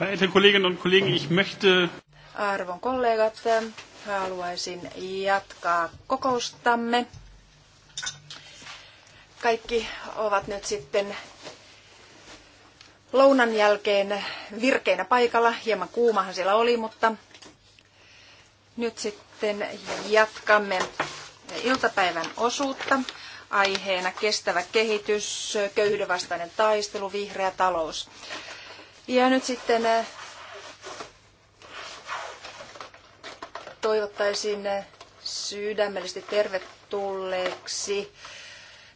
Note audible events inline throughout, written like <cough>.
Verehrte Kolleginnen und Kollegen, ich möchte... Arvon kollegat, haluaisin jatkaa kokoustamme. Kaikki ovat nyt sitten lounan jälkeen virkeinä paikalla. Hieman kuumahan siellä oli, mutta nyt sitten jatkamme iltapäivän osuutta. Aiheena kestävä kehitys, köyhyydenvastainen taistelu, vihreä talous. Ja nyt sitten äh, toivottaisin äh, sydämellisesti tervetulleeksi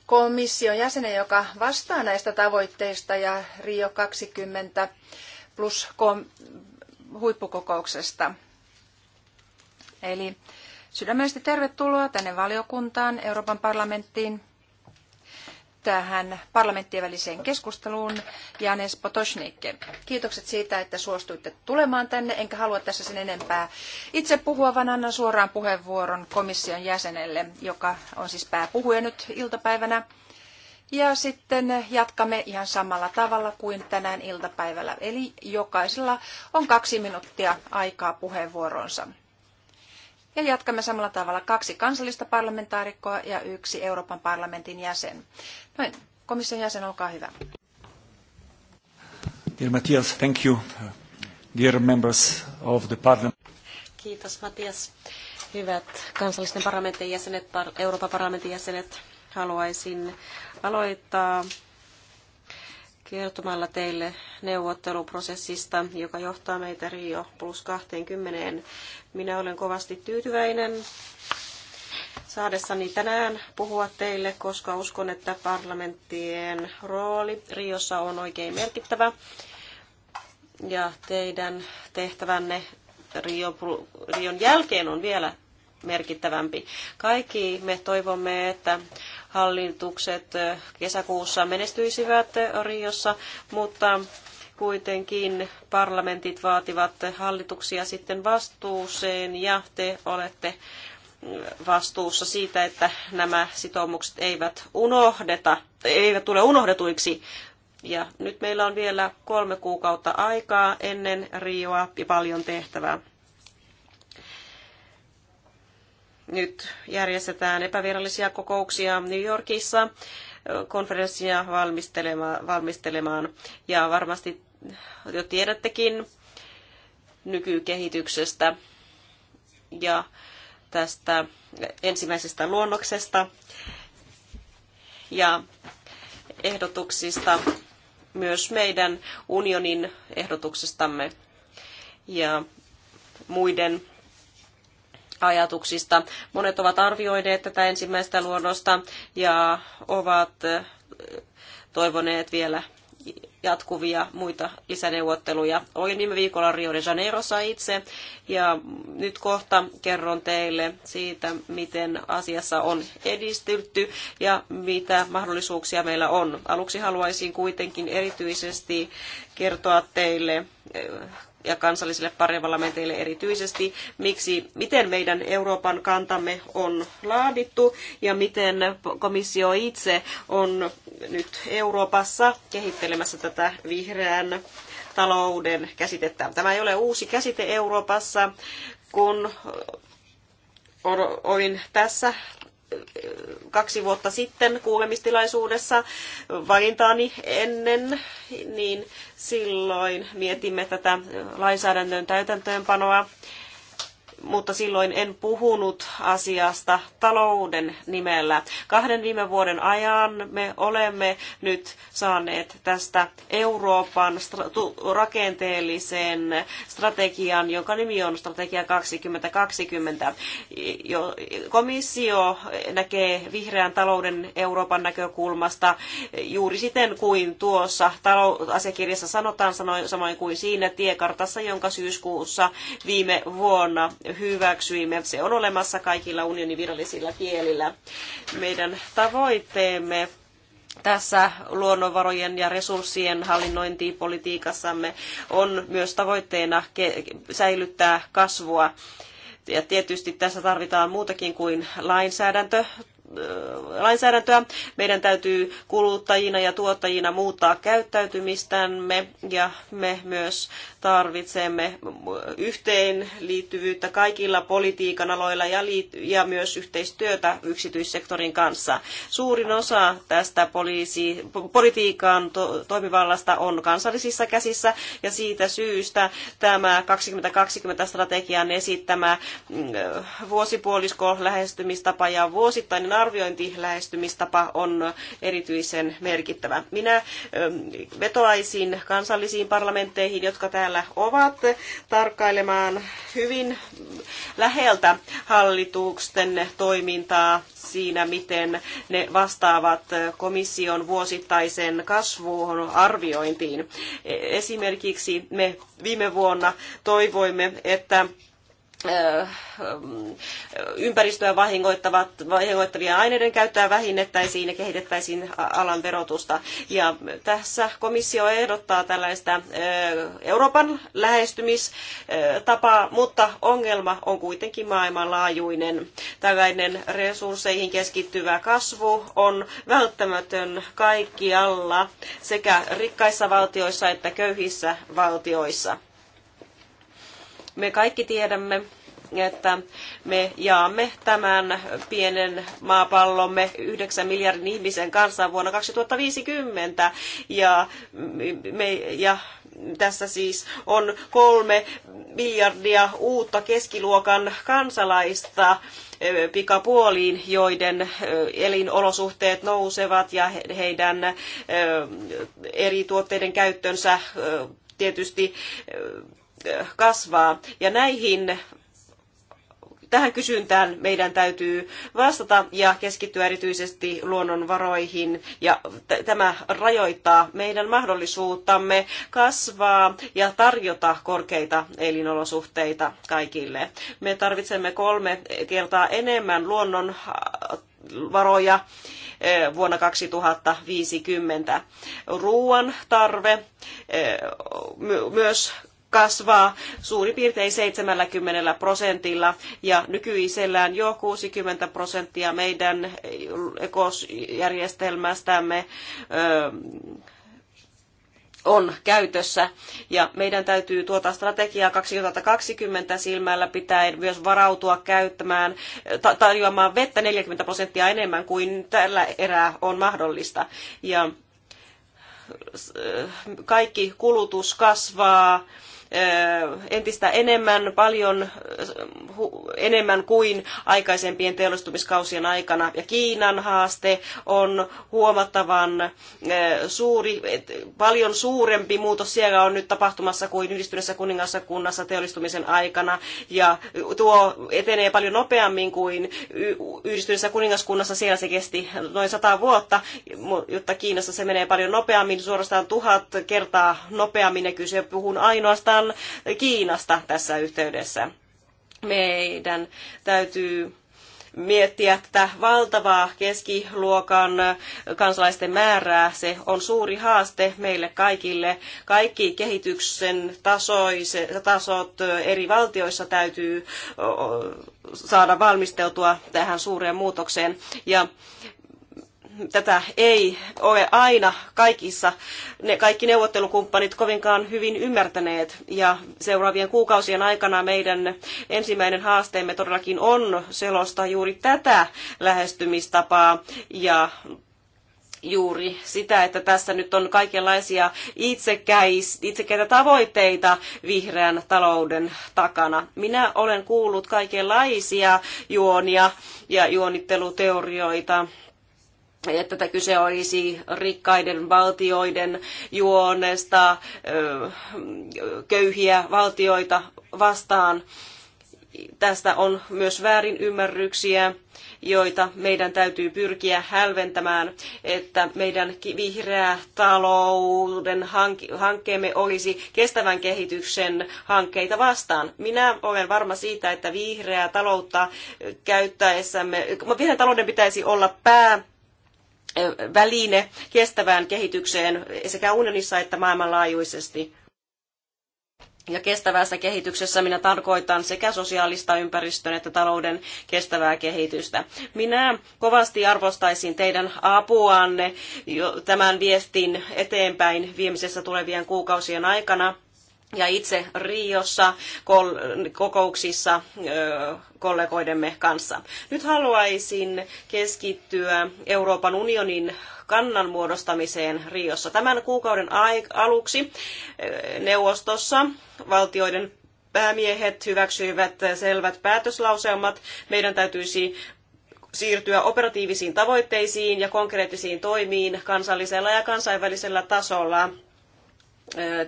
komission jäsenen, joka vastaa näistä tavoitteista ja Rio 20 plus huippukokouksesta. Eli sydämellisesti tervetuloa tänne valiokuntaan, Euroopan parlamenttiin tähän parlamenttien väliseen keskusteluun, Janes Potosnik. Kiitokset siitä, että suostuitte tulemaan tänne, enkä halua tässä sen enempää itse puhua, vaan annan suoraan puheenvuoron komission jäsenelle, joka on siis pääpuhuja nyt iltapäivänä. Ja sitten jatkamme ihan samalla tavalla kuin tänään iltapäivällä, eli jokaisella on kaksi minuuttia aikaa puheenvuoronsa. Ja jatkamme samalla tavalla kaksi kansallista parlamentaarikkoa ja yksi Euroopan parlamentin jäsen. Noin, komission jäsen, olkaa hyvä. Dear Matthias, thank you. Dear members of the parliament. Kiitos Matias. Hyvät kansallisten parlamentin jäsenet, Euroopan parlamentin jäsenet, haluaisin aloittaa kertomalla teille neuvotteluprosessista, joka johtaa meitä Rio plus 20. Minä olen kovasti tyytyväinen saadessani tänään puhua teille, koska uskon, että parlamenttien rooli Riossa on oikein merkittävä. Ja teidän tehtävänne Rio, Rion jälkeen on vielä merkittävämpi. Kaikki me toivomme, että hallitukset kesäkuussa menestyisivät Riossa, mutta kuitenkin parlamentit vaativat hallituksia sitten vastuuseen ja te olette vastuussa siitä, että nämä sitoumukset eivät unohdeta, eivät tule unohdetuiksi. Ja nyt meillä on vielä kolme kuukautta aikaa ennen Rioa ja paljon tehtävää. Nyt järjestetään epävirallisia kokouksia New Yorkissa konferenssia valmistelemaan, valmistelemaan. Ja varmasti jo tiedättekin nykykehityksestä ja tästä ensimmäisestä luonnoksesta ja ehdotuksista, myös meidän unionin ehdotuksestamme ja muiden ajatuksista. Monet ovat arvioineet tätä ensimmäistä luonnosta ja ovat toivoneet vielä jatkuvia muita lisäneuvotteluja. Olin viime viikolla Rio de Janeirossa itse ja nyt kohta kerron teille siitä, miten asiassa on edistytty ja mitä mahdollisuuksia meillä on. Aluksi haluaisin kuitenkin erityisesti kertoa teille ja kansallisille parlamenteille erityisesti, miksi, miten meidän Euroopan kantamme on laadittu ja miten komissio itse on nyt Euroopassa kehittelemässä tätä vihreän talouden käsitettä. Tämä ei ole uusi käsite Euroopassa, kun olin tässä kaksi vuotta sitten kuulemistilaisuudessa valintaani ennen, niin silloin mietimme tätä lainsäädännön täytäntöönpanoa mutta silloin en puhunut asiasta talouden nimellä. Kahden viime vuoden ajan me olemme nyt saaneet tästä Euroopan rakenteellisen strategian, jonka nimi on Strategia 2020. Komissio näkee vihreän talouden Euroopan näkökulmasta juuri siten kuin tuossa asiakirjassa sanotaan, samoin kuin siinä tiekartassa, jonka syyskuussa viime vuonna hyväksyimme. Se on olemassa kaikilla unionin virallisilla kielillä. Meidän tavoitteemme tässä luonnonvarojen ja resurssien hallinnointipolitiikassamme on myös tavoitteena säilyttää kasvua. Ja tietysti tässä tarvitaan muutakin kuin lainsäädäntö lainsäädäntöä. Meidän täytyy kuluttajina ja tuottajina muuttaa käyttäytymistämme ja me myös tarvitsemme yhteenliittyvyyttä kaikilla politiikan aloilla ja, ja myös yhteistyötä yksityissektorin kanssa. Suurin osa tästä poliisi, politiikan to, toimivallasta on kansallisissa käsissä ja siitä syystä tämä 2020-strategian esittämä mm, vuosipuolisko lähestymistapa ja vuosittainen arviointi lähestymistapa on erityisen merkittävä. Minä mm, vetoaisin kansallisiin parlamentteihin, jotka täällä täällä ovat tarkkailemaan hyvin läheltä hallituksen toimintaa siinä, miten ne vastaavat komission vuosittaisen kasvuun arviointiin. Esimerkiksi me viime vuonna toivoimme, että ympäristöä vahingoittavat, vahingoittavia aineiden käyttöä vähennettäisiin ja kehitettäisiin alan verotusta. Ja tässä komissio ehdottaa tällaista Euroopan lähestymistapaa, mutta ongelma on kuitenkin maailmanlaajuinen. Tällainen resursseihin keskittyvä kasvu on välttämätön kaikkialla sekä rikkaissa valtioissa että köyhissä valtioissa me kaikki tiedämme, että me jaamme tämän pienen maapallomme 9 miljardin ihmisen kanssa vuonna 2050 ja, me, ja tässä siis on kolme miljardia uutta keskiluokan kansalaista pikapuoliin, joiden elinolosuhteet nousevat ja heidän eri tuotteiden käyttönsä tietysti kasvaa. Ja näihin tähän kysyntään meidän täytyy vastata ja keskittyä erityisesti luonnonvaroihin. Ja tämä rajoittaa meidän mahdollisuuttamme kasvaa ja tarjota korkeita elinolosuhteita kaikille. Me tarvitsemme kolme kertaa enemmän luonnonvaroja äh, äh, vuonna 2050. Ruoan tarve äh, myös kasvaa suurin piirtein 70 prosentilla ja nykyisellään jo 60 prosenttia meidän ekosjärjestelmästämme on käytössä. Ja meidän täytyy tuota strategiaa 2020 silmällä pitäen myös varautua käyttämään, tarjoamaan vettä 40 prosenttia enemmän kuin tällä erää on mahdollista. Ja kaikki kulutus kasvaa entistä enemmän, paljon enemmän kuin aikaisempien teollistumiskausien aikana. Ja Kiinan haaste on huomattavan suuri, paljon suurempi muutos siellä on nyt tapahtumassa kuin yhdistyneessä kuningaskunnassa teollistumisen aikana. Ja tuo etenee paljon nopeammin kuin yhdistyneessä kuningaskunnassa siellä se kesti noin sata vuotta, jotta Kiinassa se menee paljon nopeammin, suorastaan tuhat kertaa nopeammin ja kyse puhun ainoastaan puhutaan Kiinasta tässä yhteydessä. Meidän täytyy miettiä tätä valtavaa keskiluokan kansalaisten määrää. Se on suuri haaste meille kaikille. Kaikki kehityksen tasoiset, tasot eri valtioissa täytyy saada valmisteltua tähän suureen muutokseen. Ja tätä ei ole aina kaikissa, ne kaikki neuvottelukumppanit kovinkaan hyvin ymmärtäneet. Ja seuraavien kuukausien aikana meidän ensimmäinen haasteemme todellakin on selostaa juuri tätä lähestymistapaa ja juuri sitä, että tässä nyt on kaikenlaisia itsekäis, itsekäitä tavoitteita vihreän talouden takana. Minä olen kuullut kaikenlaisia juonia ja juonitteluteorioita että kyse olisi rikkaiden valtioiden juonesta köyhiä valtioita vastaan. Tästä on myös väärinymmärryksiä, joita meidän täytyy pyrkiä hälventämään, että meidän vihreä talouden hankkeemme olisi kestävän kehityksen hankkeita vastaan. Minä olen varma siitä, että vihreää taloutta käyttäessämme, vihreän talouden pitäisi olla pää väline kestävään kehitykseen sekä unionissa että maailmanlaajuisesti. Ja kestävässä kehityksessä minä tarkoitan sekä sosiaalista ympäristön että talouden kestävää kehitystä. Minä kovasti arvostaisin teidän apuanne tämän viestin eteenpäin viimeisessä tulevien kuukausien aikana ja itse Riossa kokouksissa kollegoidemme kanssa. Nyt haluaisin keskittyä Euroopan unionin kannan muodostamiseen Riossa. Tämän kuukauden aluksi neuvostossa valtioiden päämiehet hyväksyivät selvät päätöslauselmat. Meidän täytyisi siirtyä operatiivisiin tavoitteisiin ja konkreettisiin toimiin kansallisella ja kansainvälisellä tasolla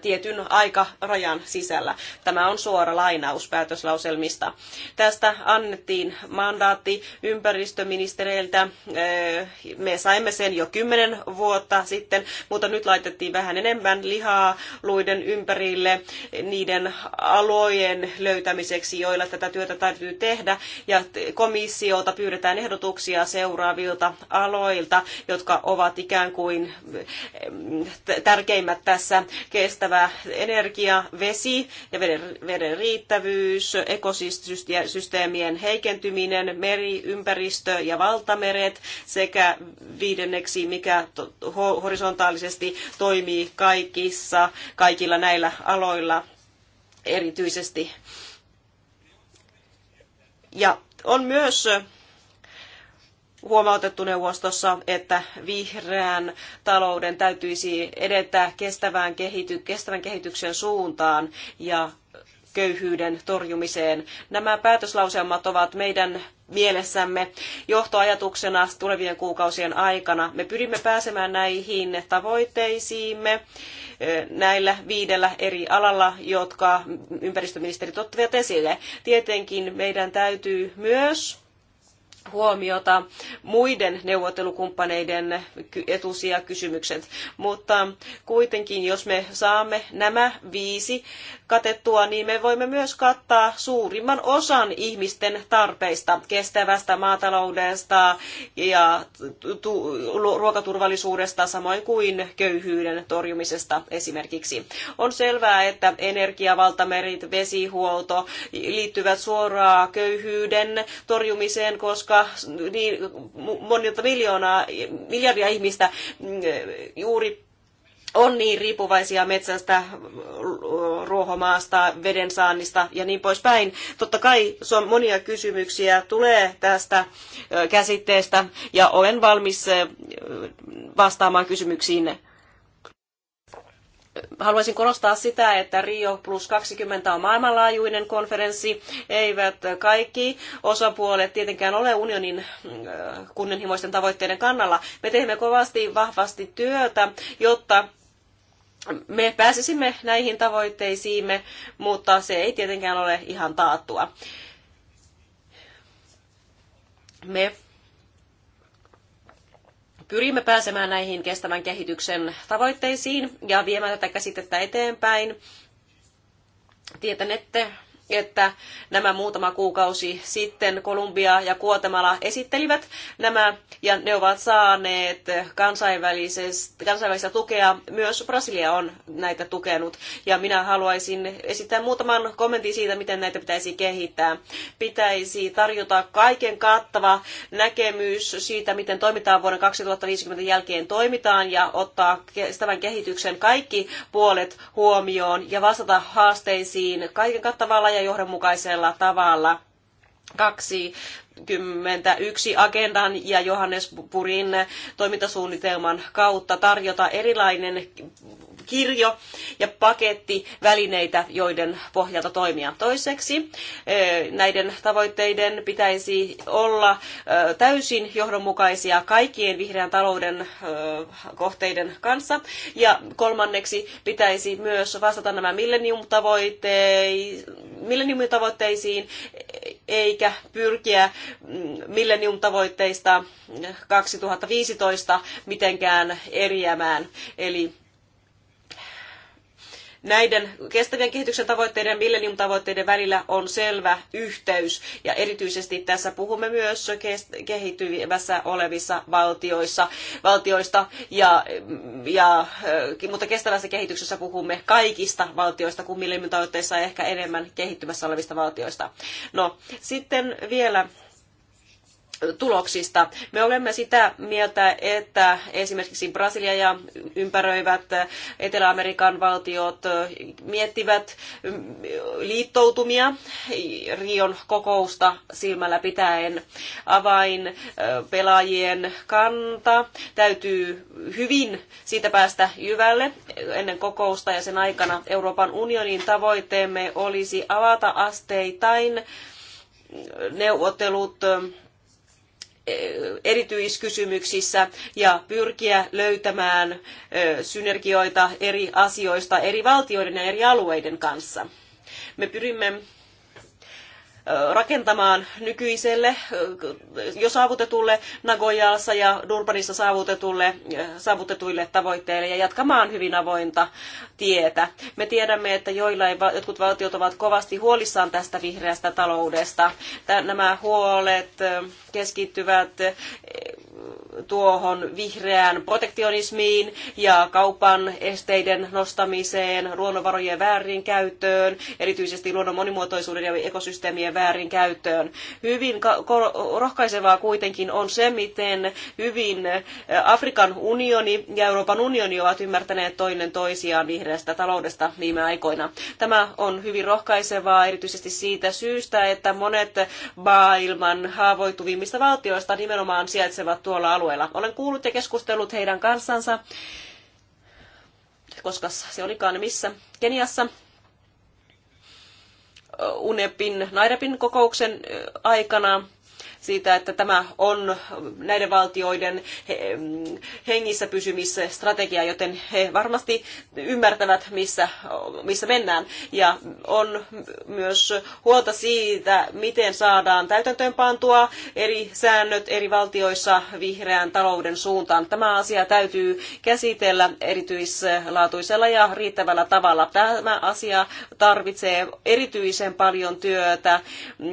tietyn aikarajan sisällä. Tämä on suora lainaus päätöslauselmista. Tästä annettiin mandaatti ympäristöministereiltä. Me saimme sen jo kymmenen vuotta sitten, mutta nyt laitettiin vähän enemmän lihaa luiden ympärille niiden alojen löytämiseksi, joilla tätä työtä täytyy tehdä. Ja komissiolta pyydetään ehdotuksia seuraavilta aloilta, jotka ovat ikään kuin tärkeimmät tässä kestävä energia, vesi ja veden, veden riittävyys, ekosysteemien heikentyminen, meri, ympäristö ja valtameret sekä viidenneksi, mikä horisontaalisesti toimii kaikissa, kaikilla näillä aloilla erityisesti. Ja on myös huomautettu neuvostossa, että vihreän talouden täytyisi edetä kestävän, kehity, kestävän kehityksen suuntaan ja köyhyyden torjumiseen. Nämä päätöslauselmat ovat meidän mielessämme johtoajatuksena tulevien kuukausien aikana. Me pyrimme pääsemään näihin tavoitteisiimme näillä viidellä eri alalla, jotka ympäristöministerit ottivat esille. Tietenkin meidän täytyy myös huomiota muiden neuvottelukumppaneiden etusia kysymykset. Mutta kuitenkin, jos me saamme nämä viisi katettua, niin me voimme myös kattaa suurimman osan ihmisten tarpeista, kestävästä maataloudesta ja ruokaturvallisuudesta, samoin kuin köyhyyden torjumisesta esimerkiksi. On selvää, että energiavaltamerit, vesihuolto liittyvät suoraan köyhyyden torjumiseen, koska koska niin monilta miljoonaa, miljardia ihmistä mm, juuri on niin riippuvaisia metsästä, ruohomaasta, veden saannista ja niin poispäin. Totta kai monia kysymyksiä tulee tästä käsitteestä ja olen valmis vastaamaan kysymyksiin haluaisin korostaa sitä, että Rio plus 20 on maailmanlaajuinen konferenssi. Eivät kaikki osapuolet tietenkään ole unionin äh, kunnianhimoisten tavoitteiden kannalla. Me teemme kovasti vahvasti työtä, jotta me pääsisimme näihin tavoitteisiimme, mutta se ei tietenkään ole ihan taattua. Me pyrimme pääsemään näihin kestävän kehityksen tavoitteisiin ja viemään tätä käsitettä eteenpäin. Tietänette, että nämä muutama kuukausi sitten Kolumbia ja Kuotemala esittelivät nämä, ja ne ovat saaneet kansainvälistä tukea. Myös Brasilia on näitä tukenut, ja minä haluaisin esittää muutaman kommentin siitä, miten näitä pitäisi kehittää. Pitäisi tarjota kaiken kattava näkemys siitä, miten toimitaan vuoden 2050 jälkeen toimitaan, ja ottaa kestävän kehityksen kaikki puolet huomioon, ja vastata haasteisiin kaiken kattavalla ja johdonmukaisella tavalla. 21 agendan ja Johannesburin toimintasuunnitelman kautta tarjota erilainen kirjo ja paketti välineitä, joiden pohjalta toimia. Toiseksi näiden tavoitteiden pitäisi olla täysin johdonmukaisia kaikkien vihreän talouden kohteiden kanssa. Ja kolmanneksi pitäisi myös vastata nämä millennium-tavoitteisiin, eikä pyrkiä mm, millennium-tavoitteista 2015 mitenkään eriämään. Eli näiden kestävien kehityksen tavoitteiden ja millennium-tavoitteiden välillä on selvä yhteys. Ja erityisesti tässä puhumme myös kehittyvässä olevissa valtioissa, valtioista, ja, ja, mutta kestävässä kehityksessä puhumme kaikista valtioista, kun millennium-tavoitteissa ehkä enemmän kehittyvässä olevista valtioista. No, sitten vielä tuloksista. Me olemme sitä mieltä, että esimerkiksi Brasilia ja ympäröivät Etelä-Amerikan valtiot miettivät liittoutumia Rion kokousta silmällä pitäen. Avain pelaajien kanta täytyy hyvin siitä päästä jyvälle ennen kokousta ja sen aikana Euroopan unionin tavoitteemme olisi avata asteittain neuvottelut erityiskysymyksissä ja pyrkiä löytämään synergioita eri asioista eri valtioiden ja eri alueiden kanssa. Me pyrimme rakentamaan nykyiselle jo saavutetulle Nagojassa ja Durbanissa saavutetulle, saavutetuille tavoitteille ja jatkamaan hyvin avointa tietä. Me tiedämme, että joillain jotkut valtiot ovat kovasti huolissaan tästä vihreästä taloudesta. Nämä huolet keskittyvät tuohon vihreään protektionismiin ja kaupan esteiden nostamiseen, luonnonvarojen väärinkäyttöön, erityisesti luonnon monimuotoisuuden ja ekosysteemien väärinkäyttöön. Hyvin rohkaisevaa kuitenkin on se, miten hyvin Afrikan unioni ja Euroopan unioni ovat ymmärtäneet toinen toisiaan vihreästä taloudesta viime aikoina. Tämä on hyvin rohkaisevaa erityisesti siitä syystä, että monet maailman haavoittuvimmista valtioista nimenomaan sijaitsevat tuolla alueella alueella. Olen kuullut ja keskustellut heidän kanssansa, koska se olikaan missä, Keniassa, UNEPin, Nairepin kokouksen aikana siitä, että tämä on näiden valtioiden mm, hengissä pysymissä strategia, joten he varmasti ymmärtävät, missä, missä mennään. Ja on myös huolta siitä, miten saadaan täytäntöönpantua eri säännöt eri valtioissa vihreän talouden suuntaan. Tämä asia täytyy käsitellä erityislaatuisella ja riittävällä tavalla. Tämä asia tarvitsee erityisen paljon työtä mm,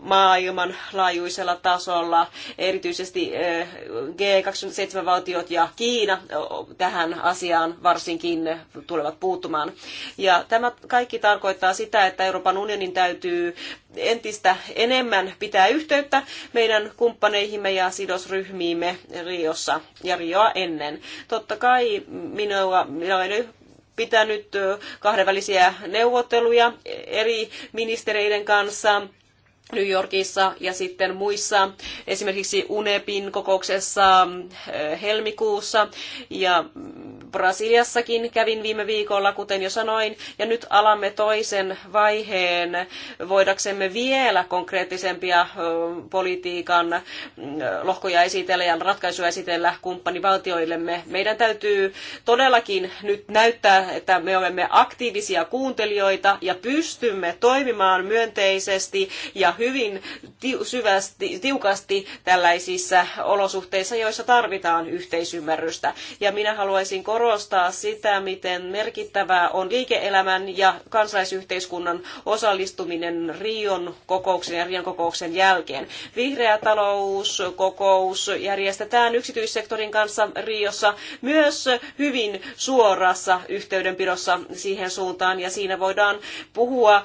maailmanlaajuisella kansallisella tasolla, erityisesti eh, G27-valtiot ja Kiina tähän asiaan varsinkin eh, tulevat puuttumaan. Ja tämä kaikki tarkoittaa sitä, että Euroopan unionin täytyy entistä enemmän pitää yhteyttä meidän kumppaneihimme ja sidosryhmiimme Riossa ja Rioa ennen. Totta kai minua, minua ei pitänyt eh, kahdenvälisiä neuvotteluja eri ministereiden kanssa New Yorkissa ja sitten muissa, esimerkiksi UNEPin kokouksessa eh, helmikuussa ja mm, Brasiliassakin kävin viime viikolla, kuten jo sanoin, ja nyt alamme toisen vaiheen voidaksemme vielä konkreettisempia politiikan lohkoja esitellä ja ratkaisuja esitellä kumppanivaltioillemme. Meidän täytyy todellakin nyt näyttää, että me olemme aktiivisia kuuntelijoita ja pystymme toimimaan myönteisesti ja hyvin syvästi, tiukasti tällaisissa olosuhteissa, joissa tarvitaan yhteisymmärrystä. Ja minä haluaisin korostaa, korostaa sitä, miten merkittävää on liike-elämän ja kansalaisyhteiskunnan osallistuminen Rion kokouksen ja Rion kokouksen jälkeen. Vihreä talouskokous järjestetään yksityissektorin kanssa Riossa myös hyvin suorassa yhteydenpidossa siihen suuntaan ja siinä voidaan puhua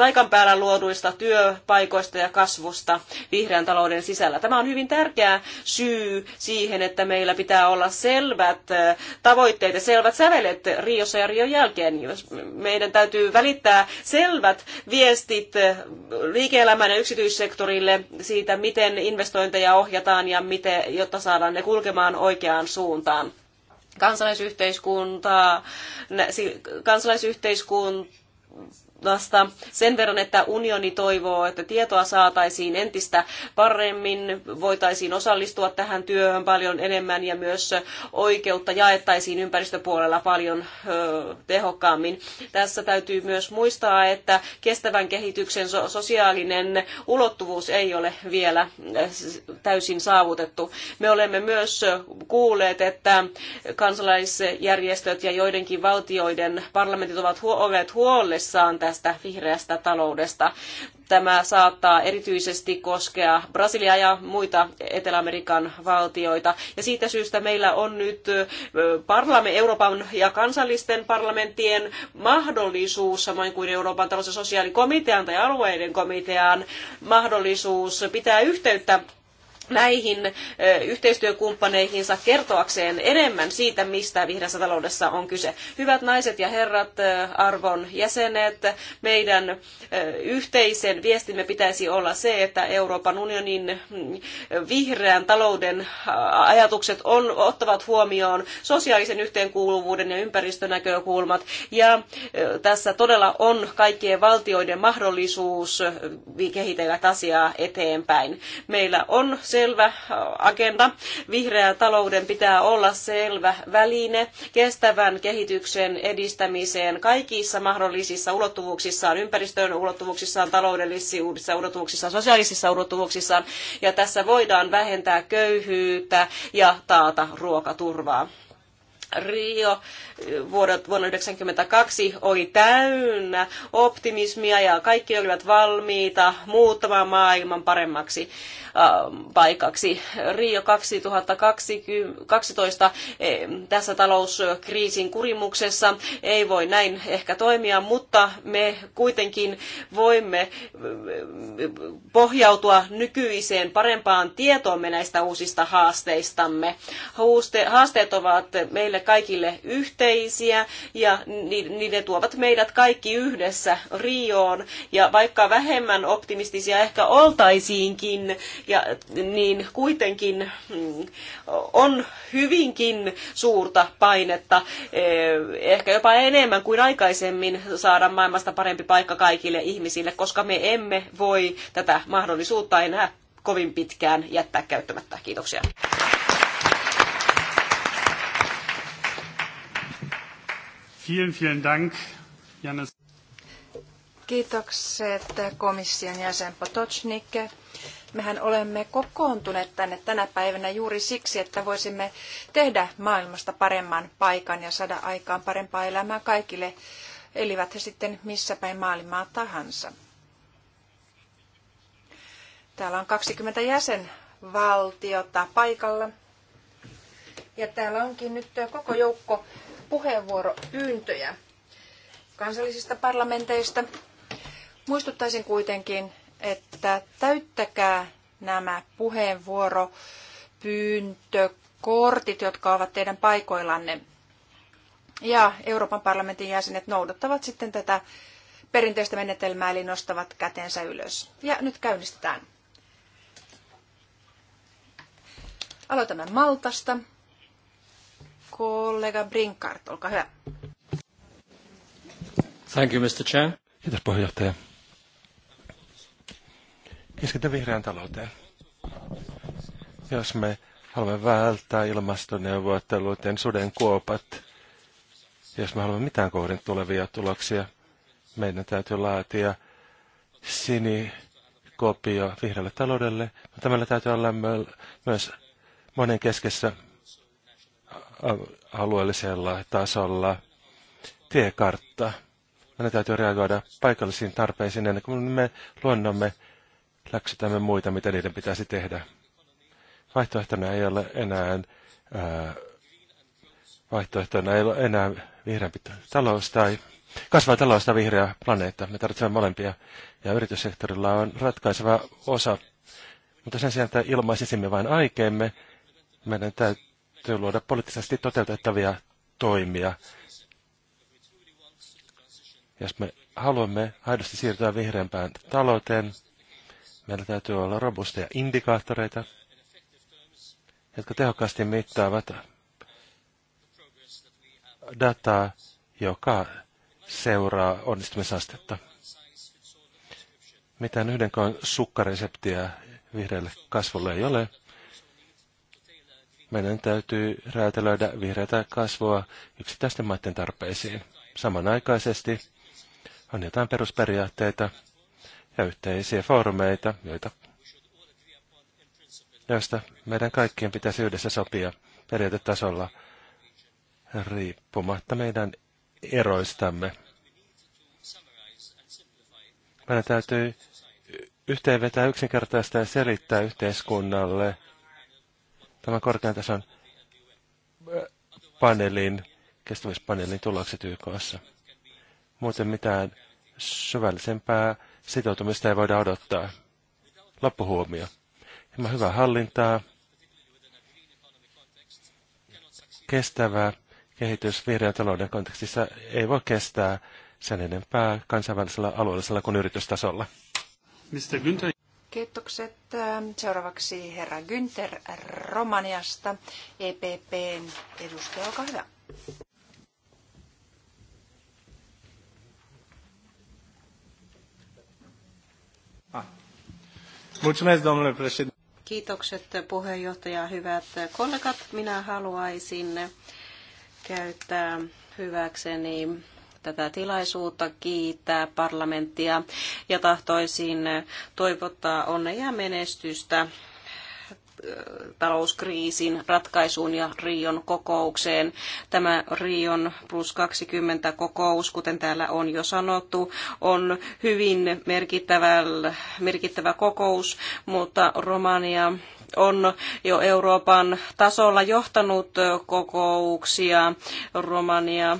paikan päällä luoduista työpaikoista ja kasvusta vihreän talouden sisällä. Tämä on hyvin tärkeä syy siihen, että meillä pitää olla selvät tavoitteet ja selvät sävelet Riossa ja Rion jälkeen. Meidän täytyy välittää selvät viestit liike-elämän ja yksityissektorille siitä, miten investointeja ohjataan ja miten, jotta saadaan ne kulkemaan oikeaan suuntaan kansalaisyhteiskuntaa, kansalaisyhteiskunta lasta sen verran, että unioni toivoo, että tietoa saataisiin entistä paremmin, voitaisiin osallistua tähän työhön paljon enemmän ja myös oikeutta jaettaisiin ympäristöpuolella paljon tehokkaammin. Tässä täytyy myös muistaa, että kestävän kehityksen sosiaalinen ulottuvuus ei ole vielä täysin saavutettu. Me olemme myös kuulleet, että kansalaisjärjestöt ja joidenkin valtioiden parlamentit ovat olleet huolissaan tästä tästä vihreästä taloudesta. Tämä saattaa erityisesti koskea Brasiliaa ja muita Etelä-Amerikan valtioita. Ja siitä syystä meillä on nyt parlament, Euroopan ja kansallisten parlamenttien mahdollisuus, samoin kuin Euroopan talous- ja sosiaalikomitean tai alueiden komitean mahdollisuus pitää yhteyttä näihin yhteistyökumppaneihinsa kertoakseen enemmän siitä, mistä vihreässä taloudessa on kyse. Hyvät naiset ja herrat, arvon jäsenet, meidän yhteisen viestimme pitäisi olla se, että Euroopan unionin mm, vihreän talouden ajatukset on, ottavat huomioon sosiaalisen yhteenkuuluvuuden ja ympäristönäkökulmat. Ja tässä todella on kaikkien valtioiden mahdollisuus kehitellä asiaa eteenpäin. Meillä on se selvä agenda. Vihreä talouden pitää olla selvä väline kestävän kehityksen edistämiseen kaikissa mahdollisissa ulottuvuuksissaan, ympäristön ulottuvuuksissaan, taloudellisissa ulottuvuuksissaan, sosiaalisissa ulottuvuuksissaan. Ja tässä voidaan vähentää köyhyyttä ja taata ruokaturvaa. Rio vuonna 1992 oli täynnä optimismia ja kaikki olivat valmiita muuttamaan maailman paremmaksi ähm, paikaksi. Rio 2012 tässä talouskriisin kurimuksessa ei voi näin ehkä toimia, mutta me kuitenkin voimme äh, pohjautua nykyiseen parempaan tietoomme näistä uusista haasteistamme. Haasteet ovat meille kaikille yhteisiä yhteisiä ja niin ne tuovat meidät kaikki yhdessä Rioon. Ja vaikka vähemmän optimistisia ehkä oltaisiinkin, ja, niin kuitenkin mm, on hyvinkin suurta painetta, eh, ehkä jopa enemmän kuin aikaisemmin saada maailmasta parempi paikka kaikille ihmisille, koska me emme voi tätä mahdollisuutta enää kovin pitkään jättää käyttämättä. Kiitoksia. Vielen, vielen Dank, Janis. Kiitokset komission jäsen Potocnik. Mehän olemme kokoontuneet tänne tänä päivänä juuri siksi, että voisimme tehdä maailmasta paremman paikan ja saada aikaan parempaa elämää kaikille, elivät he sitten missä päin maailmaa tahansa. Täällä on 20 jäsenvaltiota paikalla. Ja täällä onkin nyt koko joukko puheenvuoropyyntöjä kansallisista parlamenteista. Muistuttaisin kuitenkin, että täyttäkää nämä puheenvuoropyyntökortit, jotka ovat teidän paikoillanne. Ja Euroopan parlamentin jäsenet noudattavat sitten tätä perinteistä menetelmää, eli nostavat kätensä ylös. Ja nyt käynnistetään. Aloitamme Maltasta kollega Brinkart, olkaa hyvä. Thank you, Mr. Chair. Kiitos puheenjohtaja. Keskityn vihreään talouteen. Jos me haluamme välttää ilmastoneuvotteluiden sudenkuopat, jos me haluamme mitään kohden tulevia tuloksia, meidän täytyy laatia sinikopio vihreälle taloudelle, mutta meillä täytyy olla myös monen keskessä alueellisella tasolla tiekartta. Meidän täytyy reagoida paikallisiin tarpeisiin ennen kuin me luonnomme läksytämme muita, mitä niiden pitäisi tehdä. Vaihtoehtona ei ole enää ää, vaihtoehtona ei ole enää vihreämpi talous tai kasvaa talous tai vihreä planeetta. Me tarvitsemme molempia ja yrityssektorilla on ratkaiseva osa. Mutta sen sijaan, että ilmaisisimme vain aikeemme, meidän täytyy täytyy luoda poliittisesti toteutettavia toimia. Jos me haluamme aidosti siirtyä vihreämpään talouteen, meillä täytyy olla robusteja indikaattoreita, jotka tehokkaasti mittaavat dataa, joka seuraa onnistumisastetta. Mitään yhden sukkareseptiä vihreälle kasvulle ei ole. Meidän täytyy räätälöidä vihreätä kasvua yksittäisten maiden tarpeisiin. Samanaikaisesti on jotain perusperiaatteita ja yhteisiä foorumeita, joita, joista meidän kaikkien pitäisi yhdessä sopia periaatetasolla riippumatta meidän eroistamme. Meidän täytyy yhteenvetää yksinkertaista ja selittää yhteiskunnalle – tämän korkean tason äh, paneelin, kestävyyspaneelin tulokset YKssa. Muuten mitään syvällisempää sitoutumista ei voida odottaa. Loppuhuomio. Hieman hyvää hallintaa, kestävä kehitys vihreän talouden kontekstissa ei voi kestää sen enempää kansainvälisellä alueellisella kuin yritystasolla. Mr. Günther. Kiitokset. Ähm, seuraavaksi herra Günther Romaniasta, EPPn edustaja, olkaa hyvä. Ah. Mulțumesc, domnule președinte. Kiitokset puheenjohtaja, hyvät kollegat. Minä haluaisin käyttää hyväkseni tätä tilaisuutta kiittää parlamenttia ja tahtoisin toivottaa onnea ja menestystä äh, talouskriisin ratkaisuun ja Rion kokoukseen. Tämä Rion plus 20 kokous, kuten täällä on jo sanottu, on hyvin merkittävä, merkittävä kokous, mutta Romania on jo Euroopan tasolla johtanut kokouksia. Romania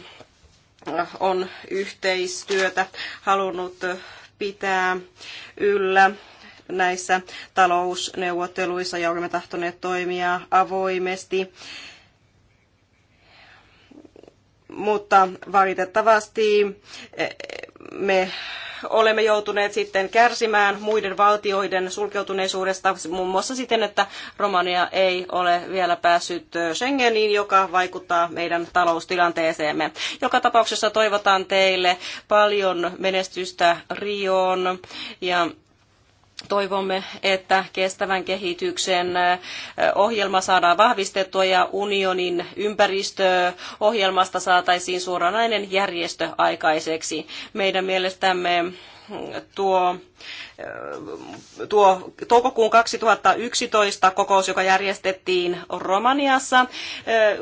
on yhteistyötä halunnut pitää yllä näissä talousneuvotteluissa ja olemme tahtoneet toimia avoimesti. Mutta valitettavasti me olemme joutuneet sitten kärsimään muiden valtioiden sulkeutuneisuudesta, muun muassa siten, että Romania ei ole vielä päässyt Schengeniin, joka vaikuttaa meidän taloustilanteeseemme. Joka tapauksessa toivotan teille paljon menestystä Rioon ja Toivomme, että kestävän kehityksen ohjelma saadaan vahvistettua ja unionin ympäristöohjelmasta saataisiin suoranainen järjestö aikaiseksi. Meidän mielestämme mm, tuo tuo toukokuun 2011 kokous, joka järjestettiin Romaniassa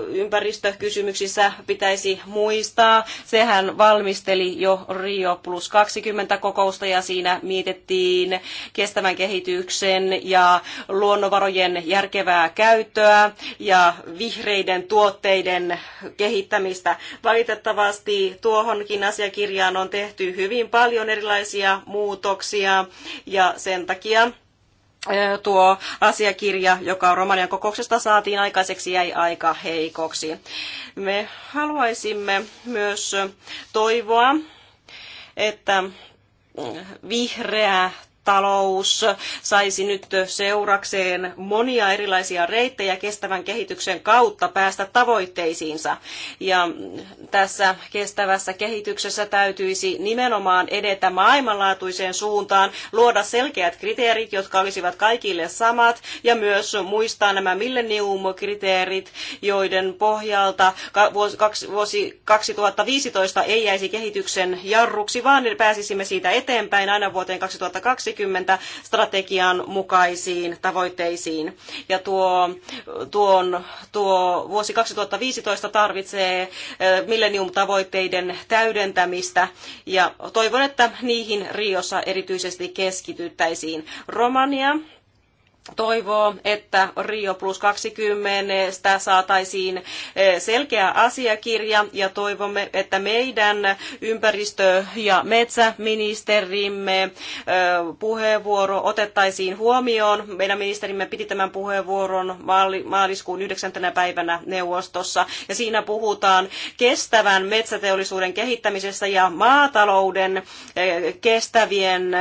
ympäristökysymyksissä pitäisi muistaa. Sehän valmisteli jo Rio plus 20 kokousta ja siinä mietittiin kestävän kehityksen ja luonnonvarojen järkevää käyttöä ja vihreiden tuotteiden kehittämistä. Valitettavasti tuohonkin asiakirjaan on tehty hyvin paljon erilaisia muutoksia ja sen takia tuo asiakirja, joka Romanian kokouksesta saatiin aikaiseksi, jäi aika heikoksi. Me haluaisimme myös toivoa, että vihreä talous saisi nyt seurakseen monia erilaisia reittejä kestävän kehityksen kautta päästä tavoitteisiinsa. Ja tässä kestävässä kehityksessä täytyisi nimenomaan edetä maailmanlaatuiseen suuntaan, luoda selkeät kriteerit, jotka olisivat kaikille samat, ja myös muistaa nämä millennium-kriteerit, joiden pohjalta vuosi 2015 ei jäisi kehityksen jarruksi, vaan pääsisimme siitä eteenpäin aina vuoteen 2020 2020 strategian mukaisiin tavoitteisiin. Ja tuo, tuon, tuo vuosi 2015 tarvitsee eh, millennium-tavoitteiden täydentämistä ja toivon, että niihin Riossa erityisesti keskityttäisiin. Romania toivoo, että Rio plus 20 saataisiin eh, selkeä asiakirja ja toivomme, että meidän ympäristö- ja metsäministerimme eh, puheenvuoro otettaisiin huomioon. Meidän ministerimme piti tämän puheenvuoron maaliskuun 9. päivänä neuvostossa ja siinä puhutaan kestävän metsäteollisuuden kehittämisestä ja maatalouden eh, kestävien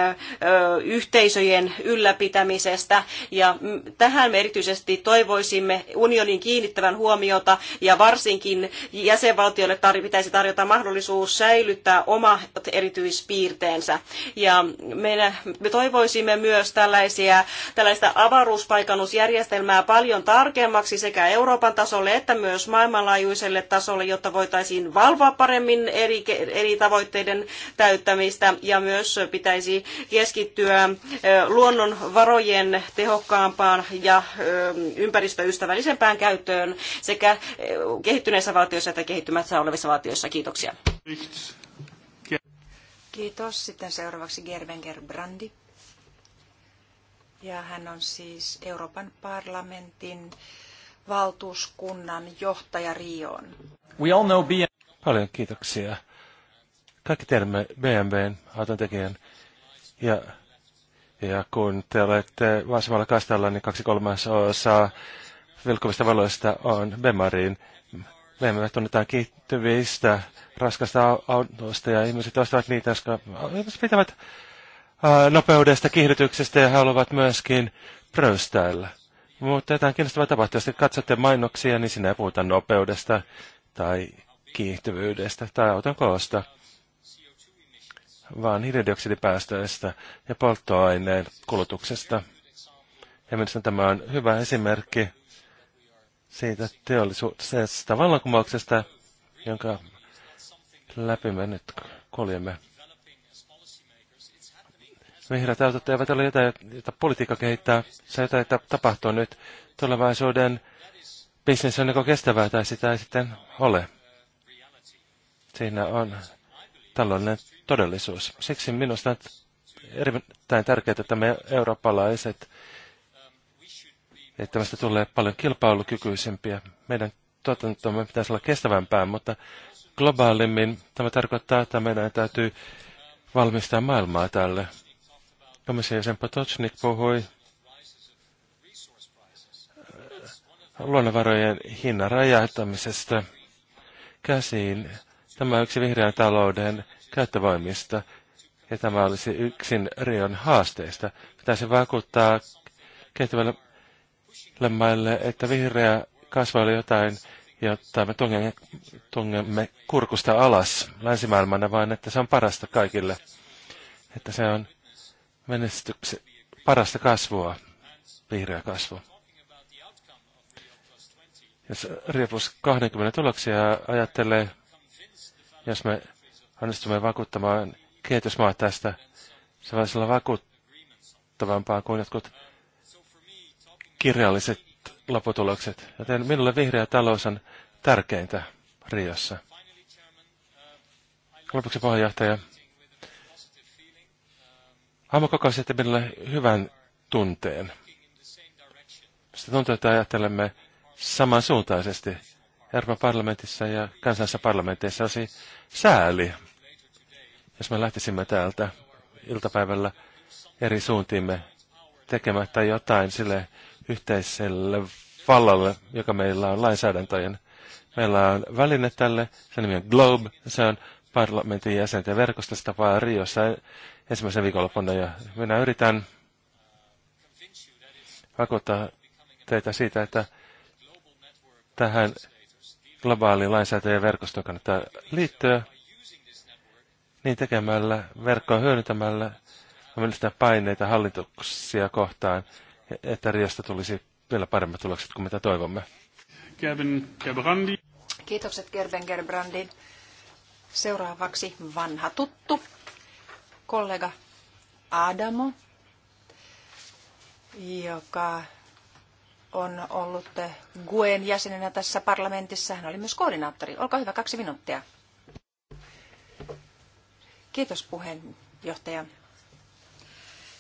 yhteisöjen ylläpitämisestä ja tähän me erityisesti toivoisimme unionin kiinnittävän huomiota ja varsinkin jäsenvaltioille tar- pitäisi tarjota mahdollisuus säilyttää omat erityispiirteensä. Ja me, me toivoisimme myös tällaisia, tällaista avaruuspaikannusjärjestelmää paljon tarkemmaksi sekä Euroopan tasolle että myös maailmanlaajuiselle tasolle, jotta voitaisiin valvoa paremmin eri, eri tavoitteiden täyttämistä ja myös pitäisi keskittyä luonnonvarojen tehokkuuteen tehokkaampaan ja ympäristöystävällisempään käyttöön sekä kehittyneissä valtioissa että kehittymässä olevissa valtioissa. Kiitoksia. Kiitos. Sitten seuraavaksi Gervenger Brandi. Ja hän on siis Euroopan parlamentin valtuuskunnan johtaja Rioon. We all know BM... Paljon kiitoksia. Kaikki tiedämme BMWn auton tekijän ja ja kun te olette vasemmalla kastalla, niin kaksi kolmasosaa vilkuvista valoista on Bemariin. Me emme tunnetaan kiittyvistä, raskasta autosta ja ihmiset ostavat niitä, jotka ihmiset pitävät nopeudesta, kiihdytyksestä ja haluavat myöskin pröystäillä. Mutta jotain kiinnostavaa tapahtuu. Jos te katsotte mainoksia, niin sinä ei puhuta nopeudesta tai kiihtyvyydestä tai auton koosta vaan hiilidioksidipäästöistä ja polttoaineen kulutuksesta. Ja minusta tämä on hyvä esimerkki siitä teollisuudesta vallankumouksesta, jonka läpi me nyt kuljemme. Vihreät autot eivät ole jotain, jota politiikka kehittää. Se jotain, että tapahtuu nyt. Tulevaisuuden bisnes on joko kestävää tai sitä ei sitten ole. Siinä on tällainen todellisuus. Siksi minusta on erittäin tärkeää, että me eurooppalaiset, että meistä tulee paljon kilpailukykyisempiä. Meidän tuotantomme pitäisi olla kestävämpää, mutta globaalimmin tämä tarkoittaa, että meidän täytyy valmistaa maailmaa tälle. Komissio jäsen Potocnik puhui luonnonvarojen hinnan räjähtämisestä käsiin Tämä on yksi vihreän talouden käyttövoimista, ja tämä olisi yksin Rion haasteista. Pitäisi vakuuttaa kehittyville maille, että vihreä kasvu oli jotain, jotta me tungemme, tungemme kurkusta alas länsimaailmana, vaan että se on parasta kaikille. Että se on menestyksen parasta kasvua, vihreä kasvu. Jos Rio 20 tuloksia ajattelee, jos me onnistumme vakuuttamaan kehitysmaat tästä, se voisi olla vakuuttavampaa kuin jotkut kirjalliset lopputulokset. Joten minulle vihreä talous on tärkeintä Riossa. Lopuksi puheenjohtaja. Aamukokous jätti minulle hyvän tunteen. Sitä tuntuu, että ajattelemme samansuuntaisesti Euroopan parlamentissa ja kansallisissa parlamenteissa olisi sääli, jos me lähtisimme täältä iltapäivällä eri suuntiimme tekemättä jotain sille yhteiselle vallalle, joka meillä on lainsäädäntöjen. Meillä on väline tälle, sen nimi on Globe, se on parlamentin jäsenten verkosta, se tapaa Riossa ensimmäisen viikonloppuna, ja minä yritän vakuuttaa teitä siitä, että tähän globaali lainsäätäjäverkosto kannattaa liittyä niin tekemällä, verkkoa hyödyntämällä on paineita hallituksia kohtaan, että Riosta tulisi vielä paremmat tulokset kuin mitä toivomme. Gerben Gerbrandi. Kiitokset Gerben Gerbrandi. Seuraavaksi vanha tuttu, kollega Adamo, joka on ollut GUEn jäsenenä tässä parlamentissa. Hän oli myös koordinaattori. Olkaa hyvä, kaksi minuuttia. Kiitos puheenjohtaja.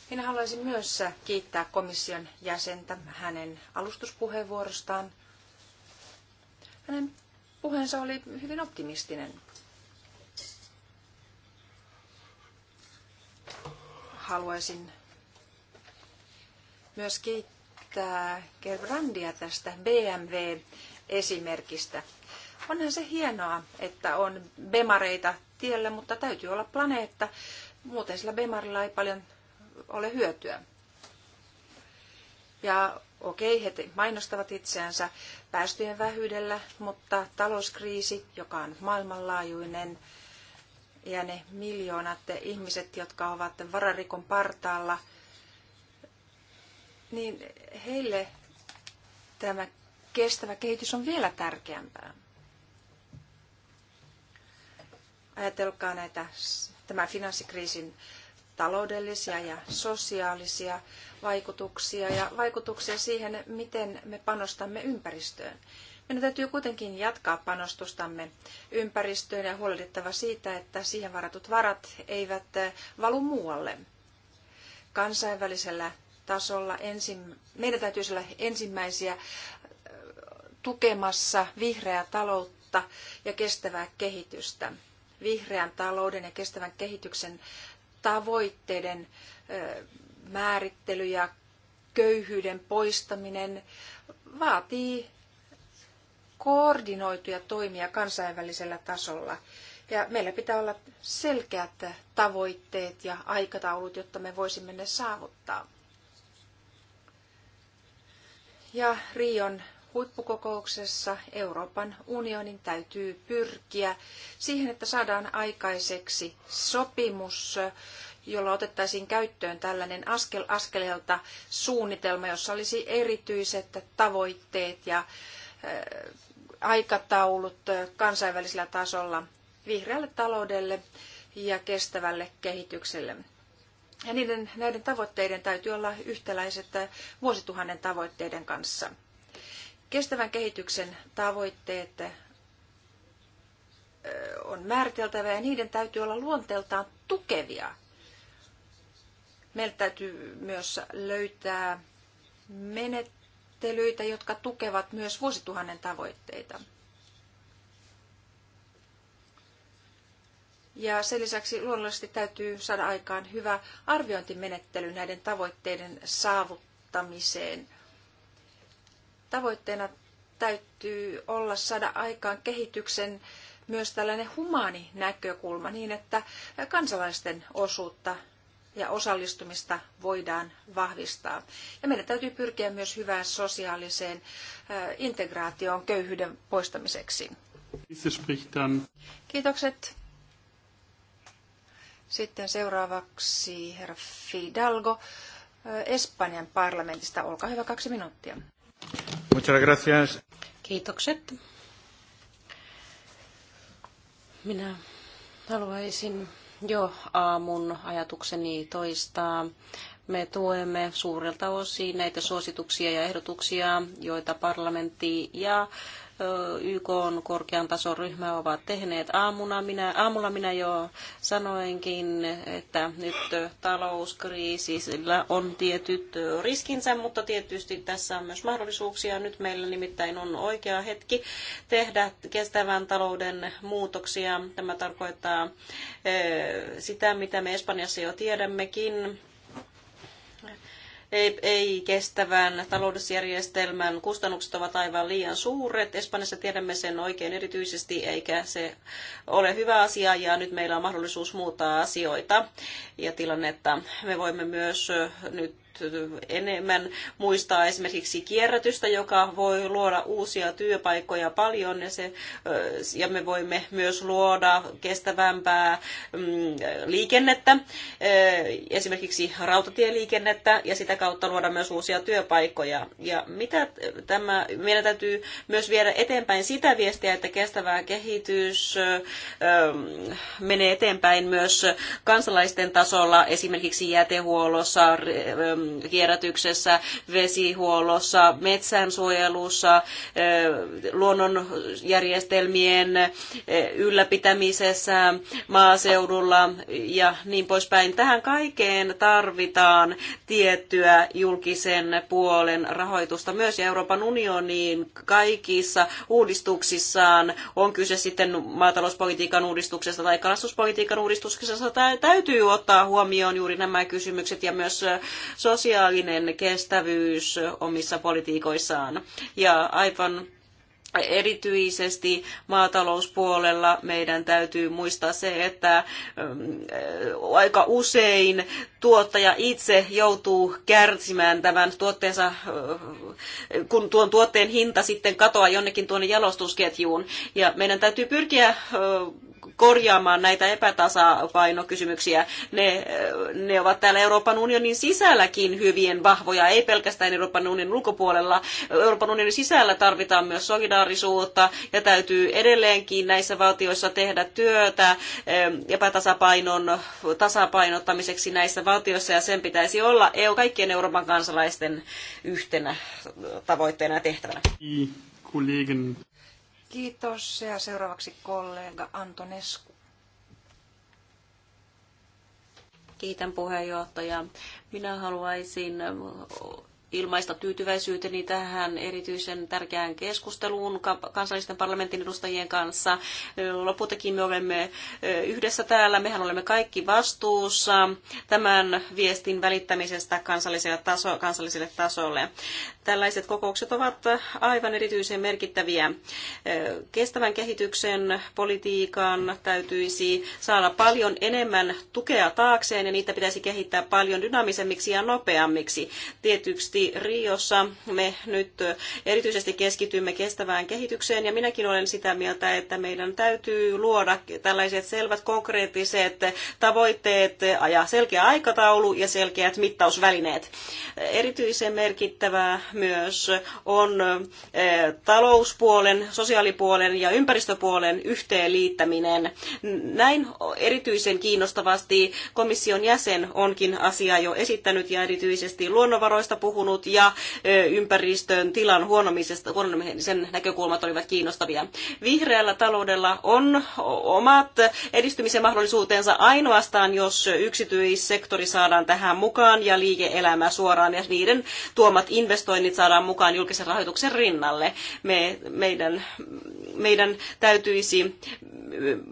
Minä haluaisin myös kiittää komission jäsentä hänen alustuspuheenvuorostaan. Hänen puheensa oli hyvin optimistinen. Haluaisin myös kiittää Gerbrandia tästä BMW-esimerkistä. Onhan se hienoa, että on bemareita tiellä, mutta täytyy olla planeetta. Muuten sillä bemarilla ei paljon ole hyötyä. Ja okei, he mainostavat itseänsä päästöjen vähyydellä, mutta talouskriisi, joka on maailmanlaajuinen, ja ne miljoonat ihmiset, jotka ovat vararikon partaalla – niin heille tämä kestävä kehitys on vielä tärkeämpää. Ajatelkaa näitä tämän finanssikriisin taloudellisia ja sosiaalisia vaikutuksia ja vaikutuksia siihen, miten me panostamme ympäristöön. Meidän täytyy kuitenkin jatkaa panostustamme ympäristöön ja huolehdittava siitä, että siihen varatut varat eivät valu muualle. Kansainvälisellä tasolla ensin, meidän täytyisi olla ensimmäisiä tukemassa vihreää taloutta ja kestävää kehitystä. Vihreän talouden ja kestävän kehityksen tavoitteiden määrittely ja köyhyyden poistaminen vaatii koordinoituja toimia kansainvälisellä tasolla. Ja meillä pitää olla selkeät tavoitteet ja aikataulut, jotta me voisimme ne saavuttaa ja Rion huippukokouksessa Euroopan unionin täytyy pyrkiä siihen, että saadaan aikaiseksi sopimus, jolla otettaisiin käyttöön tällainen askel askeleelta suunnitelma, jossa olisi erityiset tavoitteet ja äh, aikataulut kansainvälisellä tasolla vihreälle taloudelle ja kestävälle kehitykselle. Ja niiden, näiden tavoitteiden täytyy olla yhtäläiset vuosituhannen tavoitteiden kanssa. Kestävän kehityksen tavoitteet on määriteltävä ja niiden täytyy olla luonteeltaan tukevia. Meiltä täytyy myös löytää menettelyitä, jotka tukevat myös vuosituhannen tavoitteita. Ja sen lisäksi luonnollisesti täytyy saada aikaan hyvä arviointimenettely näiden tavoitteiden saavuttamiseen. Tavoitteena täytyy olla saada aikaan kehityksen myös tällainen humaani näkökulma niin, että kansalaisten osuutta ja osallistumista voidaan vahvistaa. Ja meidän täytyy pyrkiä myös hyvään sosiaaliseen integraatioon köyhyyden poistamiseksi. Kiitokset. Sitten seuraavaksi herra Fidalgo Espanjan parlamentista. Olkaa hyvä, kaksi minuuttia. Muchas gracias. Kiitokset. Minä haluaisin jo aamun ajatukseni toistaa. Me tuemme suurelta osin näitä suosituksia ja ehdotuksia, joita parlamentti ja YK on korkean tason ryhmä ovat tehneet. Aamuna minä, aamulla minä jo sanoinkin, että nyt talouskriisillä on tietyt riskinsä, mutta tietysti tässä on myös mahdollisuuksia. Nyt meillä nimittäin on oikea hetki tehdä kestävän talouden muutoksia. Tämä tarkoittaa sitä, mitä me Espanjassa jo tiedämmekin, ei, ei kestävän talousjärjestelmän kustannukset ovat aivan liian suuret. Espanjassa tiedämme sen oikein erityisesti, eikä se ole hyvä asia ja nyt meillä on mahdollisuus muuttaa asioita ja tilannetta. Me voimme myös nyt enemmän muistaa esimerkiksi kierrätystä, joka voi luoda uusia työpaikkoja paljon ja, se, ja me voimme myös luoda kestävämpää mm, liikennettä, esimerkiksi rautatieliikennettä ja sitä kautta luoda myös uusia työpaikkoja. Ja mitä tämä, meidän täytyy myös viedä eteenpäin sitä viestiä, että kestävä kehitys menee eteenpäin myös kansalaisten tasolla, esimerkiksi jätehuollossa, kierrätyksessä, vesihuollossa, metsänsuojelussa, luonnonjärjestelmien ylläpitämisessä, maaseudulla ja niin poispäin. Tähän kaikkeen tarvitaan tiettyä julkisen puolen rahoitusta myös ja Euroopan unioniin kaikissa uudistuksissaan, on kyse sitten maatalouspolitiikan uudistuksesta tai kalastuspolitiikan uudistuksesta, täytyy ottaa huomioon juuri nämä kysymykset ja myös sosiaali- sosiaalinen kestävyys omissa politiikoissaan. Ja aivan erityisesti maatalouspuolella meidän täytyy muistaa se, että aika usein tuottaja itse joutuu kärsimään tämän tuotteensa, kun tuon tuotteen hinta sitten katoaa jonnekin tuonne jalostusketjuun. Ja meidän täytyy pyrkiä korjaamaan näitä epätasapainokysymyksiä. Ne, ne ovat täällä Euroopan unionin sisälläkin hyvin vahvoja, ei pelkästään Euroopan unionin ulkopuolella. Euroopan unionin sisällä tarvitaan myös solidaarisuutta ja täytyy edelleenkin näissä valtioissa tehdä työtä epätasapainon tasapainottamiseksi näissä valtioissa jäsenvaltiossa ja sen pitäisi olla EU, kaikkien Euroopan kansalaisten yhtenä tavoitteena ja tehtävänä. Kiitos ja seuraavaksi kollega Antonescu. Kiitän puheenjohtajaa. Minä haluaisin ilmaista tyytyväisyyteni tähän erityisen tärkeään keskusteluun kansallisten parlamentin edustajien kanssa. Lopultakin me olemme yhdessä täällä. Mehän olemme kaikki vastuussa tämän viestin välittämisestä kansalliselle, taso, kansalliselle tasolle. Tällaiset kokoukset ovat aivan erityisen merkittäviä. Kestävän kehityksen politiikan täytyisi saada paljon enemmän tukea taakseen ja niitä pitäisi kehittää paljon dynaamisemmiksi ja nopeammiksi. Tietysti Riossa me nyt erityisesti keskitymme kestävään kehitykseen ja minäkin olen sitä mieltä, että meidän täytyy luoda tällaiset selvät konkreettiset tavoitteet ja selkeä aikataulu ja selkeät mittausvälineet. Erityisen merkittävää myös on eh, talouspuolen, sosiaalipuolen ja ympäristöpuolen yhteenliittäminen. Näin erityisen kiinnostavasti komission jäsen onkin asiaa jo esittänyt ja erityisesti luonnonvaroista puhunut ja eh, ympäristön tilan huonomisesta, huonomisen näkökulmat olivat kiinnostavia. Vihreällä taloudella on omat edistymisen mahdollisuutensa ainoastaan, jos yksityissektori saadaan tähän mukaan ja liike-elämä suoraan ja niiden tuomat investoinnit nyt saadaan mukaan julkisen rahoituksen rinnalle. Me, meidän, meidän täytyisi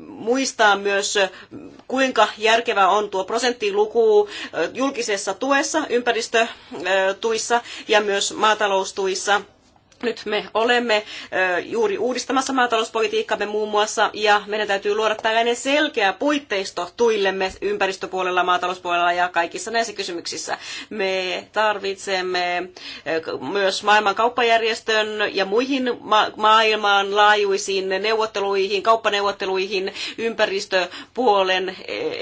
muistaa myös, kuinka järkevä on tuo prosenttiluku julkisessa tuessa, ympäristötuissa ja myös maataloustuissa – nyt me olemme juuri uudistamassa maatalouspolitiikkamme muun muassa, ja meidän täytyy luoda tällainen selkeä puitteisto tuillemme ympäristöpuolella, maatalouspuolella ja kaikissa näissä kysymyksissä. Me tarvitsemme myös maailman kauppajärjestön ja muihin ma- maailman laajuisiin neuvotteluihin, kauppaneuvotteluihin ympäristöpuolen e,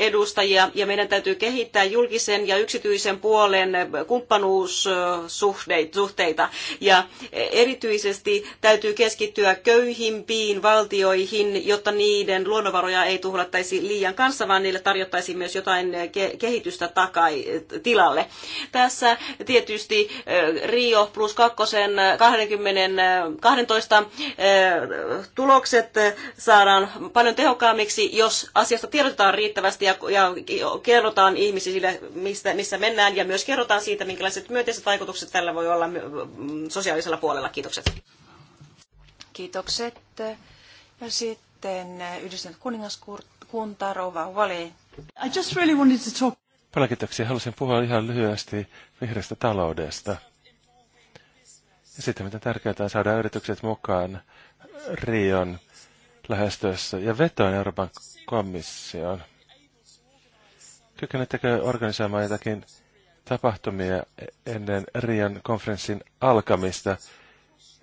edustajia, ja meidän täytyy kehittää julkisen ja yksityisen puolen kumppanuussuhteita. Ja Erityisesti täytyy keskittyä köyhimpiin valtioihin, jotta niiden luonnonvaroja ei tuhlattaisi liian kanssa, vaan niille tarjottaisiin myös jotain kehitystä takai, tilalle. Tässä tietysti Rio plus 2 20, 12 tulokset saadaan paljon tehokkaammiksi, jos asiasta tiedotetaan riittävästi ja, ja kerrotaan ihmisille, mistä, missä mennään, ja myös kerrotaan siitä, minkälaiset myönteiset vaikutukset tällä voi olla sosiaalisella puolella. Kiitokset. Kiitokset. Ja sitten yhdistynyt kuningaskunta, Rova Vali. I just really wanted to talk... Paljon kiitoksia. Halusin puhua ihan lyhyesti vihreästä taloudesta. Ja sitten miten tärkeää on saada yritykset mukaan Rion lähestyessä ja vetoan Euroopan komissioon. Kykenettekö organisoimaan jotakin tapahtumia ennen Rion konferenssin alkamista,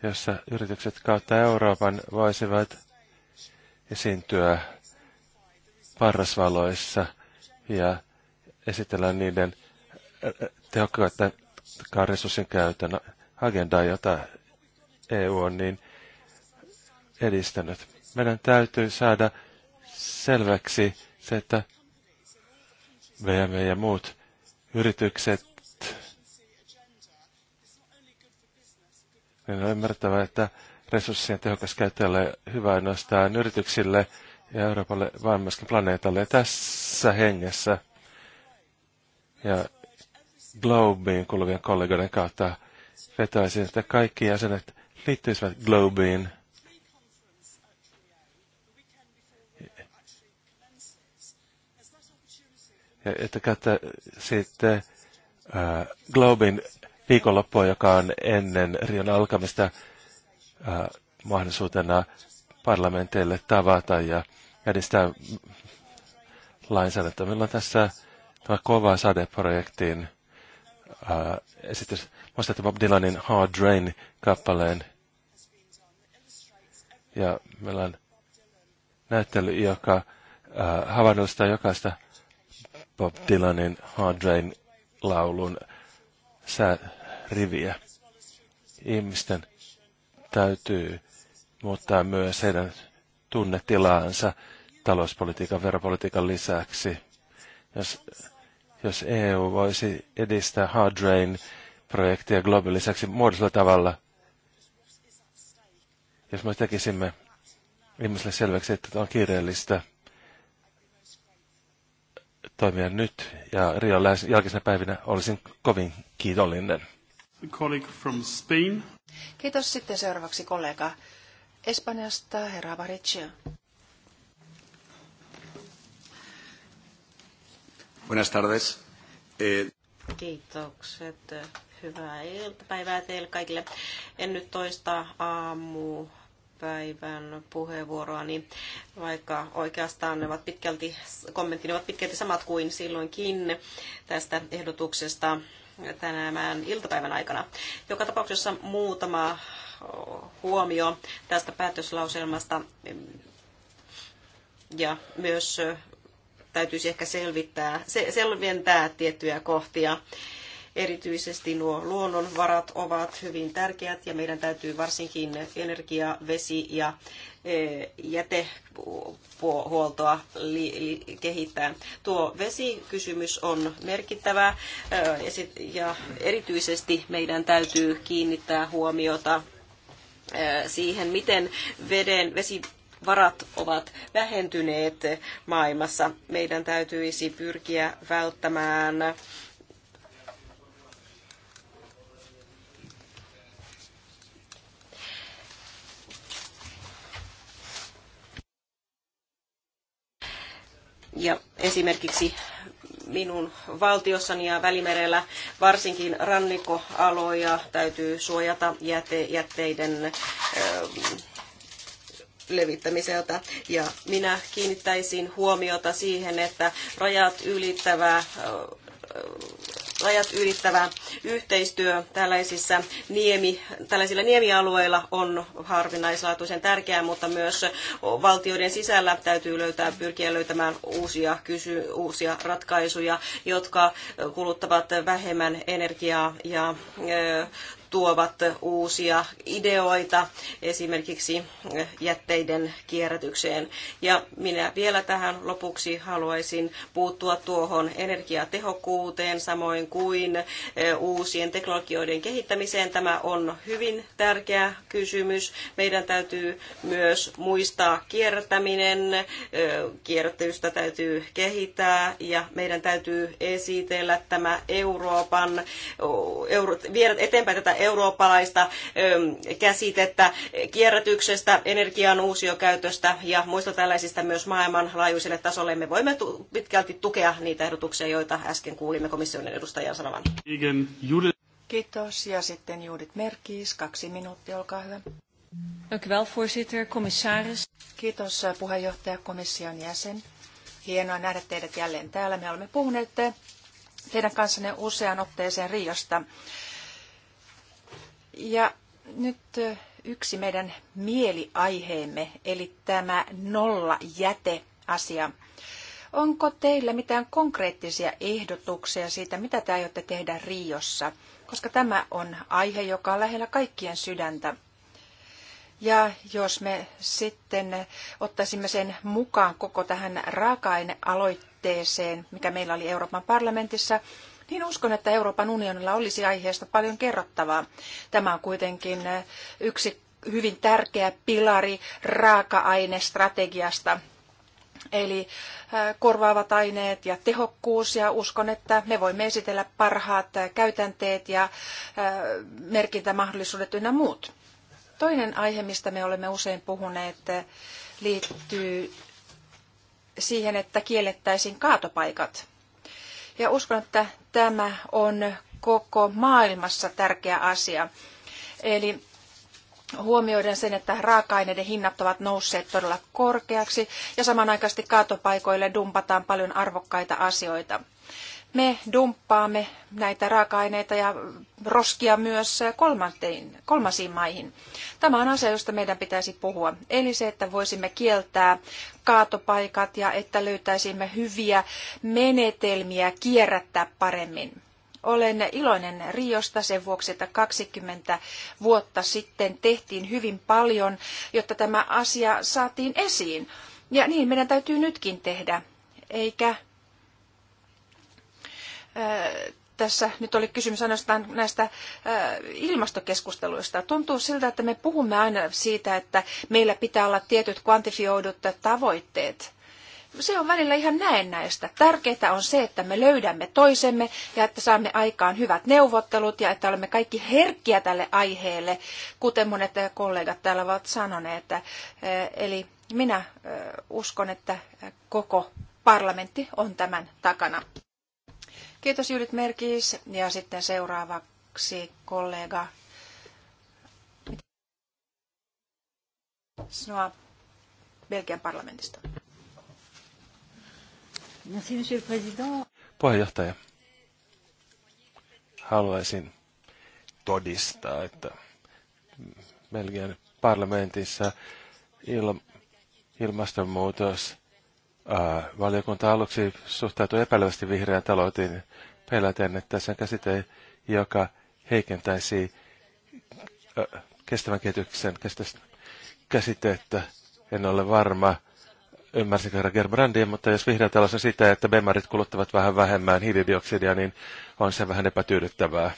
jossa yritykset kautta Euroopan voisivat esiintyä parrasvaloissa ja esitellä niiden eh, eh, tehokkaita resurssien käytön agendaa, jota EU on niin edistänyt. Meidän täytyy saada selväksi se, että VM ja muut yritykset niin on ymmärrettävä, että resurssien tehokas käyttö ole hyvä ainoastaan yrityksille ja Euroopalle, vaan myöskin planeetalle. Ja tässä hengessä ja Globeen kuuluvien kollegoiden kautta vetäisin, että kaikki jäsenet liittyisivät Globeen. Ja että käyttää sitten äh, Globin viikonloppua, joka on ennen Rion alkamista äh, mahdollisuutena parlamenteille tavata ja edistää lainsäädäntöä. Meillä on tässä tämä kova sadeprojektin äh, esitys. että Bob Dylanin Hard Rain-kappaleen. Ja meillä on näyttely, joka äh, havainnollistaa jokaista Bob Dylanin Hard Rain-laulun sää, riviä. Ihmisten täytyy muuttaa myös heidän tunnetilaansa talouspolitiikan, veropolitiikan lisäksi. Jos, jos EU voisi edistää hard drain projektia Globin lisäksi muodollisella tavalla, jos me tekisimme ihmisille selväksi, että on kiireellistä toimia nyt ja Rio jälkisenä päivinä olisin kovin kiitollinen colleague from Spain. Kiitos. Sitten seuraavaksi kollega Espanjasta, herra Baricio. Buenas tardes. Eh, Kiitokset. Hyvää iltapäivää teille kaikille. En nyt toista aamu päivän puheenvuoroani, niin vaikka oikeastaan ne ovat pitkälti, kommenttini ovat pitkälti samat kuin silloinkin tästä ehdotuksesta tänään iltapäivän aikana. Joka tapauksessa muutama huomio tästä päätöslauselmasta ja myös täytyisi ehkä selvittää, selventää tiettyjä kohtia. Erityisesti nuo luonnonvarat ovat hyvin tärkeät ja meidän täytyy varsinkin energia, vesi ja E, jätehuoltoa kehittää. Tuo vesikysymys on merkittävä e, ja erityisesti meidän täytyy kiinnittää huomiota e, siihen, miten veden, vesi, varat ovat vähentyneet maailmassa. Meidän täytyisi pyrkiä välttämään Ja esimerkiksi minun valtiossani ja Välimerellä varsinkin rannikkoaloja täytyy suojata jäte, jätteiden ö, levittämiseltä. Ja minä kiinnittäisin huomiota siihen, että rajat ylittävä rajat ylittävä yhteistyö tällaisissa niemi, tällaisilla niemialueilla on harvinaislaatuisen tärkeää, mutta myös valtioiden sisällä täytyy löytää, pyrkiä löytämään uusia, kysy, uusia ratkaisuja, jotka kuluttavat vähemmän energiaa ja tuovat uusia ideoita esimerkiksi jätteiden kierrätykseen. Ja minä vielä tähän lopuksi haluaisin puuttua tuohon energiatehokkuuteen samoin kuin eh, uusien teknologioiden kehittämiseen. Tämä on hyvin tärkeä kysymys. Meidän täytyy myös muistaa kiertäminen. Eh, kierrättämistä täytyy kehittää ja meidän täytyy esitellä tämä Euroopan, eh, euro, viedä eteenpäin tätä eurooppalaista ähm, käsitettä kierrätyksestä, energian uusiokäytöstä ja muista tällaisista myös maailmanlaajuiselle tasolle. Me voimme pitkälti tukea niitä ehdotuksia, joita äsken kuulimme komission edustajan sanovan. Kiitos. Ja sitten Judith Merkiis, kaksi minuuttia, olkaa hyvä. Dank voorzitter, commissaris. Kiitos eh, puheenjohtaja, komission jäsen. Hienoa nähdä teidät jälleen täällä. Me olemme puhuneet eh, teidän kanssanne useaan otteeseen Riosta. Ja nyt yksi meidän mieliaiheemme, eli tämä nolla Onko teillä mitään konkreettisia ehdotuksia siitä, mitä te aiotte tehdä Riossa? Koska tämä on aihe, joka on lähellä kaikkien sydäntä. Ja jos me sitten ottaisimme sen mukaan koko tähän raaka-ainealoitteeseen, mikä meillä oli Euroopan parlamentissa, niin uskon, että Euroopan unionilla olisi aiheesta paljon kerrottavaa. Tämä on kuitenkin eh, yksi hyvin tärkeä pilari raaka-ainestrategiasta. Eli eh, korvaavat aineet ja tehokkuus ja uskon, että me voimme esitellä parhaat eh, käytänteet ja merkintämahdollisuudet ynnä muut. Toinen aihe, mistä me olemme usein puhuneet, liittyy siihen, että kiellettäisiin kaatopaikat. Ja uskon, että tämä on koko maailmassa tärkeä asia. Eli huomioiden sen, että raaka-aineiden hinnat ovat nousseet todella korkeaksi ja samanaikaisesti kaatopaikoille dumpataan paljon arvokkaita asioita me dumppaamme näitä raaka-aineita ja roskia myös kolmansiin maihin. Tämä on asia, josta meidän pitäisi puhua. Eli se, että voisimme kieltää kaatopaikat ja että löytäisimme hyviä menetelmiä kierrättää paremmin. Olen iloinen Riosta sen vuoksi, että 20 vuotta sitten tehtiin hyvin paljon, jotta tämä asia saatiin esiin. Ja niin meidän täytyy nytkin tehdä, eikä tässä nyt oli kysymys ainoastaan näistä ilmastokeskusteluista. Tuntuu siltä, että me puhumme aina siitä, että meillä pitää olla tietyt kvantifioidut tavoitteet. Se on välillä ihan näennäistä. Tärkeintä on se, että me löydämme toisemme ja että saamme aikaan hyvät neuvottelut ja että olemme kaikki herkkiä tälle aiheelle, kuten monet kollegat täällä ovat sanoneet. Eli minä uskon, että koko parlamentti on tämän takana. Kiitos Judith Merkis ja sitten seuraavaksi kollega Snoa Belgian parlamentista. Merci, monsieur le président. Puheenjohtaja, haluaisin todistaa, että Belgian parlamentissa ilma, ilmastonmuutos Äh, valiokunta aluksi suhtautui epäilevästi vihreään talouteen peläten, että sen käsite, joka heikentäisi äh, kestävän kehityksen käsitettä. En ole varma, ymmärsinkö herra Gerbrandia, mutta jos vihreä talous on sitä, että bemarit kuluttavat vähän vähemmän hiilidioksidia, niin on se vähän epätyydyttävää.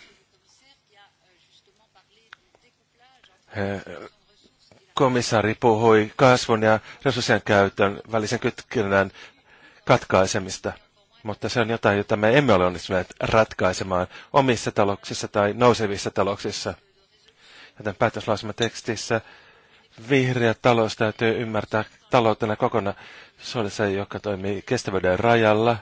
He komissaari puhui kasvun ja resurssien käytön välisen kytkennän katkaisemista, mutta se on jotain, jota me emme ole onnistuneet ratkaisemaan omissa talouksissa tai nousevissa talouksissa. Joten päätöslausumatekstissä vihreä talous täytyy ymmärtää taloutena kokonaan. Se oli se, joka toimii kestävyyden rajalla,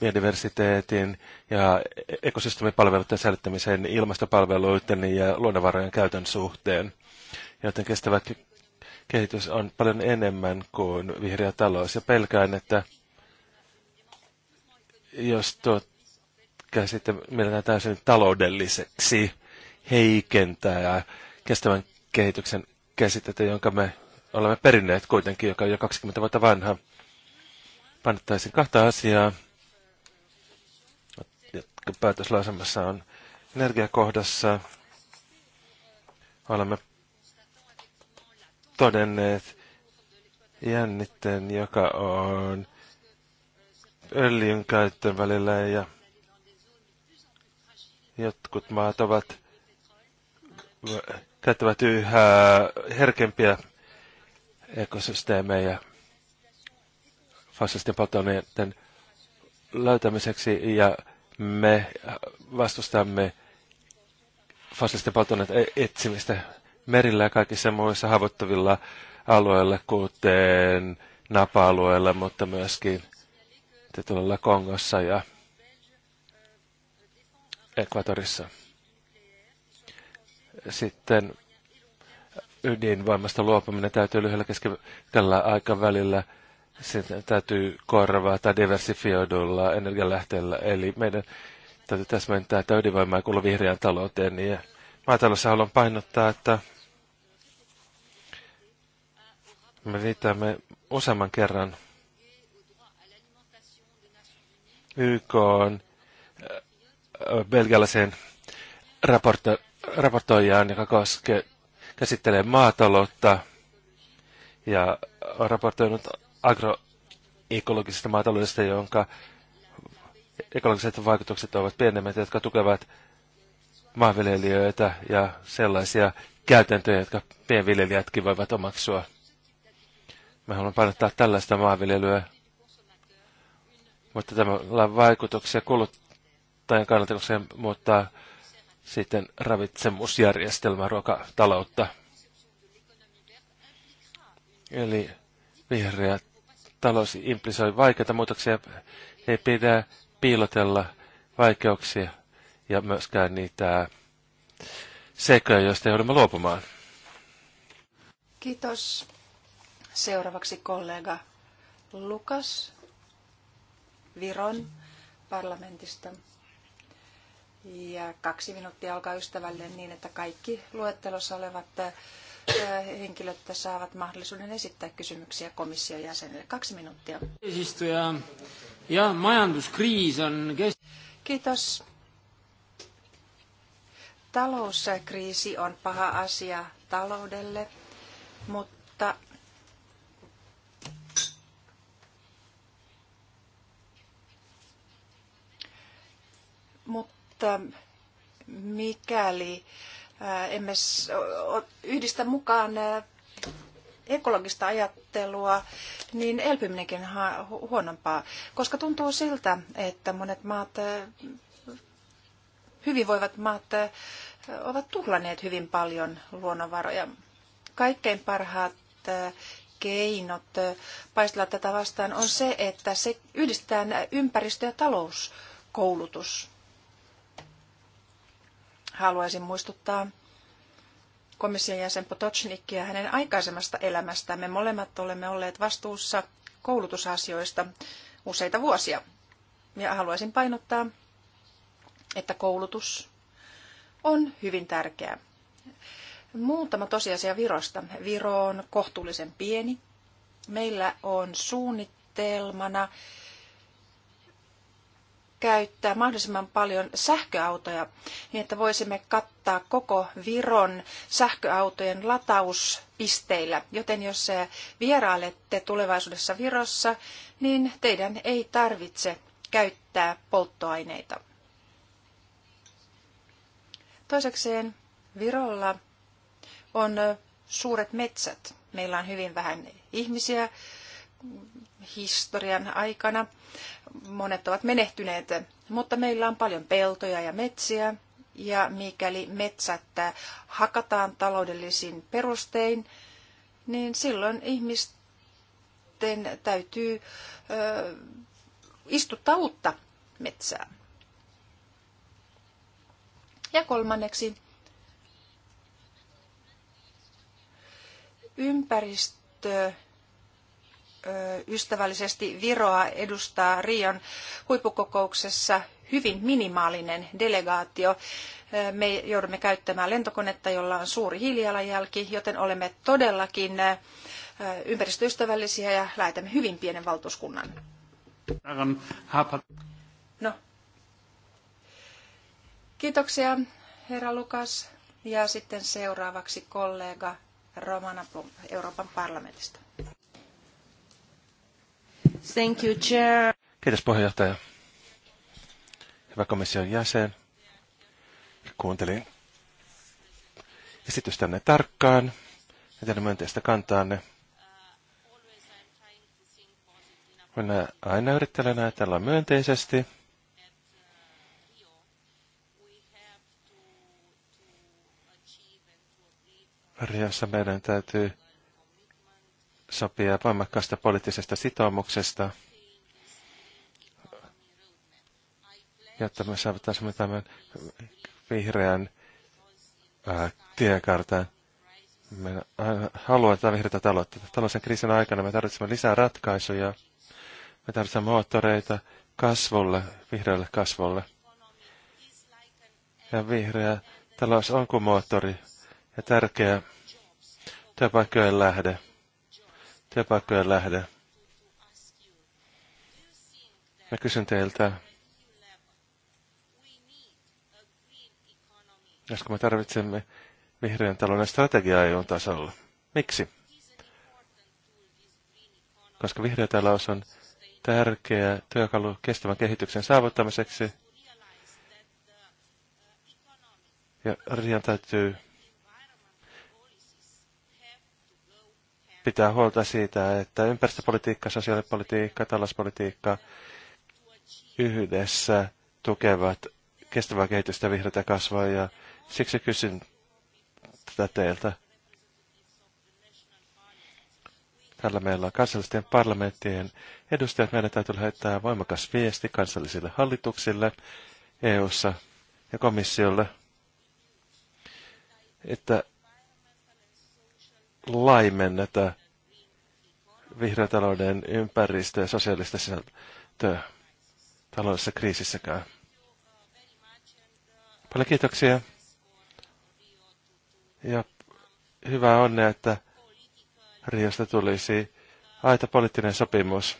biodiversiteetin ja e-, ekosysteemipalveluiden säilyttämisen, ilmastopalveluiden ja luonnonvarojen käytön suhteen joten kestävä kehitys on paljon enemmän kuin vihreä talous. Ja pelkään, että jos tuo käsite mielletään täysin taloudelliseksi, heikentää kestävän kehityksen käsitettä, jonka me olemme perinneet kuitenkin, joka on jo 20 vuotta vanha. Painottaisin kahta asiaa, jotka päätöslausemassa on energiakohdassa. Olemme todenneet jännitteen, joka on öljyn käyttön välillä ja jotkut maat ovat käyttävät yhä herkempiä ekosysteemejä fossiilisten polttoaineiden löytämiseksi ja me vastustamme fossiilisten polttoaineiden etsimistä merillä ja kaikissa muissa haavoittuvilla alueilla, kuten napa alueella mutta myöskin tuolla Kongossa ja Ekvatorissa. Sitten ydinvoimasta luopuminen täytyy lyhyellä keskellä aikavälillä Sitten täytyy korvata diversifioidulla energialähteellä. Eli meidän täytyy täsmentää, että ydinvoima ei kuulu vihreään talouteen, niin maatalossa haluan painottaa, että me liitämme useamman kerran YK on belgialaisen raporto, raportoijaan, joka koske, käsittelee maataloutta ja on raportoinut agroekologisesta maataloudesta, jonka ekologiset vaikutukset ovat pienemmät, jotka tukevat maanviljelijöitä ja sellaisia käytäntöjä, jotka pienviljelijätkin voivat omaksua. Mä haluan painottaa tällaista maanviljelyä, mutta tämä on vaikutuksia kuluttajan kannalta, koska se muuttaa sitten ravitsemusjärjestelmää, ruokataloutta. Eli vihreä talous implisoi vaikeita muutoksia, ei pidä piilotella vaikeuksia ja myöskään niitä seikkoja, joista joudumme luopumaan. Kiitos. Seuraavaksi kollega Lukas Viron parlamentista. Ja kaksi minuuttia alkaa ystävälle niin, että kaikki luettelossa olevat äh, henkilöt saavat mahdollisuuden esittää kysymyksiä komission jäsenille. Kaksi minuuttia. Ja majanduskriis on... Kiitos. Talouskriisi on paha asia taloudelle, mutta mutta mikäli äh, emme yhdistä mukaan äh, ekologista ajattelua, niin elpyminenkin on huonompaa, koska tuntuu siltä, että monet maat äh, hyvinvoivat maat ovat tuhlaneet hyvin paljon luonnonvaroja. Kaikkein parhaat keinot paistella tätä vastaan on se, että se yhdistetään ympäristö- ja talouskoulutus. Haluaisin muistuttaa komission jäsen Potocnikia hänen aikaisemmasta elämästään. Me molemmat olemme olleet vastuussa koulutusasioista useita vuosia. Ja haluaisin painottaa että koulutus on hyvin tärkeää. Muutama tosiasia Virosta. Viro on kohtuullisen pieni. Meillä on suunnitelmana käyttää mahdollisimman paljon sähköautoja niin, että voisimme kattaa koko Viron sähköautojen latauspisteillä. Joten jos vierailette tulevaisuudessa Virossa, niin teidän ei tarvitse käyttää polttoaineita. Toisekseen Virolla on suuret metsät. Meillä on hyvin vähän ihmisiä historian aikana. Monet ovat menehtyneet, mutta meillä on paljon peltoja ja metsiä. Ja mikäli metsät hakataan taloudellisin perustein, niin silloin ihmisten täytyy ö, istuttaa uutta metsää. Ja kolmanneksi ympäristö ystävällisesti Viroa edustaa Rion huippukokouksessa hyvin minimaalinen delegaatio. Me joudumme käyttämään lentokonetta, jolla on suuri hiilijalanjälki, joten olemme todellakin ympäristöystävällisiä ja lähetämme hyvin pienen valtuuskunnan. No, Kiitoksia, herra Lukas. Ja sitten seuraavaksi kollega Romana Plum Euroopan parlamentista. Thank you, Chair. Kiitos puheenjohtaja. Hyvä komission jäsen. Kuuntelin esitystänne tarkkaan ja teidän myönteistä kantaanne. Minä aina yrittelen ajatella myönteisesti. Riossa meidän täytyy sopia voimakkaasta poliittisesta sitoumuksesta, jotta me saavuttaisimme tämän vihreän ää, tiekartan. Me haluamme tätä vihreätä taloutta. Tällaisen kriisin aikana me tarvitsemme lisää ratkaisuja. Me tarvitsemme moottoreita kasvulle, vihreälle kasvulle. Ja vihreä talous on kuin moottori, ja tärkeä työpaikkojen lähde. Työpaikkojen lähde. Mä kysyn teiltä, jos me tarvitsemme vihreän talouden strategiaa EUn tasolla. Miksi? Koska vihreä talous on tärkeä työkalu kestävän kehityksen saavuttamiseksi. Ja Rian täytyy pitää huolta siitä, että ympäristöpolitiikka, sosiaalipolitiikka, talouspolitiikka yhdessä tukevat kestävää kehitystä vihreitä kasvaa ja siksi kysyn tätä teiltä. Täällä meillä on kansallisten parlamenttien edustajat. Meidän täytyy lähettää voimakas viesti kansallisille hallituksille EU:ssa ja komissiolle, että laimennetään vihreätalouden ympäristö ja sosiaalista sisältöä taloudessa kriisissäkään. Paljon kiitoksia. Ja hyvää onnea, että Riosta tulisi aita poliittinen sopimus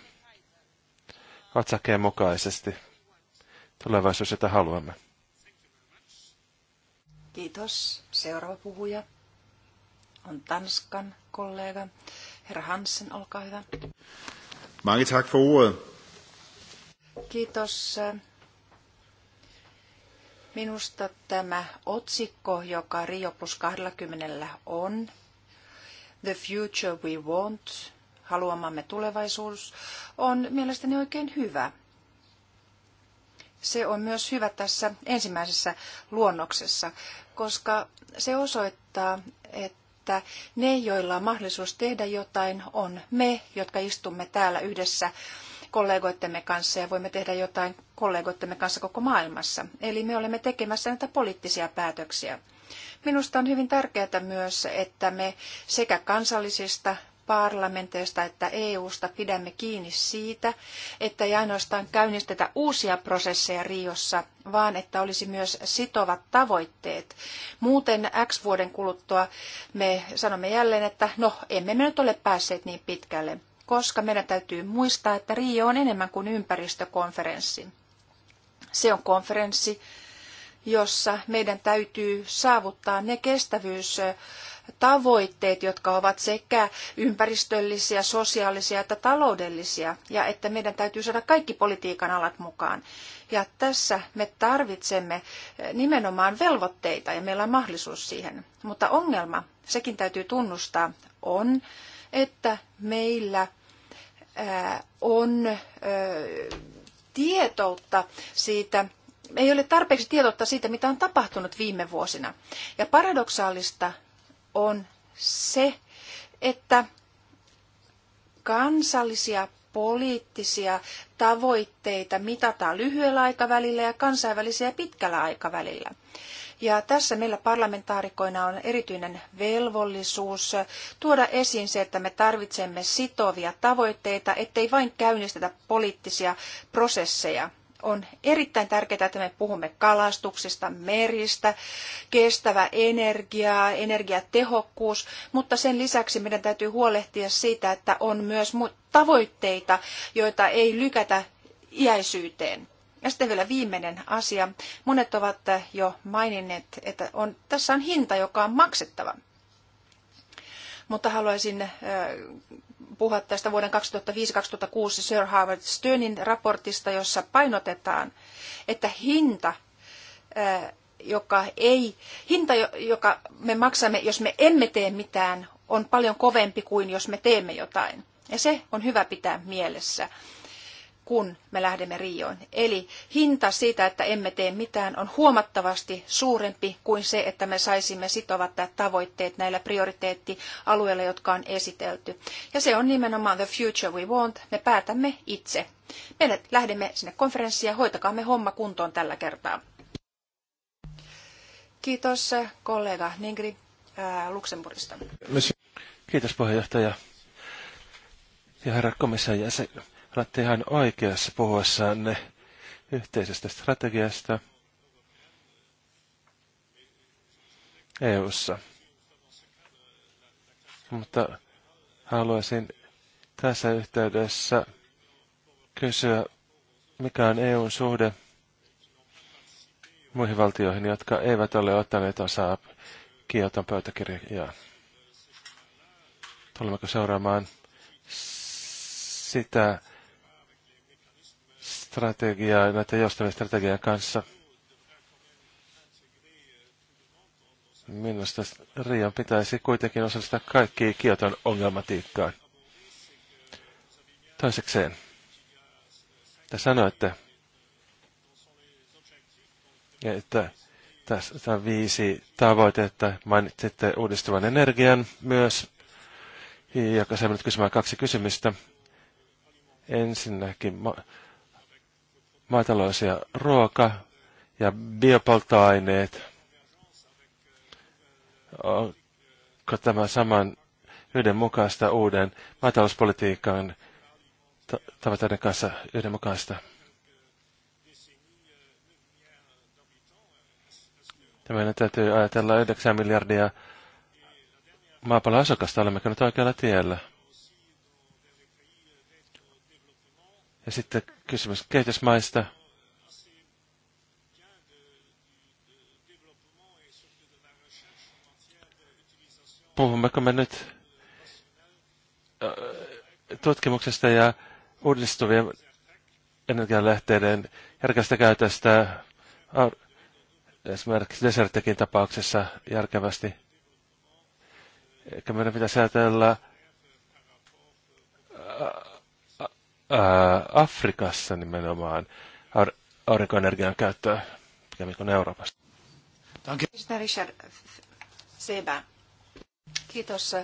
otsakkeen mukaisesti. Tulevaisuus, jota haluamme. Kiitos. Seuraava puhuja on Tanskan kollega Herra Hansen, olkaa hyvä. Mange tak for ordet. Kiitos. Minusta tämä otsikko, joka Rio plus 20 on, The Future We Want, haluamamme tulevaisuus, on mielestäni oikein hyvä. Se on myös hyvä tässä ensimmäisessä luonnoksessa, koska se osoittaa, että että ne, joilla on mahdollisuus tehdä jotain, on me, jotka istumme täällä yhdessä kollegoittemme kanssa ja voimme tehdä jotain kollegoittemme kanssa koko maailmassa. Eli me olemme tekemässä näitä poliittisia päätöksiä. Minusta on hyvin tärkeää myös, että me sekä kansallisista parlamenteista että EUsta pidämme kiinni siitä, että ei ainoastaan käynnistetä uusia prosesseja Riossa, vaan että olisi myös sitovat tavoitteet. Muuten X vuoden kuluttua me sanomme jälleen, että no, emme me nyt ole päässeet niin pitkälle, koska meidän täytyy muistaa, että Rio on enemmän kuin ympäristökonferenssi. Se on konferenssi, jossa meidän täytyy saavuttaa ne kestävyys tavoitteet, jotka ovat sekä ympäristöllisiä, sosiaalisia että taloudellisia, ja että meidän täytyy saada kaikki politiikan alat mukaan. Ja tässä me tarvitsemme eh, nimenomaan velvoitteita, ja meillä on mahdollisuus siihen. Mutta ongelma, sekin täytyy tunnustaa, on, että meillä eh, on eh, tietoutta siitä, ei ole tarpeeksi tietoutta siitä, mitä on tapahtunut viime vuosina. Ja paradoksaalista on se, että kansallisia poliittisia tavoitteita mitataan lyhyellä aikavälillä ja kansainvälisiä pitkällä aikavälillä. Ja tässä meillä parlamentaarikoina on erityinen velvollisuus tuoda esiin se, että me tarvitsemme sitovia tavoitteita, ettei vain käynnistetä poliittisia prosesseja on erittäin tärkeää, että me puhumme kalastuksesta, meristä, kestävä energia, energiatehokkuus, mutta sen lisäksi meidän täytyy huolehtia siitä, että on myös tavoitteita, joita ei lykätä iäisyyteen. Ja sitten vielä viimeinen asia. Monet ovat jo maininneet, että on, tässä on hinta, joka on maksettava. Mutta haluaisin puhua tästä vuoden 2005-2006 Sir Harvard Sternin raportista, jossa painotetaan, että hinta, joka ei, hinta, joka me maksamme, jos me emme tee mitään, on paljon kovempi kuin jos me teemme jotain. Ja se on hyvä pitää mielessä kun me lähdemme Rioon. Eli hinta siitä, että emme tee mitään, on huomattavasti suurempi kuin se, että me saisimme sitovat tavoitteet näillä prioriteettialueilla, jotka on esitelty. Ja se on nimenomaan the future we want. Me päätämme itse. Me lähdemme sinne konferenssiin ja hoitakaamme homma kuntoon tällä kertaa. Kiitos kollega Ningri äh, Luxemburgista. Kiitos puheenjohtaja ja herra komissaari Olette ihan oikeassa puhuessanne yhteisestä strategiasta EU:ssa. Mutta haluaisin tässä yhteydessä kysyä, mikä on EUn suhde muihin valtioihin, jotka eivät ole ottaneet osaa Kioton pöytäkirjaa. Tulemmeko seuraamaan sitä, strategiaa näiden joustavien strategian kanssa. Minusta Rian pitäisi kuitenkin osallistaa kaikki Kioton ongelmatiikkaan. Toisekseen, te sanoitte, että tässä on viisi tavoitetta. Mainitsitte uudistuvan energian myös, joka saa kysymään kaksi kysymystä. Ensinnäkin maatalous ja ruoka ja biopolttoaineet. Onko tämä saman yhdenmukaista uuden maatalouspolitiikan tavoitteiden kanssa yhdenmukaista? meidän täytyy ajatella 9 miljardia maapallon asukasta, olemmeko nyt oikealla tiellä? Ja sitten kysymys kehitysmaista. Puhummeko me nyt tutkimuksesta ja uudistuvien energialähteiden järkevästä käytöstä esimerkiksi Desertekin tapauksessa järkevästi. Ehkä meidän pitäisi ajatella Afrikassa nimenomaan aur- aurinkoenergian käyttöä, mikä on Euroopassa. Richard Seba. Kiitos.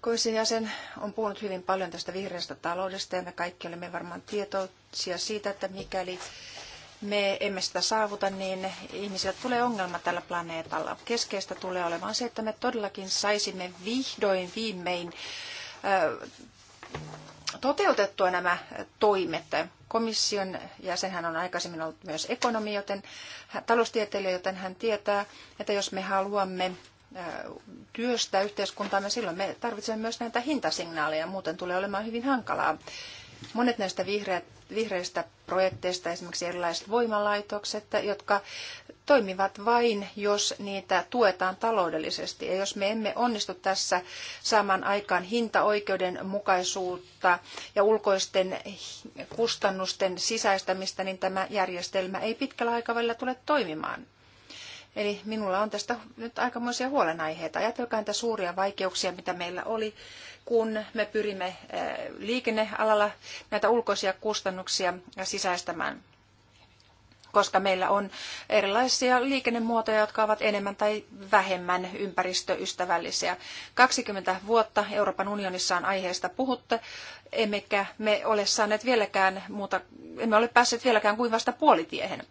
Koisin jäsen on puhunut hyvin paljon tästä vihreästä taloudesta ja me kaikki olemme varmaan tietoisia siitä, että mikäli me emme sitä saavuta, niin ihmisille tulee ongelma tällä planeetalla. Keskeistä tulee olemaan se, että me todellakin saisimme vihdoin viimein toteutettua nämä toimet. Komission jäsenhän on aikaisemmin ollut myös ekonomi, joten taloustieteilijä, joten hän tietää, että jos me haluamme työstä yhteiskuntaamme, silloin me tarvitsemme myös näitä hintasignaaleja, muuten tulee olemaan hyvin hankalaa. Monet näistä vihreistä projekteista, esimerkiksi erilaiset voimalaitokset, jotka toimivat vain, jos niitä tuetaan taloudellisesti. Ja jos me emme onnistu tässä saamaan aikaan hintaoikeudenmukaisuutta ja ulkoisten kustannusten sisäistämistä, niin tämä järjestelmä ei pitkällä aikavälillä tule toimimaan. Eli minulla on tästä nyt aikamoisia huolenaiheita. Ajatelkaa niitä suuria vaikeuksia, mitä meillä oli, kun me pyrimme eh, liikennealalla näitä ulkoisia kustannuksia sisäistämään koska meillä on erilaisia liikennemuotoja, jotka ovat enemmän tai vähemmän ympäristöystävällisiä. 20 vuotta Euroopan unionissa on aiheesta puhuttu, emmekä me ole saaneet vieläkään muuta, emme ole päässeet vieläkään kuin vasta puolitiehen.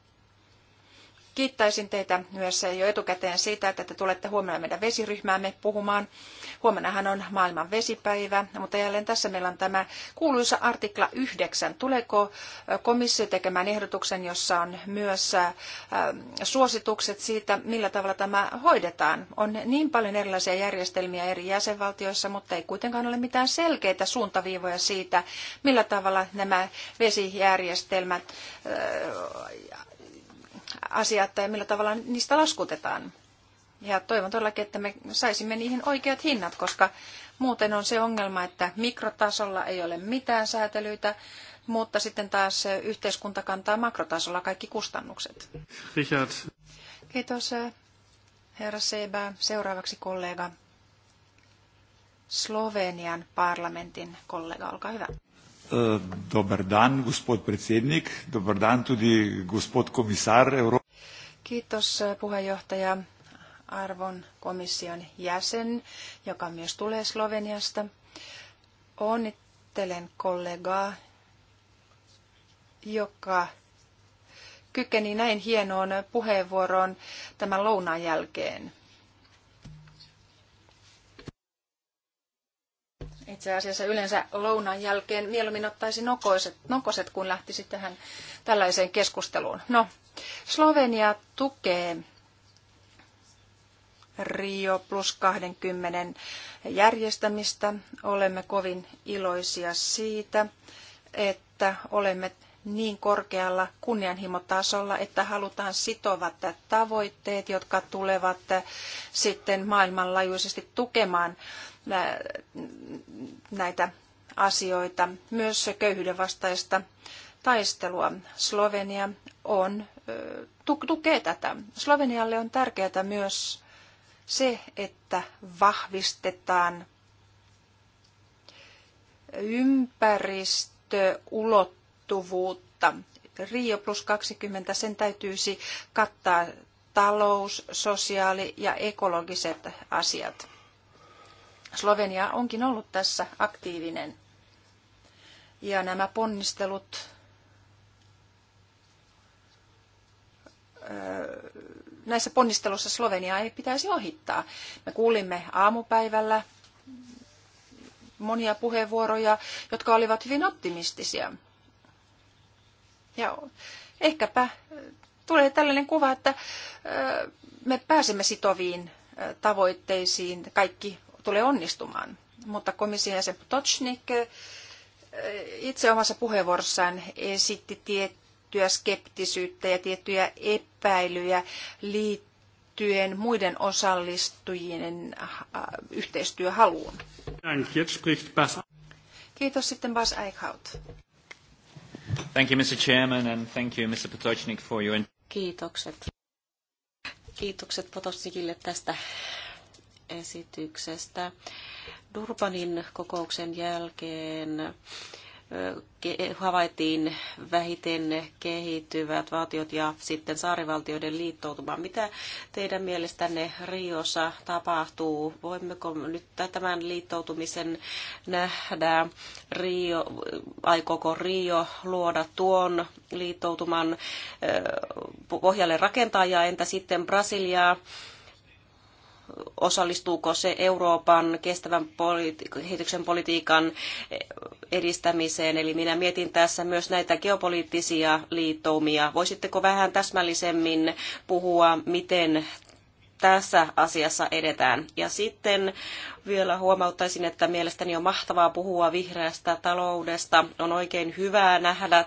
Kiittäisin teitä myös jo etukäteen siitä, että te tulette huomenna meidän vesiryhmäämme puhumaan. Huomennahan on maailman vesipäivä, mutta jälleen tässä meillä on tämä kuuluisa artikla 9. Tuleeko komissio tekemään ehdotuksen, jossa on myös suositukset siitä, millä tavalla tämä hoidetaan? On niin paljon erilaisia järjestelmiä eri jäsenvaltioissa, mutta ei kuitenkaan ole mitään selkeitä suuntaviivoja siitä, millä tavalla nämä vesijärjestelmät asiat ja millä tavalla niistä laskutetaan. Ja toivon todellakin, että me saisimme niihin oikeat hinnat, koska muuten on se ongelma, että mikrotasolla ei ole mitään säätelyitä, mutta sitten taas yhteiskunta kantaa makrotasolla kaikki kustannukset. Richard. Kiitos, eh, herra Seba. Seuraavaksi kollega, Slovenian parlamentin kollega, olkaa hyvä. Eh, Dobar dan, gospod predsednik. Dobar dan tudi gospod komisar Euro- Kiitos eh, puheenjohtaja arvon komission jäsen, joka myös tulee Sloveniasta. Onnittelen kollegaa, joka kykeni näin hienoon puheenvuoroon tämän lounaan jälkeen. Itse asiassa yleensä lounan jälkeen mieluummin ottaisi nokoiset, nokoset, kun lähtisi tähän tällaiseen keskusteluun. No, Slovenia tukee Rio plus 20 järjestämistä. Olemme kovin iloisia siitä, että olemme niin korkealla kunnianhimotasolla, että halutaan sitovat tavoitteet, jotka tulevat sitten maailmanlaajuisesti tukemaan näitä asioita, myös köyhyyden vastaista taistelua. Slovenia on, tukee tätä. Slovenialle on tärkeää myös se, että vahvistetaan ympäristöulottuvuutta. Rio plus 20, sen täytyisi kattaa talous, sosiaali ja ekologiset asiat. Slovenia onkin ollut tässä aktiivinen. Ja nämä ponnistelut näissä ponnistelussa Slovenia ei pitäisi ohittaa. Me kuulimme aamupäivällä monia puheenvuoroja, jotka olivat hyvin optimistisia. Ja ehkäpä tulee tällainen kuva, että me pääsemme sitoviin tavoitteisiin. Kaikki tule onnistumaan. Mutta komission jäsen Potocnik eh, itse omassa puheenvuorossaan esitti tiettyä skeptisyyttä ja tiettyjä epäilyjä liittyen muiden osallistujien eh, yhteistyöhaluun. Kiitos sitten Bas Eichhout. Thank you, Mr. Chairman, and thank you, Mr. Potocnik, for your... Kiitokset. Kiitokset Potosnikille tästä esityksestä. Durbanin kokouksen jälkeen havaittiin vähiten kehittyvät valtiot ja sitten saarivaltioiden liittoutuma. Mitä teidän mielestänne Riossa tapahtuu? Voimmeko nyt tämän liittoutumisen nähdä? Rio, aikooko Rio luoda tuon liittoutuman pohjalle rakentaa ja entä sitten Brasiliaa? osallistuuko se Euroopan kestävän politi- kehityksen politiikan edistämiseen. Eli minä mietin tässä myös näitä geopoliittisia liittoumia. Voisitteko vähän täsmällisemmin puhua, miten tässä asiassa edetään. Ja sitten vielä huomauttaisin, että mielestäni on mahtavaa puhua vihreästä taloudesta. On oikein hyvää nähdä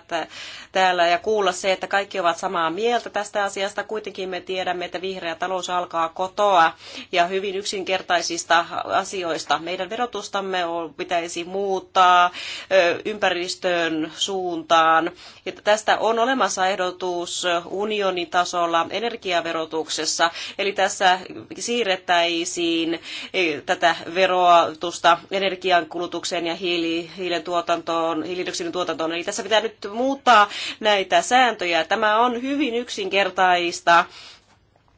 täällä ja kuulla se, että kaikki ovat samaa mieltä tästä asiasta. Kuitenkin me tiedämme, että vihreä talous alkaa kotoa ja hyvin yksinkertaisista asioista. Meidän verotustamme pitäisi muuttaa ympäristöön suuntaan. tästä on olemassa ehdotus tasolla energiaverotuksessa, eli tässä siirrettäisiin e, tätä verotusta energiankulutukseen ja hiili, hiilen tuotantoon, hiilidioksidin tuotantoon. Eli tässä pitää nyt muuttaa näitä sääntöjä. Tämä on hyvin yksinkertaista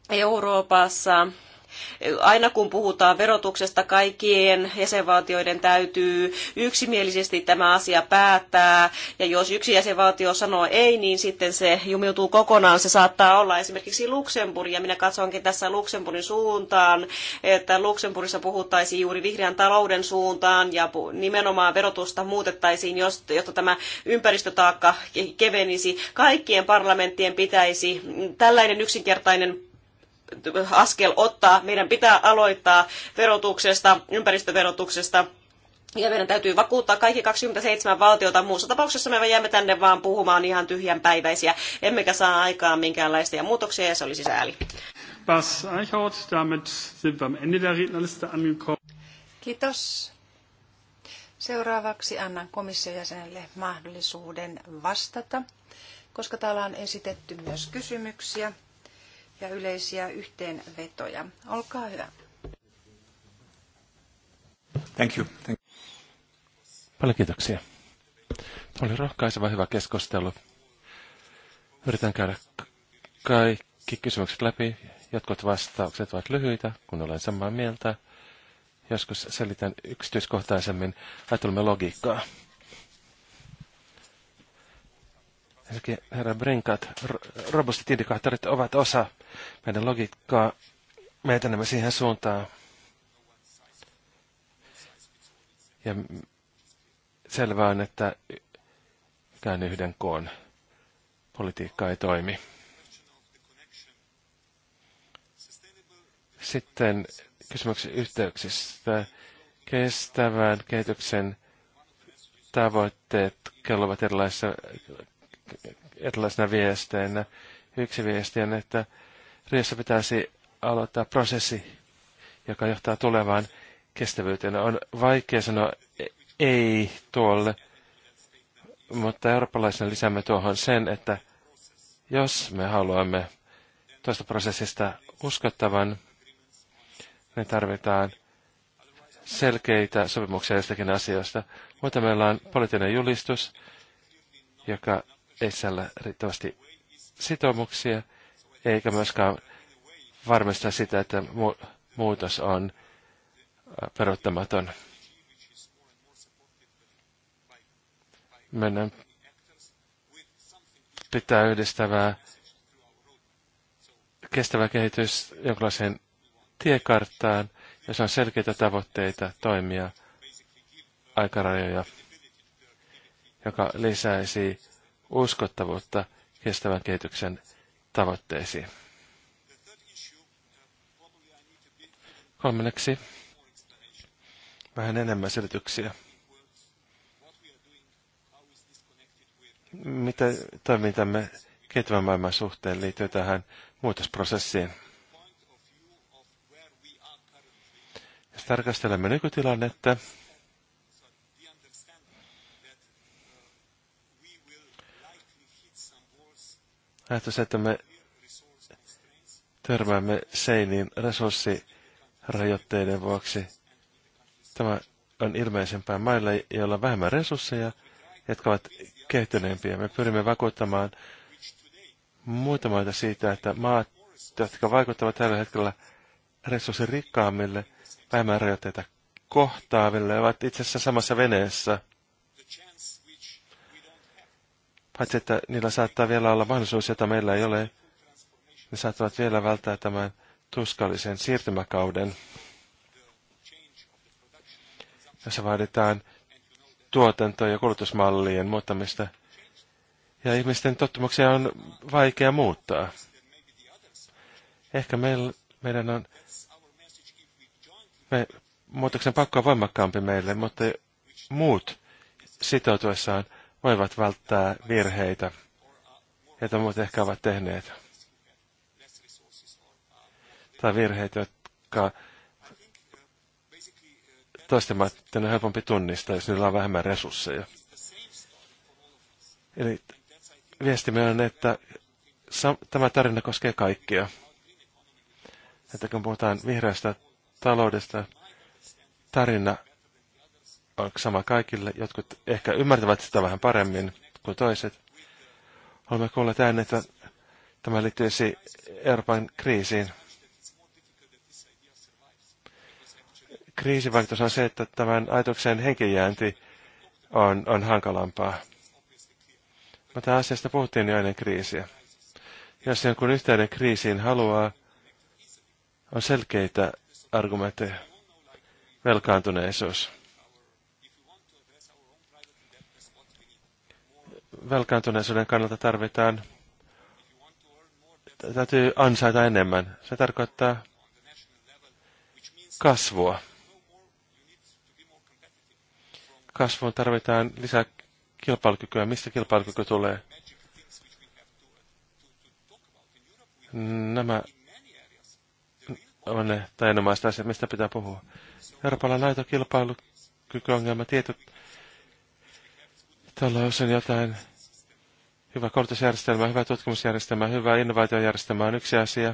Euroopassa Aina kun puhutaan verotuksesta, kaikkien jäsenvaltioiden täytyy yksimielisesti tämä asia päättää. Ja jos yksi jäsenvaltio sanoo ei, niin sitten se jumiutuu kokonaan. Se saattaa olla esimerkiksi Luxemburg, ja minä katsonkin tässä Luxemburgin suuntaan, että Luxemburgissa puhuttaisiin juuri vihreän talouden suuntaan ja nimenomaan verotusta muutettaisiin, jotta tämä ympäristötaakka kevenisi. Kaikkien parlamenttien pitäisi tällainen yksinkertainen askel ottaa. Meidän pitää aloittaa verotuksesta, ympäristöverotuksesta, ja meidän täytyy vakuuttaa kaikki 27 valtiota. Muussa tapauksessa me jäämme tänne vaan puhumaan ihan tyhjänpäiväisiä, emmekä saa aikaan minkäänlaisia muutoksia, ja se olisi siis sääli. Bas Eichhaut, damit sind wir am Ende der Rednerliste angekommen. Kiitos. Seuraavaksi annan komission jäsenelle mahdollisuuden vastata, koska täällä on esitetty myös kysymyksiä ja yleisiä yhteenvetoja. Olkaa hyvä. Thank you. Thank you. Paljon kiitoksia. Tämä oli rohkaiseva hyvä keskustelu. Yritän käydä kaikki kysymykset läpi. Jotkut vastaukset ovat lyhyitä, kun olen samaa mieltä. Joskus selitän yksityiskohtaisemmin ajattelemme logiikkaa. herra Brinkat, robustit indikaattorit ovat osa meidän logiikkaa. Me etenemme siihen suuntaan. Ja selvää on, että tämän yhden koon politiikka ei toimi. Sitten kysymyksen yhteyksistä kestävän kehityksen tavoitteet kellovat erilaisissa erilaisina viesteinä. Yksi viesti on, että Riassa pitäisi aloittaa prosessi, joka johtaa tulevaan kestävyyteen. On vaikea sanoa ei tuolle, mutta eurooppalaisena lisäämme tuohon sen, että jos me haluamme tuosta prosessista uskottavan, me niin tarvitaan selkeitä sopimuksia jostakin asiasta. Mutta meillä on poliittinen julistus, joka ei sisällä riittävästi sitoumuksia, eikä myöskään varmistaa sitä, että mu- muutos on äh, peruuttamaton. Meidän pitää yhdistävää kestävä kehitys jonkinlaiseen tiekarttaan, jossa on selkeitä tavoitteita, toimia, aikarajoja, joka lisäisi uskottavuutta kestävän kehityksen tavoitteisiin. Kolmanneksi vähän enemmän selityksiä. Mitä toimintamme kehittävän maailman suhteen liittyy tähän muutosprosessiin? Jos tarkastelemme nykytilannetta, Ajatus, että me törmäämme seiniin resurssirajoitteiden vuoksi. Tämä on ilmeisempää mailla, joilla on vähemmän resursseja, jotka ovat kehittyneempiä. Me pyrimme vakuuttamaan muita maita siitä, että maat, jotka vaikuttavat tällä hetkellä resurssirikkaammille, vähemmän rajoitteita kohtaaville, ovat itse asiassa samassa veneessä – Paitsi, että niillä saattaa vielä olla mahdollisuus, jota meillä ei ole. Ne saattavat vielä välttää tämän tuskallisen siirtymäkauden, jossa vaaditaan tuotanto- ja kulutusmallien muuttamista. Ja ihmisten tottumuksia on vaikea muuttaa. Ehkä meillä, meidän on me, muutoksen pakko on voimakkaampi meille, mutta muut sitoutuessaan voivat välttää virheitä, joita muut ehkä ovat tehneet. Tai virheitä, jotka toisten maiden on helpompi tunnistaa, jos niillä on vähemmän resursseja. Eli viestimme on, että tämä tarina koskee kaikkia. Että kun puhutaan vihreästä taloudesta, tarina on sama kaikille. Jotkut ehkä ymmärtävät sitä vähän paremmin kuin toiset. Olemme kuulleet äänen, että tämä liittyisi Euroopan kriisiin. Kriisivaikutus on se, että tämän ajatuksen henkijäänti on, on hankalampaa. Mutta asiasta puhuttiin jo ennen kriisiä. Jos jonkun yhteyden kriisiin haluaa, on selkeitä argumentteja. Velkaantuneisuus. velkaantuneisuuden kannalta tarvitaan, täytyy ansaita enemmän. Se tarkoittaa kasvua. Kasvuun tarvitaan lisää kilpailukykyä. Mistä kilpailukyky tulee? Nämä on ne tainomaista asiat, mistä pitää puhua. Euroopalla on aito kilpailukykyongelma. Tietyt täällä on jotain Hyvä koulutusjärjestelmä, hyvä tutkimusjärjestelmä, hyvä innovaatiojärjestelmä on yksi asia.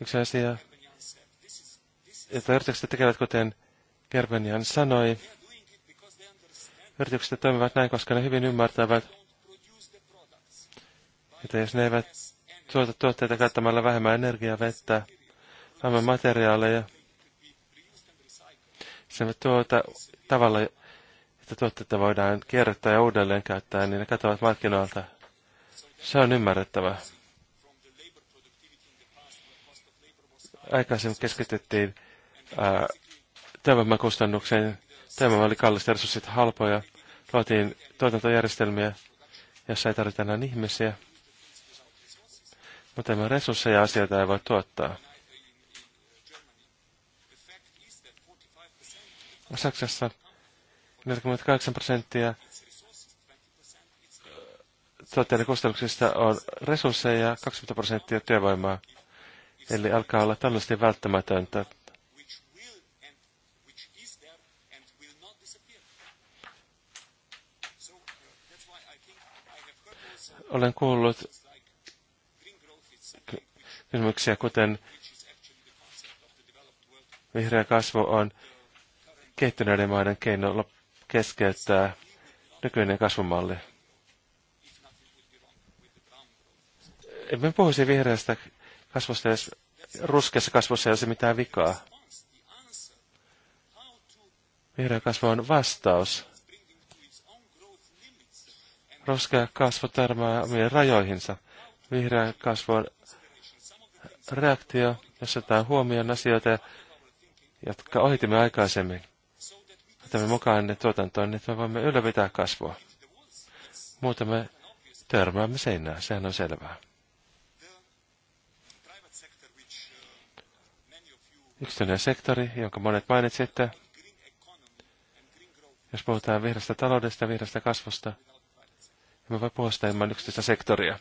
Yksi asia, että yritykset tekevät kuten Gerbenian sanoi. Yritykset toimivat näin, koska ne hyvin ymmärtävät, että jos ne eivät tuota tuotteita käyttämällä vähemmän energiaa, vettä, vähemmän materiaaleja, se tuota tavalla, että tuotteita voidaan kierrättää ja uudelleen käyttää, niin ne katoavat markkinoilta. Se on ymmärrettävää. Aikaisemmin keskityttiin kustannukseen. Työvoima oli kallista, resurssit halpoja. Luotiin tuotantojärjestelmiä, jossa ei tarvita enää ihmisiä. Mutta tämä resursseja asioita ei voi tuottaa. Saksassa 48 prosenttia äh, tuotteiden kustannuksista on resursseja, 20 prosenttia työvoimaa. Eli alkaa olla tällaisesti välttämätöntä. Olen kuullut kysymyksiä, kuten vihreä kasvu on kehittyneiden maiden keino keskeyttää nykyinen kasvumalli. Emme puhuisi vihreästä kasvusta, jos ruskeassa kasvussa ei olisi mitään vikaa. Vihreä kasvu on vastaus. Ruskea kasvu törmää omien rajoihinsa. Vihreä kasvu on reaktio, jossa otetaan huomioon asioita, jotka ohitimme aikaisemmin otamme mukaan ne tuotantoon, että niin me voimme ylläpitää kasvua. Muuten me törmäämme seinään, sehän on selvää. Yksityinen sektori, jonka monet mainitsitte, jos puhutaan vihreästä taloudesta, vihreästä kasvusta, niin me voi puhua sitä ilman yksityistä sektoria.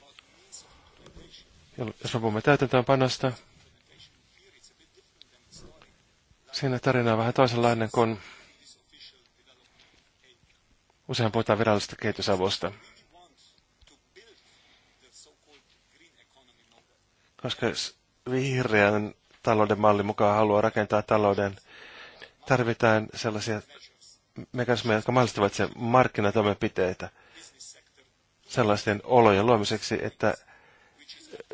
Jos me puhumme täytäntöönpanosta, siinä tarina on vähän toisenlainen kuin Usein puhutaan virallisesta kehitysavusta. Koska vihreän talouden mallin mukaan haluaa rakentaa talouden, tarvitaan sellaisia mekanismeja, jotka mahdollistavat sen markkinatoimenpiteitä sellaisten olojen luomiseksi, että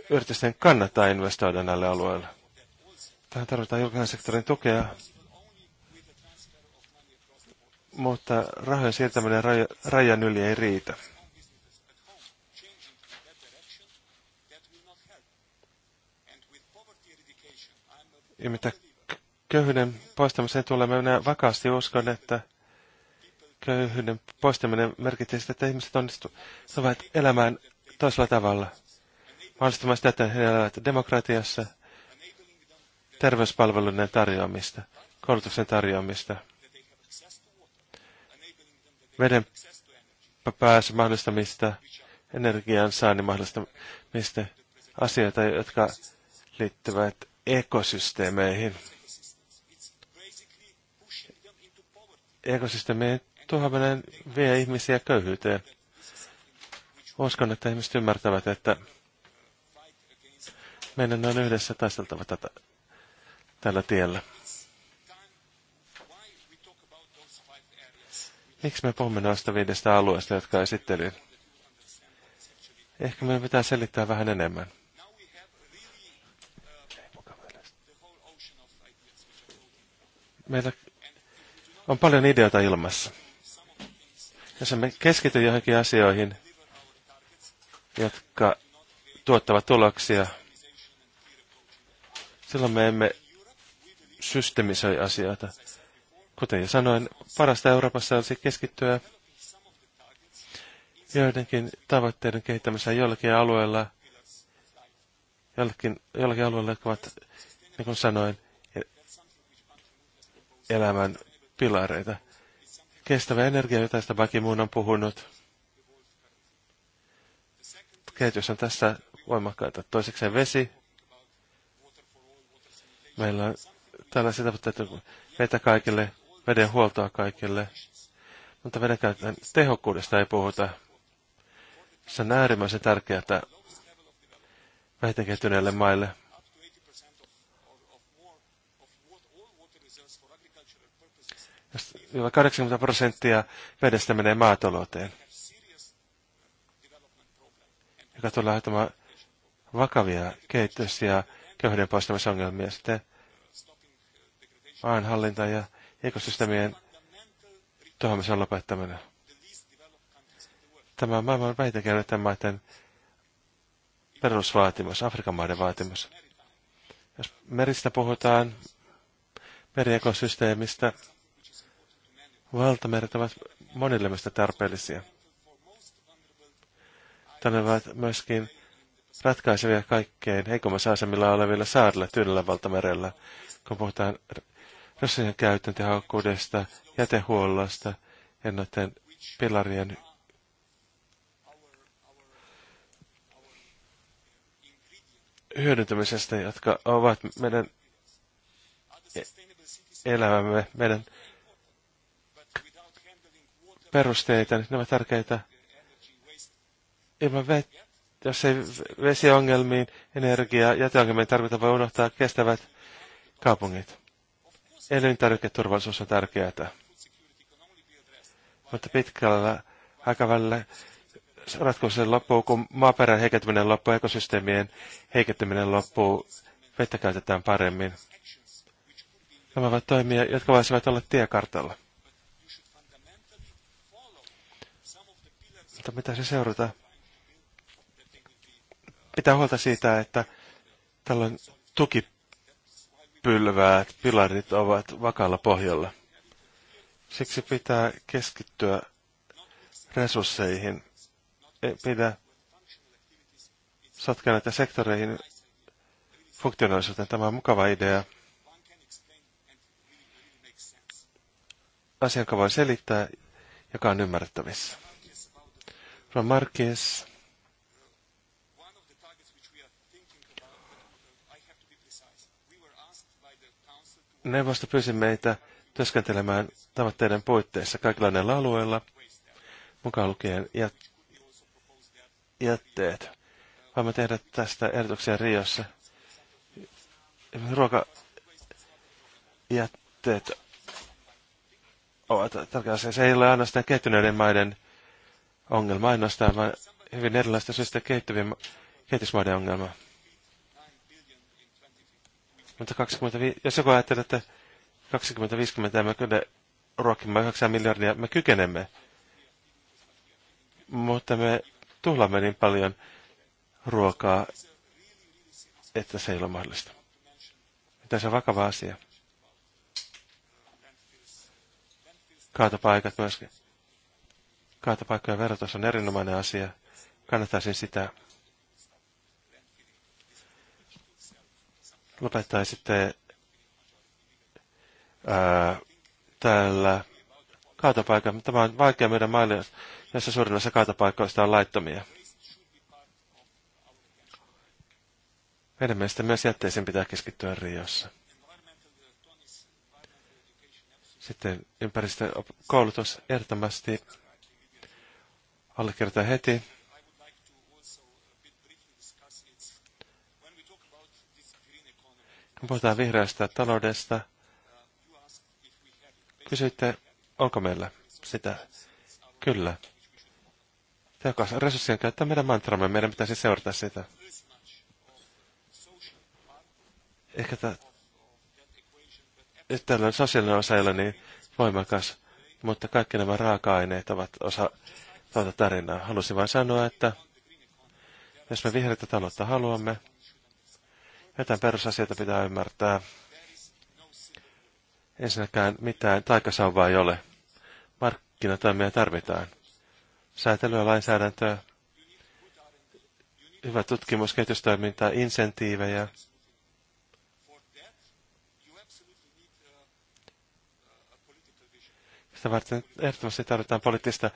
yritysten kannattaa investoida näille alueille. Tähän tarvitaan julkisen sektorin tukea, mutta rahojen siirtäminen raja, rajan yli ei riitä. Ja mitä köyhyyden poistamiseen tulee, minä vakaasti uskon, että köyhyyden poistaminen merkitsee sitä, että ihmiset onnistuvat elämään toisella tavalla. Mahdollistamaan sitä, että he elävät demokratiassa, terveyspalveluiden tarjoamista, koulutuksen tarjoamista – veden pääsy mahdollistamista, energian saannin mahdollistamista, asioita, jotka liittyvät ekosysteemeihin. Ekosysteemien tuhoaminen vie ihmisiä köyhyyteen. Uskon, että ihmiset ymmärtävät, että meidän on yhdessä taisteltava tätä, tällä tiellä. Miksi me puhumme noista viidestä alueesta, jotka esittelin? Ehkä meidän pitää selittää vähän enemmän. Meillä on paljon ideoita ilmassa. Jos me keskity johonkin asioihin, jotka tuottavat tuloksia, silloin me emme systemisoi asioita. Kuten jo sanoin, parasta Euroopassa olisi keskittyä joidenkin tavoitteiden kehittämiseen jollakin alueella, jollakin, jollakin alueella, jotka ovat, niin kuin sanoin, e- elämän pilareita. Kestävä energia, jota tästä Bakimuun on puhunut. Kehitys on tässä voimakkaita. Toisekseen vesi. Meillä on tällaisia tavoitteita, että kaikille veden huoltoa kaikille, mutta veden käytön tehokkuudesta ei puhuta. Se on äärimmäisen tärkeää vähiten kehittyneille maille. Jolla 80 prosenttia vedestä menee maatalouteen, joka tulee aiheuttamaan vakavia kehitys- ja köyhyyden poistamisongelmia. Sitten maanhallinta ja ekosysteemien saan lopettaminen. Tämä on maailman vähitenkäytetään maiden perusvaatimus, Afrikan maiden vaatimus. Jos meristä puhutaan, meriekosysteemistä, valtameret ovat monille meistä tarpeellisia. Tänne ovat myöskin ratkaisevia kaikkein heikommassa asemilla olevilla saarilla Tyynellä valtamerellä, kun puhutaan resurssien käytön tehokkuudesta, jätehuollosta ja noiden pilarien hyödyntämisestä, jotka ovat meidän elämämme, meidän perusteita, niin ne ovat tärkeitä. Ilman vettä, jos ei vesiongelmiin, energia, jäteongelmiin tarvita, voi unohtaa kestävät kaupungit. Elintarviketurvallisuus on tärkeää. Mutta pitkällä aikavälillä ratkaisu loppuu, kun maaperän heikentyminen loppuu, ekosysteemien heikentyminen loppuu, vettä käytetään paremmin. Nämä ovat toimia, jotka voisivat olla tiekartalla. Mutta mitä se seurata? Pitää huolta siitä, että tällöin tuki pylväät pilarit ovat vakalla pohjalla. Siksi pitää keskittyä resursseihin. Ei pidä sotkea näitä sektoreihin funktionaalisuuteen. Tämä on mukava idea. Asian voi selittää, joka on ymmärrettävissä. Romarkis neuvosto pyysi meitä työskentelemään tavoitteiden puitteissa kaikilla näillä alueilla, mukaan lukien jät- jätteet. Voimme tehdä tästä ehdotuksia Riossa. Ruokajätteet ovat tärkeä asia. Se ei ole ainoastaan kehittyneiden maiden ongelma ainoastaan, vaan hyvin erilaista syystä kehittyvien kehitysmaiden ongelma. Mutta 25, jos joku ajattelee, että 2050 me kyllä ruokimme 9 miljardia, me kykenemme. Mutta me tuhlaamme niin paljon ruokaa, että se ei ole mahdollista. Tässä on vakava asia. Kaatopaikat myöskin. Kaatopaikkojen verotus on erinomainen asia. Kannattaisin sitä. sitten ää, täällä kaatopaikka. Tämä on vaikea meidän maille, jossa suurin osa kaatopaikoista on laittomia. Meidän mielestä myös jätteisiin pitää keskittyä Riossa. Sitten ympäristökoulutus ehdottomasti allekirjoittaa heti. Kun puhutaan vihreästä taloudesta, kysyitte, onko meillä sitä? Kyllä. Tehokas resurssien käyttää meidän mantramme, meidän pitäisi seurata sitä. Ehkä tämä, sosiaalinen osa ei ole niin voimakas, mutta kaikki nämä raaka-aineet ovat osa tuota tarinaa. Halusin vain sanoa, että jos me vihreitä taloutta haluamme, jotain perusasioita pitää ymmärtää. Ensinnäkään mitään taikasauvaa ei ole. Markkinatoimia tarvitaan. Säätelyä, lainsäädäntöä, hyvä tutkimus, kehitystoimintaa, insentiivejä. Sitä varten ehdottomasti tarvitaan poliittista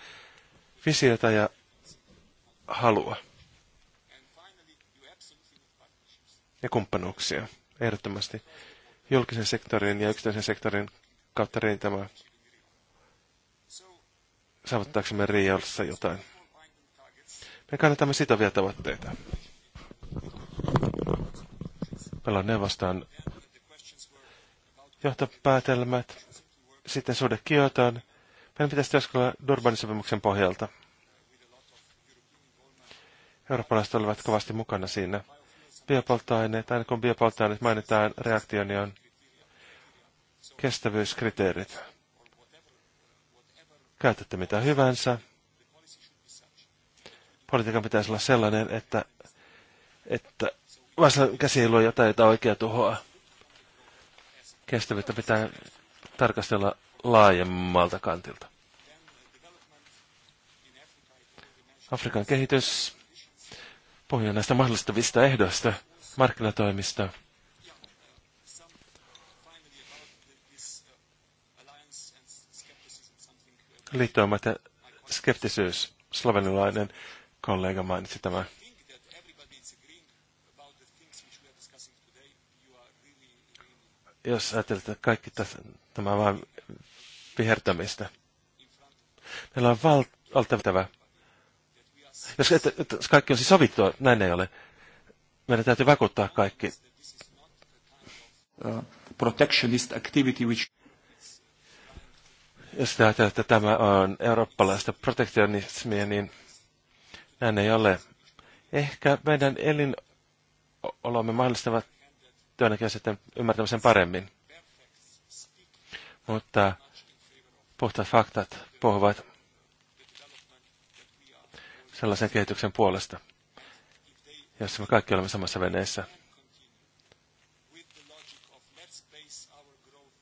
visiota ja halua. ja kumppanuuksia, ehdottomasti julkisen sektorin ja yksityisen sektorin kautta rintama saavuttaaksemme Rialassa jotain. Me kannatamme sitovia tavoitteita. Meillä on vastaan. johtopäätelmät, sitten suhde Kiotaan. Meidän pitäisi työskennellä Durbanin sopimuksen pohjalta. Eurooppalaiset olivat kovasti mukana siinä biopolttoaineet, aina kun biopolttoaineet mainitaan, reaktioni on kestävyyskriteerit. Käytätte mitä hyvänsä. Politiikan pitäisi olla sellainen, että, että vasta käsi ei luo jotain, jota oikea tuhoa. Kestävyyttä pitää tarkastella laajemmalta kantilta. Afrikan kehitys puhuja näistä mahdollistavista ehdoista, markkinatoimista. Liittoumat ja skeptisyys. Slovenilainen kollega mainitsi tämä. Jos ajattelet, että kaikki tässä, tämä on vain vihertämistä. Meillä on valtava jos, että, että kaikki on siis sovittua, näin ei ole. Meidän täytyy vakuuttaa kaikki. Uh, protectionist activity which... Jos näyttää, että tämä on eurooppalaista protektionismia, niin näin ei ole. Ehkä meidän elinolomme mahdollistavat sitten ymmärtämisen paremmin. Mutta puhtaat faktat puhuvat sellaisen kehityksen puolesta, jossa me kaikki olemme samassa veneessä.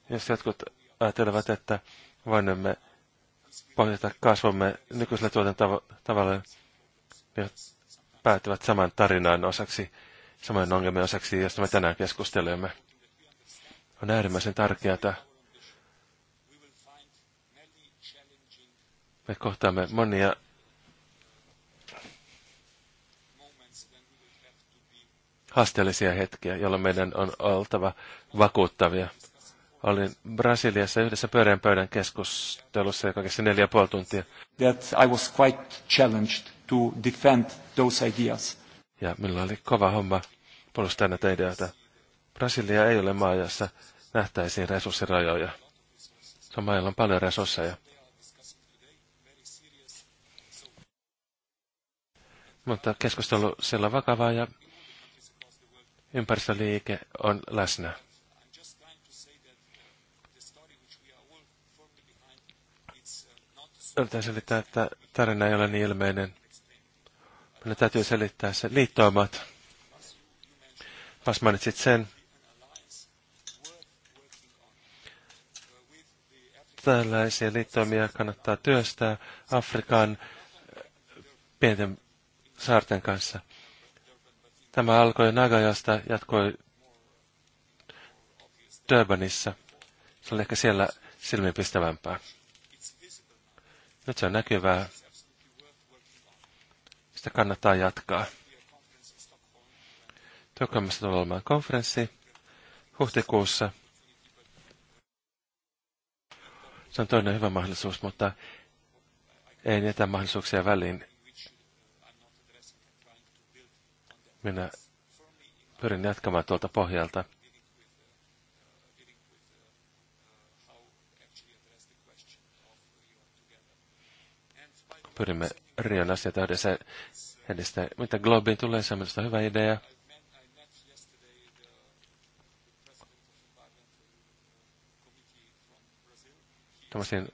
Jos jotkut ajattelevat, että voimme pohjata kasvomme nykyisellä tuotantavalla, ja päättävät saman tarinan osaksi, saman ongelmien osaksi, josta me tänään keskustelemme. On äärimmäisen tärkeää, me kohtaamme monia haasteellisia hetkiä, jolloin meidän on oltava vakuuttavia. Olin Brasiliassa yhdessä pöydän pöydän keskustelussa, joka kesti neljä puoli tuntia. That I was quite challenged to defend those ideas. Ja minulla oli kova homma puolustaa näitä ideoita. Brasilia ei ole maa, jossa nähtäisiin resurssirajoja. Se on maa, jolla on paljon resursseja. Mutta keskustelu siellä on vakavaa ja ympäristöliike on läsnä. Yritän selittää, että tarina ei ole niin ilmeinen. Minun täytyy selittää se Liittoimat. Pas mainitsit sen. Tällaisia liittoimia kannattaa työstää Afrikan pienten saarten kanssa. Tämä alkoi Nagajasta, jatkoi Durbanissa. Se oli ehkä siellä silmiinpistävämpää. Nyt se on näkyvää. Sitä kannattaa jatkaa. Tukholmassa tulee olemaan konferenssi huhtikuussa. Se on toinen hyvä mahdollisuus, mutta ei jätä mahdollisuuksia väliin. Minä pyrin jatkamaan tuolta pohjalta. Pyrimme Rion asiat yhdessä edistää. Mitä Globin tulee, se on minusta hyvä idea. tämmöisen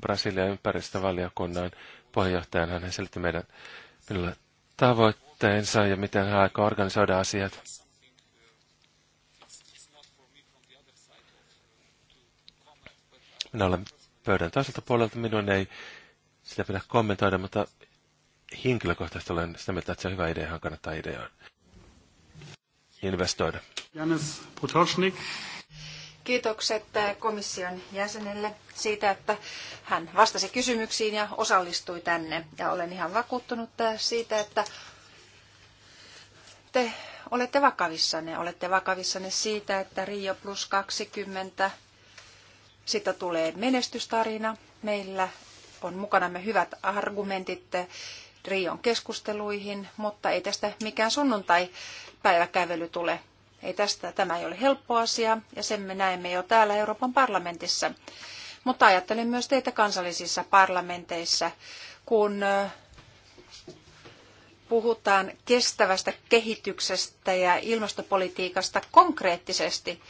Brasilian ympäristövaliokunnan puheenjohtajan, hän selitti meidän, minulle tavoitteet tavoitteensa ja miten hän aikoo organisoida asiat. Minä olen pöydän toiselta puolelta, minun ei sitä pidä kommentoida, mutta henkilökohtaisesti olen sitä mieltä, että se on hyvä idea, hän kannattaa ideaan Investoida. Janis Potosnik. Kiitokset eh, komission jäsenelle siitä, että hän vastasi kysymyksiin ja osallistui tänne. Ja olen ihan vakuuttunut eh, siitä, että Olette olette vakavissanne. Olette vakavissanne siitä, että Rio plus 20, sitä tulee menestystarina. Meillä on mukanamme hyvät argumentit Rion keskusteluihin, mutta ei tästä mikään sunnuntai-päiväkävely tule. Ei tästä, tämä ei ole helppo asia ja sen me näemme jo täällä Euroopan parlamentissa. Mutta ajattelin myös teitä kansallisissa parlamenteissa, kun puhutaan kestävästä kehityksestä ja ilmastopolitiikasta konkreettisesti,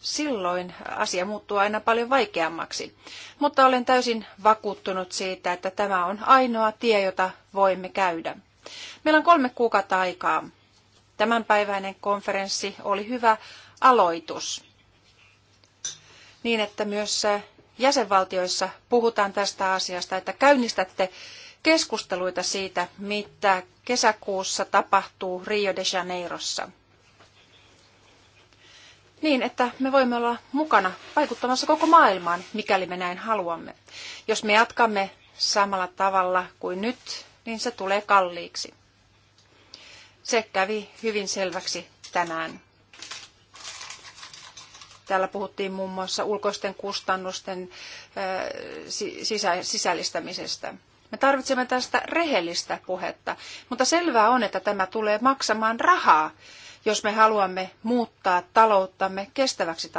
silloin asia muuttuu aina paljon vaikeammaksi. Mutta olen täysin vakuuttunut siitä, että tämä on ainoa tie, jota voimme käydä. Meillä on kolme kuukautta aikaa. Tämänpäiväinen konferenssi oli hyvä aloitus niin, että myös jäsenvaltioissa puhutaan tästä asiasta, että käynnistätte keskusteluita siitä, mitä kesäkuussa tapahtuu Rio de Janeirossa. Niin, että me voimme olla mukana vaikuttamassa koko maailmaan, mikäli me näin haluamme. Jos me jatkamme samalla tavalla kuin nyt, niin se tulee kalliiksi. Se kävi hyvin selväksi tänään. Täällä puhuttiin muun muassa ulkoisten kustannusten sisällistämisestä. Me tarvitsemme tästä rehellistä puhetta, mutta selvää on, että tämä tulee maksamaan rahaa, jos me haluamme muuttaa talouttamme kestäväksi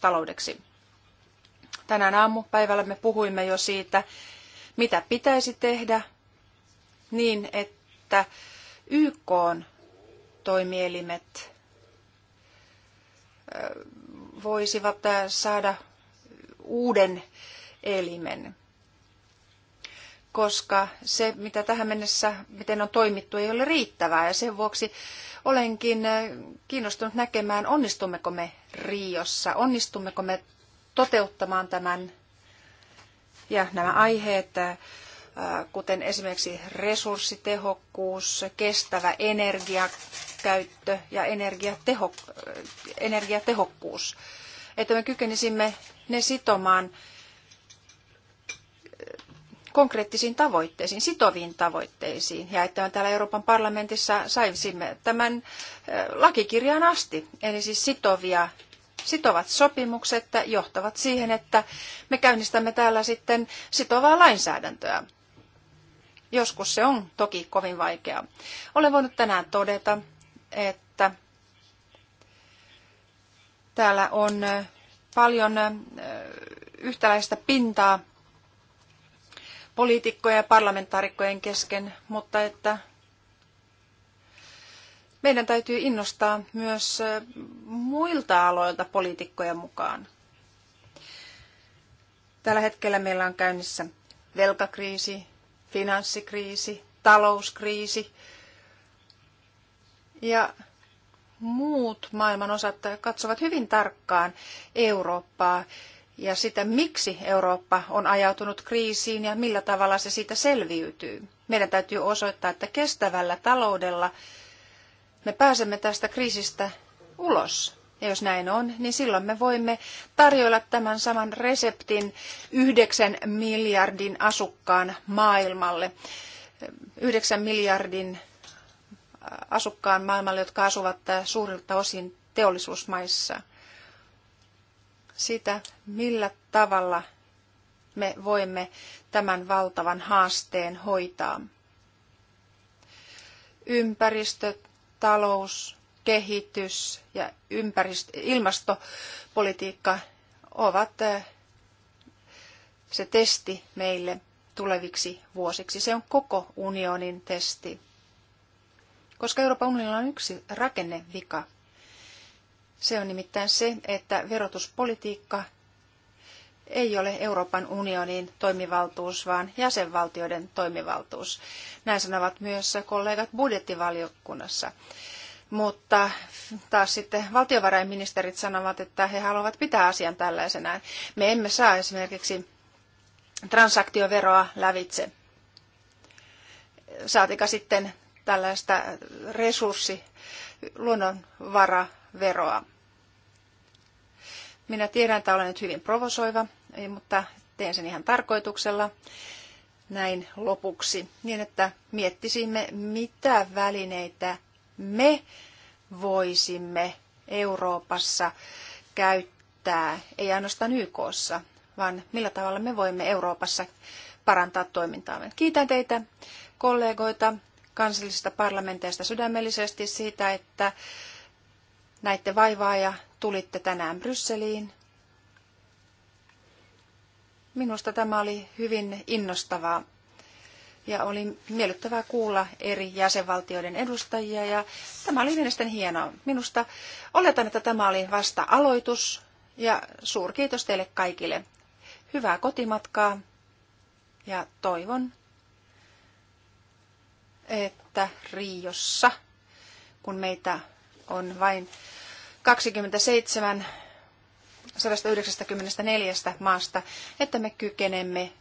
taloudeksi. Tänään aamupäivällä me puhuimme jo siitä, mitä pitäisi tehdä niin, että YK toimielimet voisivat saada uuden elimen koska se, mitä tähän mennessä, miten on toimittu, ei ole riittävää. Ja sen vuoksi olenkin äh, kiinnostunut näkemään, onnistummeko me Riossa, onnistummeko me toteuttamaan tämän ja nämä aiheet, äh, kuten esimerkiksi resurssitehokkuus, kestävä energiakäyttö ja äh, energiatehokkuus, että me kykenisimme ne sitomaan konkreettisiin tavoitteisiin, sitoviin tavoitteisiin, ja että me täällä Euroopan parlamentissa saisimme tämän lakikirjaan asti. Eli siis sitovia, sitovat sopimukset johtavat siihen, että me käynnistämme täällä sitten sitovaa lainsäädäntöä. Joskus se on toki kovin vaikeaa. Olen voinut tänään todeta, että täällä on paljon yhtäläistä pintaa poliitikkojen ja parlamentaarikkojen kesken, mutta että meidän täytyy innostaa myös muilta aloilta poliitikkoja mukaan. Tällä hetkellä meillä on käynnissä velkakriisi, finanssikriisi, talouskriisi ja muut maailman osat katsovat hyvin tarkkaan Eurooppaa ja sitä, miksi Eurooppa on ajautunut kriisiin ja millä tavalla se siitä selviytyy. Meidän täytyy osoittaa, että kestävällä taloudella me pääsemme tästä kriisistä ulos. Ja jos näin on, niin silloin me voimme tarjoilla tämän saman reseptin yhdeksän miljardin asukkaan maailmalle. Yhdeksän miljardin asukkaan maailmalle, jotka asuvat suurilta osin teollisuusmaissa sitä, millä tavalla me voimme tämän valtavan haasteen hoitaa. Ympäristö, talous, kehitys ja ympäristö, ilmastopolitiikka ovat eh, se testi meille tuleviksi vuosiksi. Se on koko unionin testi. Koska Euroopan unionilla on yksi rakennevika – se on nimittäin se, että verotuspolitiikka ei ole Euroopan unionin toimivaltuus, vaan jäsenvaltioiden toimivaltuus. Näin sanovat myös kollegat budjettivaliokunnassa. Mutta taas sitten valtiovarainministerit sanovat, että he haluavat pitää asian tällaisenaan. Me emme saa esimerkiksi transaktioveroa lävitse. Saatika sitten tällaista resurssi, luonnonvara veroa. Minä tiedän, että olen nyt hyvin provosoiva, eh, mutta teen sen ihan tarkoituksella näin lopuksi, niin että miettisimme, mitä välineitä me voisimme Euroopassa käyttää, ei ainoastaan YKssa, vaan millä tavalla me voimme Euroopassa parantaa toimintaamme. Kiitän teitä kollegoita kansallisista parlamenteista sydämellisesti siitä, että näitte vaivaa ja tulitte tänään Brysseliin. Minusta tämä oli hyvin innostavaa ja oli miellyttävää kuulla eri jäsenvaltioiden edustajia ja tämä oli mielestäni hienoa. Minusta oletan, että tämä oli vasta aloitus ja suurkiitos teille kaikille. Hyvää kotimatkaa ja toivon, että Riossa, kun meitä on vain 27 194 maasta, että me kykenemme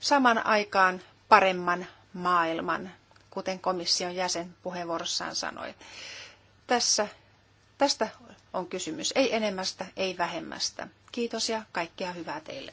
saman aikaan paremman maailman, kuten komission jäsen puheenvuorossaan sanoi. Tässä, tästä on kysymys, ei enemmästä, ei vähemmästä. Kiitos ja kaikkea hyvää teille.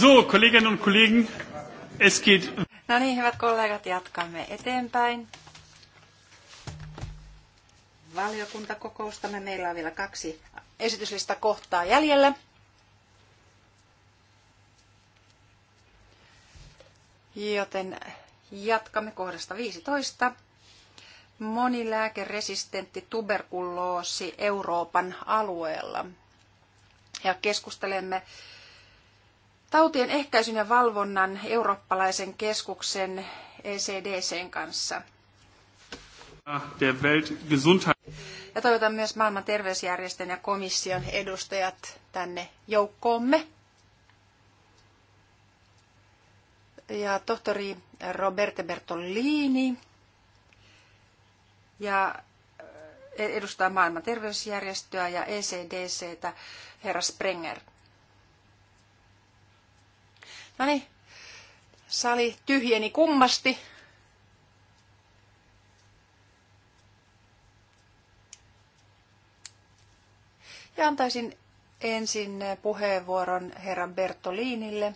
So, Kolleginnen und Kollegen, es geht. No niin, hyvät kollegat, jatkamme eteenpäin. Valiokuntakokoustamme meillä on vielä kaksi esityslista kohtaa jäljellä. Joten jatkamme kohdasta 15. Monilääkeresistentti tuberkuloosi Euroopan alueella. Ja keskustelemme tautien ehkäisyn ja valvonnan eurooppalaisen keskuksen ECDCn kanssa. Ja toivotan myös maailman terveysjärjestön ja komission edustajat tänne joukkoomme. Ja tohtori Roberto Bertolini ja eh, edustaa maailman terveysjärjestöä ja ECDCtä herra Sprenger. No niin, sali tyhjeni kummasti. Ja antaisin ensin puheenvuoron herra Bertolinille.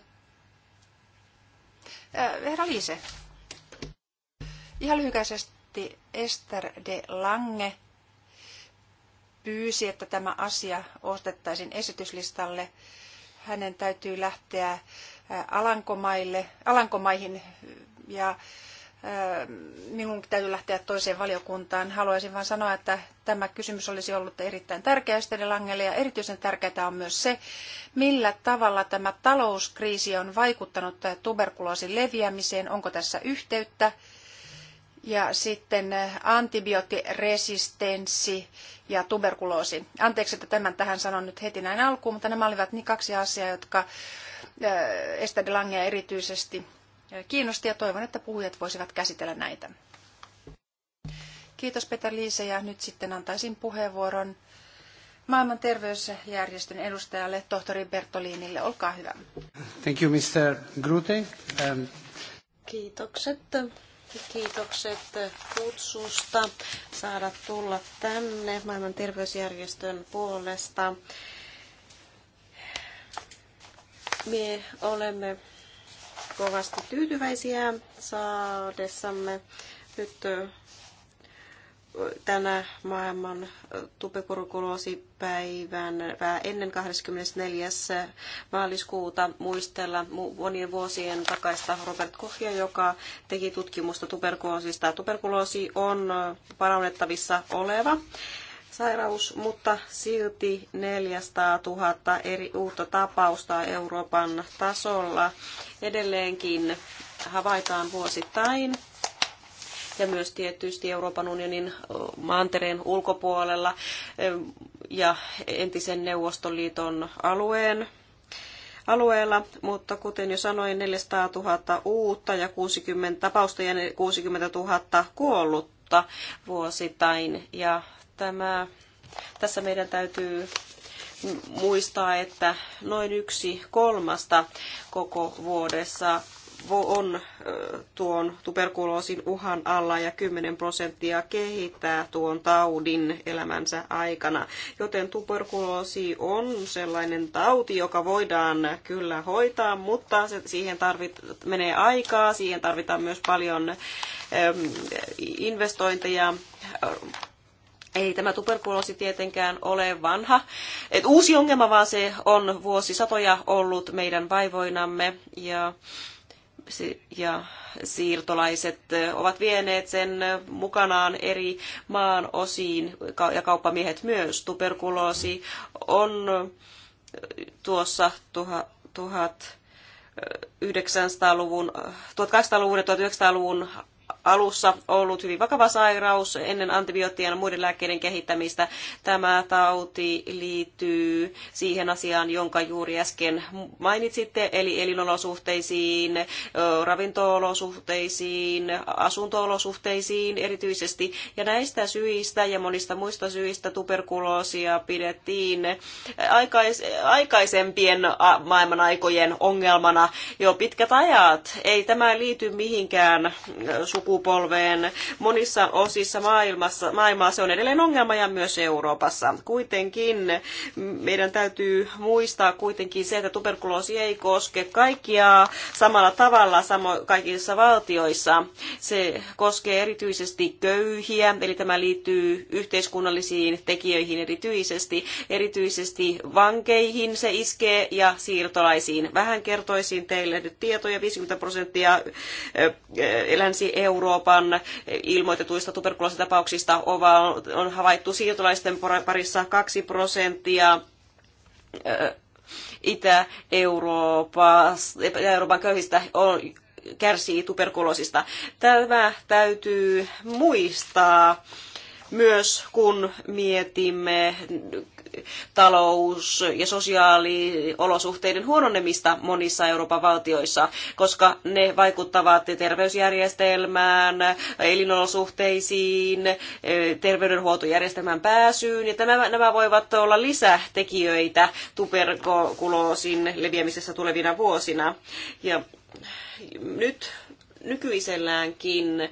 Äh, herra Liise, ihan lyhykäisesti Esther de Lange pyysi, että tämä asia ostettaisiin esityslistalle. Hänen täytyy lähteä Alankomaille, Alankomaihin ja minun täytyy lähteä toiseen valiokuntaan. Haluaisin vain sanoa, että tämä kysymys olisi ollut erittäin tärkeä Estelle Langelle ja erityisen tärkeää on myös se, millä tavalla tämä talouskriisi on vaikuttanut tuberkuloosin leviämiseen, onko tässä yhteyttä ja sitten antibioottiresistenssi ja tuberkuloosi. Anteeksi, että tämän tähän sanon nyt heti näin alkuun, mutta nämä olivat niin kaksi asiaa, jotka Äh, Estade Langea erityisesti kiinnosti ja toivon, että puhujat voisivat käsitellä näitä. Kiitos Peter Liise ja nyt sitten antaisin puheenvuoron maailman terveysjärjestön edustajalle tohtori Bertolinille. Olkaa hyvä. Thank you, Mr. Grute. Um... Kiitokset. Kiitokset kutsusta saada tulla tänne maailman terveysjärjestön puolesta me olemme kovasti tyytyväisiä saadessamme nyt tänä maailman tuberkuloosipäivän ennen 24. maaliskuuta muistella monien vuosien takaista Robert Kochia, joka teki tutkimusta tuberkuloosista. Tuberkuloosi on parannettavissa oleva sairaus, mutta silti 400 000 eri uutta tapausta Euroopan tasolla edelleenkin havaitaan vuosittain. Ja myös tietysti Euroopan unionin maantereen ulkopuolella ja entisen Neuvostoliiton alueen alueella, mutta kuten jo sanoin, 400 000 uutta ja 60 tapausta ja 60 000 kuollutta vuosittain. Ja Tämä, tässä meidän täytyy muistaa, että noin yksi kolmasta koko vuodessa on tuon tuberkuloosin uhan alla ja 10 prosenttia kehittää tuon taudin elämänsä aikana. Joten tuberkuloosi on sellainen tauti, joka voidaan kyllä hoitaa, mutta se, siihen tarvit, menee aikaa, siihen tarvitaan myös paljon investointeja ei tämä tuberkuloosi tietenkään ole vanha, et uusi ongelma, vaan se on vuosisatoja ollut meidän vaivoinamme ja, ja siirtolaiset ovat vieneet sen mukanaan eri maan osiin ja kauppamiehet myös. Tuberkuloosi on tuossa tuha, tuhat 1900-luvun, 1800-luvun ja 1900-luvun alussa ollut hyvin vakava sairaus ennen antibioottien ja muiden lääkkeiden kehittämistä. Tämä tauti liittyy siihen asiaan, jonka juuri äsken mainitsitte, eli elinolosuhteisiin, ravintoolosuhteisiin, asuntoolosuhteisiin erityisesti. Ja näistä syistä ja monista muista syistä tuberkuloosia pidettiin aikais- aikaisempien aikojen ongelmana jo pitkät ajat. Ei tämä liity mihinkään suku sukupolveen. Monissa osissa maailmassa, maailmaa se on edelleen ongelma ja myös Euroopassa. Kuitenkin meidän täytyy muistaa kuitenkin se, että tuberkuloosi ei koske kaikkia samalla tavalla samo, kaikissa valtioissa. Se koskee erityisesti köyhiä, eli tämä liittyy yhteiskunnallisiin tekijöihin erityisesti. Erityisesti vankeihin se iskee ja siirtolaisiin. Vähän kertoisin teille nyt tietoja. 50 prosenttia länsi-Euroopassa Euroopan ilmoitetuista tuberkuloositapauksista on havaittu siirtolaisten parissa 2 prosenttia Itä-Euroopan köyhistä on, kärsii tuberkuloosista. Tämä täytyy muistaa myös kun mietimme talous- ja sosiaaliolosuhteiden huononemista monissa Euroopan valtioissa, koska ne vaikuttavat terveysjärjestelmään, elinolosuhteisiin, terveydenhuoltojärjestelmän pääsyyn, ja tämä, nämä voivat olla lisätekijöitä tuberkuloosin leviämisessä tulevina vuosina. Ja nyt nykyiselläänkin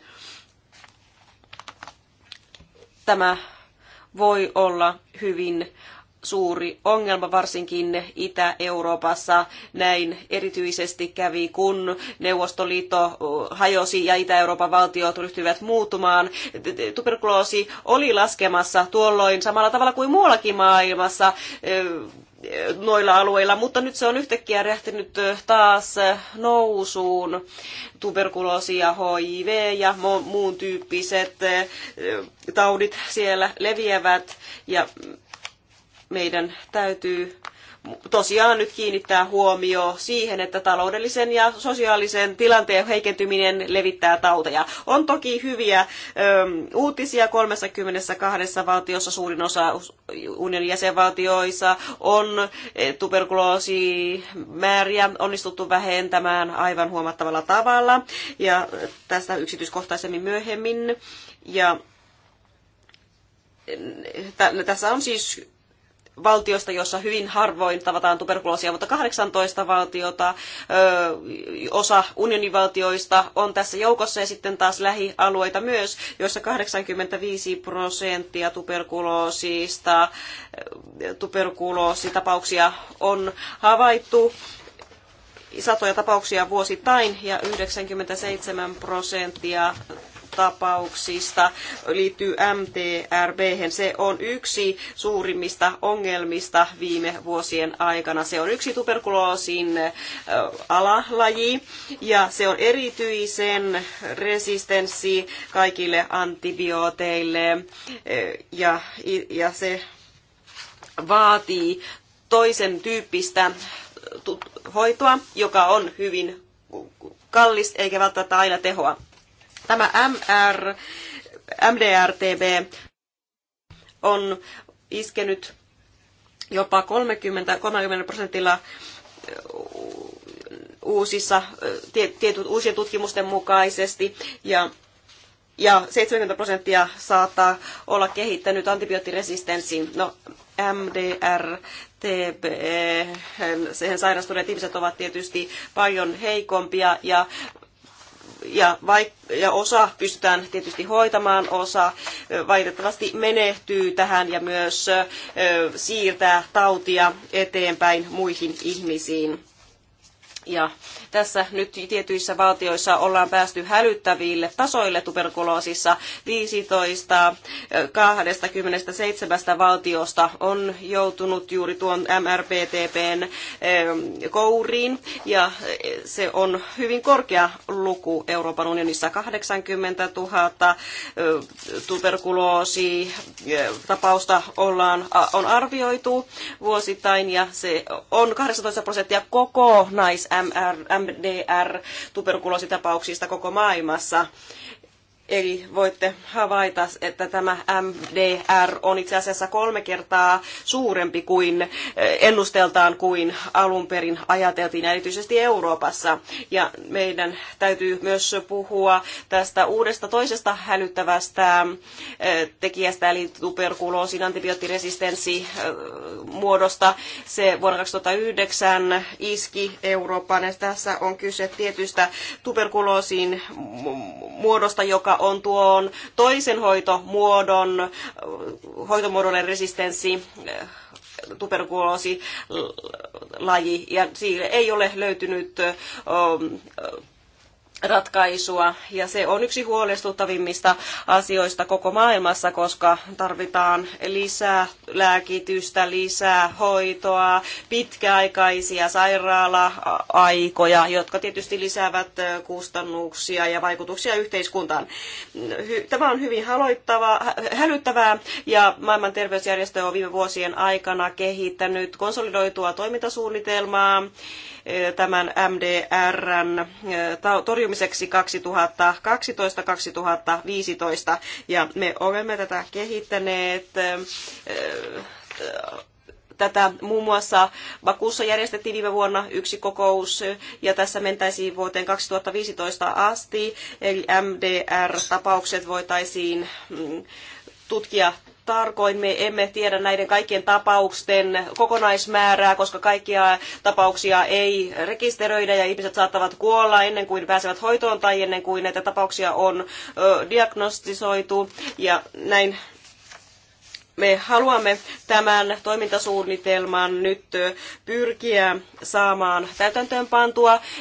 tämä voi olla hyvin suuri ongelma varsinkin Itä-Euroopassa. Näin erityisesti kävi, kun Neuvostoliitto hajosi ja Itä-Euroopan valtiot ryhtyivät muuttumaan. Tuberkuloosi oli laskemassa tuolloin samalla tavalla kuin muuallakin maailmassa noilla alueilla, mutta nyt se on yhtäkkiä rähtinyt taas nousuun. Tuberkuloosi ja HIV ja muun tyyppiset taudit siellä leviävät ja meidän täytyy tosiaan nyt kiinnittää huomio siihen, että taloudellisen ja sosiaalisen tilanteen heikentyminen levittää tauteja. On toki hyviä ö, uutisia 32 valtiossa, suurin osa unionin jäsenvaltioissa on eh, tuberkuloosimääriä onnistuttu vähentämään aivan huomattavalla tavalla ja eh, tästä yksityiskohtaisemmin myöhemmin. Ja eh, tässä on siis valtiosta, jossa hyvin harvoin tavataan tuberkuloosia, mutta 18 valtiota, osa unionivaltioista on tässä joukossa ja sitten taas lähialueita myös, joissa 85 prosenttia tuberkuloosista, tuberkuloositapauksia on havaittu satoja tapauksia vuosittain ja 97 prosenttia tapauksista liittyy MTRB. -hän. Se on yksi suurimmista ongelmista viime vuosien aikana. Se on yksi tuberkuloosin alalaji ja se on erityisen resistenssi kaikille antibiooteille ja, ja se vaatii toisen tyyppistä hoitoa, joka on hyvin kallis eikä välttämättä aina tehoa. Tämä MR, MDR-TV on iskenyt jopa 30, 30 prosentilla uusissa, tietyt, uusien tutkimusten mukaisesti ja, ja 70 prosenttia saattaa olla kehittänyt antibioottiresistenssiin. No, MDR, TB, siihen sairastuneet ihmiset ovat tietysti paljon heikompia ja ja, vaik- ja osa pystytään tietysti hoitamaan, osa valitettavasti menehtyy tähän ja myös siirtää tautia eteenpäin muihin ihmisiin. Ja tässä nyt tietyissä valtioissa ollaan päästy hälyttäville tasoille tuberkuloosissa. 15 27 eh, valtiosta on joutunut juuri tuon MRPTPn eh, kouriin ja eh, se on hyvin korkea luku Euroopan unionissa 80 000 tuberkuloositapausta tapausta ollaan, on arvioitu vuosittain ja se on 18 prosenttia koko nais MDR tuberkuloositapauksista koko maailmassa. Eli voitte havaita, että tämä MDR on itse asiassa kolme kertaa suurempi kuin eh, ennusteltaan kuin alun perin ajateltiin, erityisesti Euroopassa. Ja meidän täytyy myös puhua tästä uudesta toisesta hälyttävästä eh, tekijästä, eli tuberkuloosin antibioottiresistenssi eh, muodosta. Se vuonna 2009 iski Eurooppaan, ja tässä on kyse tietystä tuberkuloosin muodosta, joka on tuon toisen hoitomuodon, hoitomuodolle resistenssi eh, tuberkuloosi laji ja siihen ei ole löytynyt eh, ratkaisua. Ja se on yksi huolestuttavimmista asioista koko maailmassa, koska tarvitaan lisää lääkitystä, lisää hoitoa, pitkäaikaisia sairaala-aikoja, jotka tietysti lisäävät kustannuksia ja vaikutuksia yhteiskuntaan. Tämä on hyvin hälyttävää ja maailman terveysjärjestö on viime vuosien aikana kehittänyt konsolidoitua toimintasuunnitelmaa, Eh, tämän MDRn eh, torjumiseksi 2012-2015 ja me olemme tätä kehittäneet eh, tätä muun muassa Bakussa järjestettiin viime vuonna yksi kokous ja tässä mentäisiin vuoteen 2015 asti, eli MDR-tapaukset voitaisiin mm, tutkia tarkoin me emme tiedä näiden kaikkien tapausten kokonaismäärää, koska kaikkia tapauksia ei rekisteröidä ja ihmiset saattavat kuolla ennen kuin pääsevät hoitoon tai ennen kuin näitä tapauksia on diagnostisoitu. Ja näin me haluamme tämän toimintasuunnitelman nyt pyrkiä saamaan täytäntöön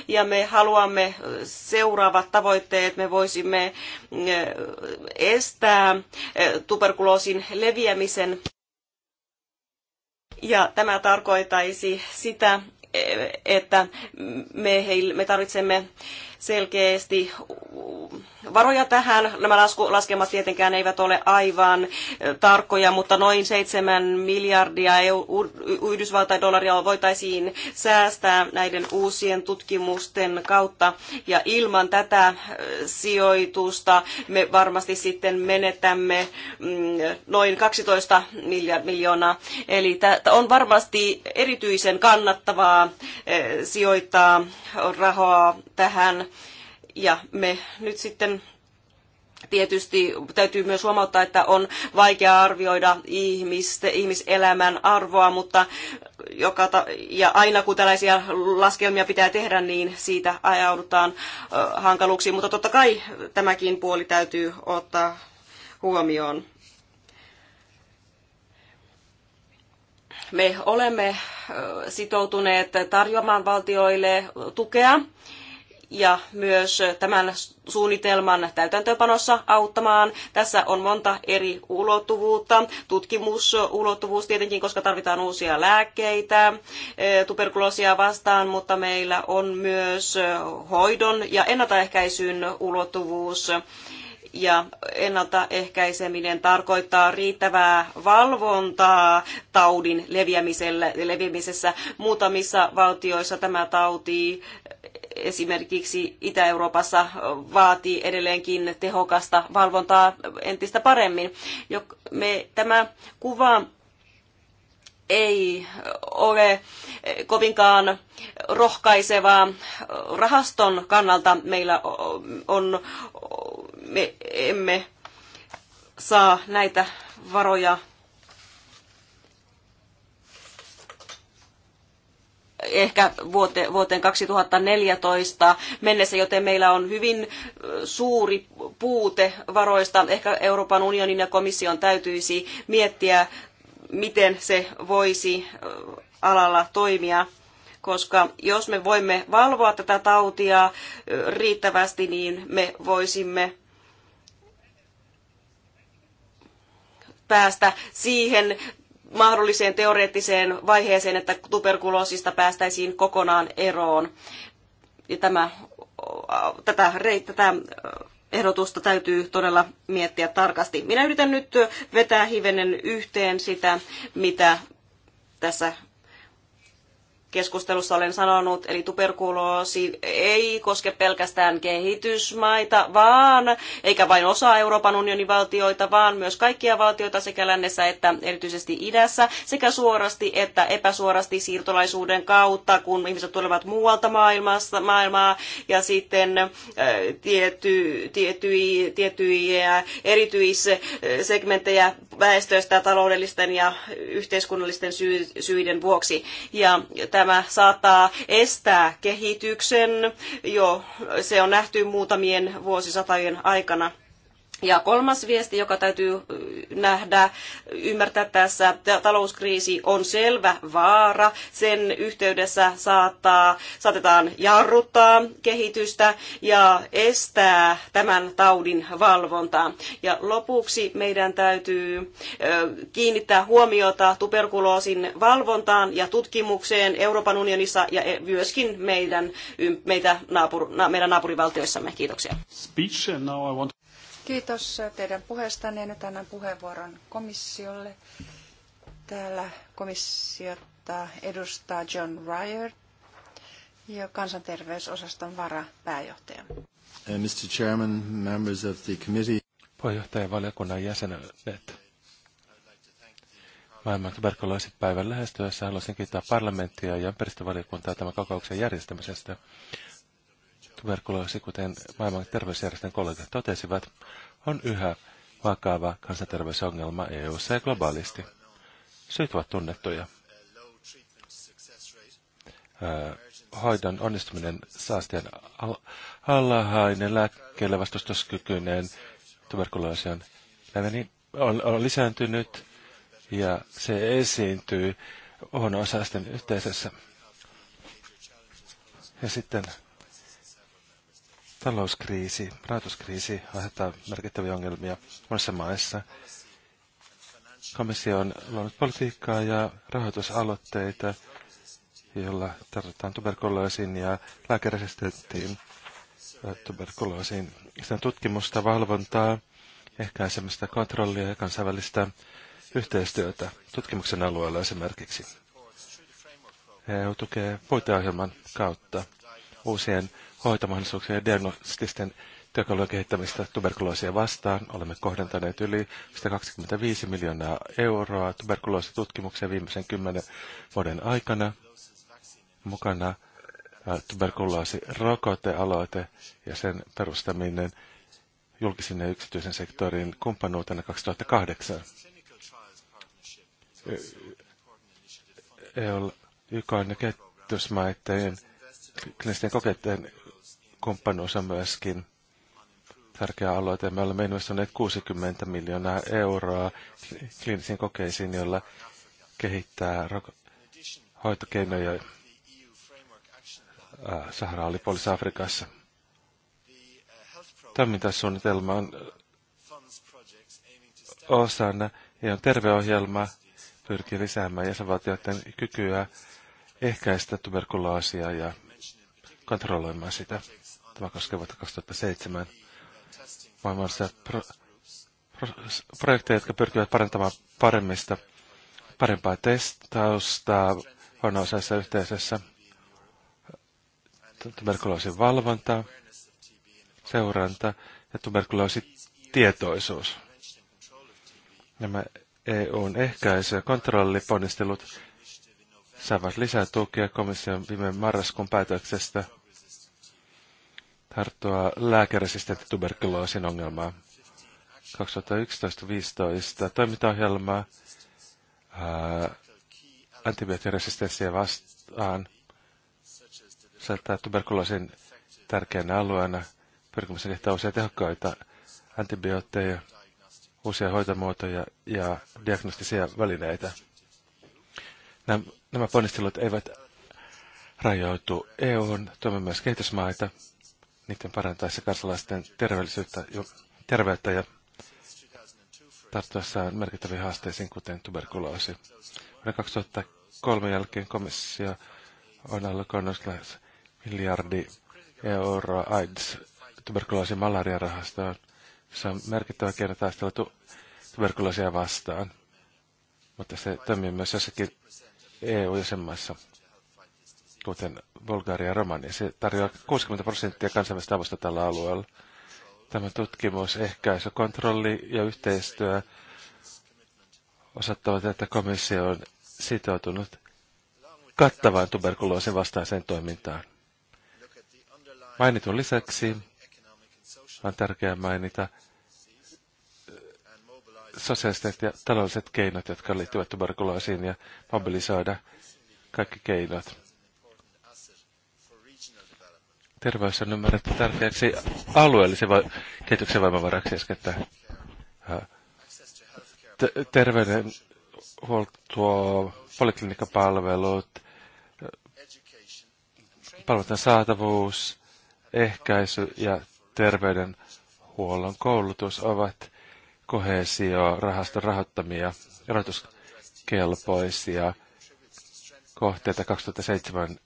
ja me haluamme seuraavat tavoitteet. Me voisimme eh, estää eh, tuberkuloosin leviämisen ja tämä tarkoittaisi sitä, eh, että me, me tarvitsemme selkeästi varoja tähän. Nämä laskemat tietenkään eivät ole aivan tarkkoja, mutta noin 7 miljardia Yhdysvaltain dollaria voitaisiin säästää näiden uusien tutkimusten kautta. Ja ilman tätä sijoitusta me varmasti sitten menetämme mm, noin 12 miljoonaa. Eli on varmasti erityisen kannattavaa sijoittaa rahaa tähän ja me nyt sitten Tietysti täytyy myös huomauttaa, että on vaikea arvioida ihmisten, ihmiselämän arvoa, mutta joka ja aina kun tällaisia laskelmia pitää tehdä, niin siitä ajaudutaan hankaluuksiin. Mutta totta kai tämäkin puoli täytyy ottaa huomioon. Me olemme sitoutuneet tarjoamaan valtioille tukea ja myös tämän suunnitelman täytäntöönpanossa auttamaan. Tässä on monta eri ulottuvuutta. Tutkimusulottuvuus tietenkin, koska tarvitaan uusia lääkkeitä e, tuberkuloosia vastaan, mutta meillä on myös hoidon ja ennaltaehkäisyn ulottuvuus ja ennaltaehkäiseminen tarkoittaa riittävää valvontaa taudin leviämisessä. Muutamissa valtioissa tämä tauti esimerkiksi Itä-Euroopassa vaatii edelleenkin tehokasta valvontaa entistä paremmin. Me, tämä kuva ei ole kovinkaan rohkaisevaa rahaston kannalta. Meillä on, me emme saa näitä varoja ehkä vuote, vuoteen 2014 mennessä, joten meillä on hyvin suuri puute varoista. Ehkä Euroopan unionin ja komission täytyisi miettiä, miten se voisi alalla toimia koska jos me voimme valvoa tätä tautia riittävästi, niin me voisimme päästä siihen mahdolliseen teoreettiseen vaiheeseen, että tuberkuloosista päästäisiin kokonaan eroon. Ja tämä, tätä, tätä ehdotusta täytyy todella miettiä tarkasti. Minä yritän nyt vetää hivenen yhteen sitä, mitä tässä keskustelussa olen sanonut, eli tuberkuloosi ei koske pelkästään kehitysmaita, vaan, eikä vain osa Euroopan unionin valtioita, vaan myös kaikkia valtioita sekä lännessä että erityisesti idässä, sekä suorasti että epäsuorasti siirtolaisuuden kautta, kun ihmiset tulevat muualta maailmasta, maailmaa, ja sitten äh, tietty, tiettyjä, erityissegmenttejä väestöstä taloudellisten ja yhteiskunnallisten syiden vuoksi. Ja tämä saattaa estää kehityksen. Jo se on nähty muutamien vuosisatojen aikana. Ja kolmas viesti, joka täytyy nähdä, ymmärtää tässä, että talouskriisi on selvä vaara. Sen yhteydessä saattaa, saatetaan jarruttaa kehitystä ja estää tämän taudin valvontaa. Ja lopuksi meidän täytyy kiinnittää huomiota tuberkuloosin valvontaan ja tutkimukseen Euroopan unionissa ja e, myöskin meidän, meitä naapur, meidän naapurivaltioissamme. Kiitoksia. Speech, now I want... Kiitos teidän puheestanne. Nyt annan puheenvuoron komissiolle. Täällä komissiota edustaa John Ryert ja kansanterveysosaston varapääjohtaja. Uh, Mr. Chairman, members of the committee. Puheenjohtajavaliokunnan jäsenet. Maailman päivän lähestyessä haluaisin kiittää parlamenttia ja ympäristövaliokuntaa tämän kokouksen järjestämisestä tuberkuloosi, kuten maailman terveysjärjestön kollegat totesivat, on yhä vakava kansanterveysongelma EU:ssa ja globaalisti. Syyt ovat tunnettuja. Hoidon onnistuminen saastien al- alhainen, lääkkeelle vastustuskykyinen tuberkuloosi on, on, on lisääntynyt ja se esiintyy huono-osaisten yhteisössä. Ja sitten Talouskriisi, rahoituskriisi aiheuttaa merkittäviä ongelmia monissa maissa. Komissio on luonut politiikkaa ja rahoitusaloitteita, joilla tartutaan tuberkuloosiin ja lääkeresistenttiin äh, tuberkuloosiin. Sitä on tutkimusta, valvontaa, ehkäisemistä kontrollia ja kansainvälistä yhteistyötä tutkimuksen alueella esimerkiksi. EU tukee puiteohjelman kautta uusien hoitomahdollisuuksia ja diagnostisten työkalujen kehittämistä tuberkuloosia vastaan. Olemme kohdentaneet yli 125 miljoonaa euroa tuberkuloositutkimukseen viimeisen kymmenen vuoden aikana. Mukana tuberkuloosirokotealoite ja sen perustaminen julkisen ja yksityisen sektorin kumppanuutena 2008. EUL, YK on kehitysmaiden kliinisten kokeiden kumppanuussa myöskin tärkeä aloite. Me olemme investoineet 60 miljoonaa euroa kliinisiin kokeisiin, joilla kehittää hoitokeinoja. Sahara oli Afrikassa. Toimintasuunnitelma on osana ja on terveohjelma pyrkii lisäämään jäsenvaltioiden kykyä ehkäistä tuberkuloosia ja kontrolloimaan sitä. Tämä koskee vuotta 2007 Maailmassa pro, pro, projekteja, jotka pyrkivät parantamaan paremmista, parempaa testausta huono-osaisessa yhteisössä, tuberkuloosin valvonta, seuranta ja tuberkuloositietoisuus. Nämä EUn ehkäisy- ja kontrolliponnistelut saavat lisää tukea komission viime marraskuun päätöksestä – tarttua lääkeresistentti tuberkuloosin ongelmaa. 2011-2015 toimintaohjelmaa antibioottiresistenssiä vastaan sisältää tuberkuloosin tärkeänä alueena pyrkimys kehittää uusia tehokkaita antibiootteja, uusia hoitomuotoja ja diagnostisia välineitä. Nämä, nämä ponnistelut eivät rajoitu EUn, tuomme myös kehitysmaita, niiden parantaessa kansalaisten terveellisyyttä, terveyttä ja tarttuessaan merkittäviin haasteisiin, kuten tuberkuloosi. Vuonna 2003 jälkeen komissio on allokoinut lähes miljardi euroa AIDS tuberkuloosi- ja malariarahastoon, jossa on merkittävä keino taistella tu- tuberkuloosia vastaan. Mutta se toimii myös jossakin EU-jäsenmaissa kuten Bulgaria ja Romania. Se tarjoaa 60 prosenttia kansainvälistä avusta tällä alueella. Tämä tutkimus, ehkäisy, kontrolli ja yhteistyö osoittavat, että komissio on sitoutunut kattavaan tuberkuloosin vastaiseen toimintaan. Mainitun lisäksi on tärkeää mainita äh, sosiaaliset ja taloudelliset keinot, jotka liittyvät tuberkuloosiin ja mobilisoida kaikki keinot terveys on ymmärretty tärkeäksi alueellisen va- kehityksen voimavaraksi, että terveydenhuoltoa, poliklinikkapalvelut, palveluiden saatavuus, ehkäisy ja terveydenhuollon koulutus ovat kohesio-rahaston rahoittamia rahoituskelpoisia kohteita 2007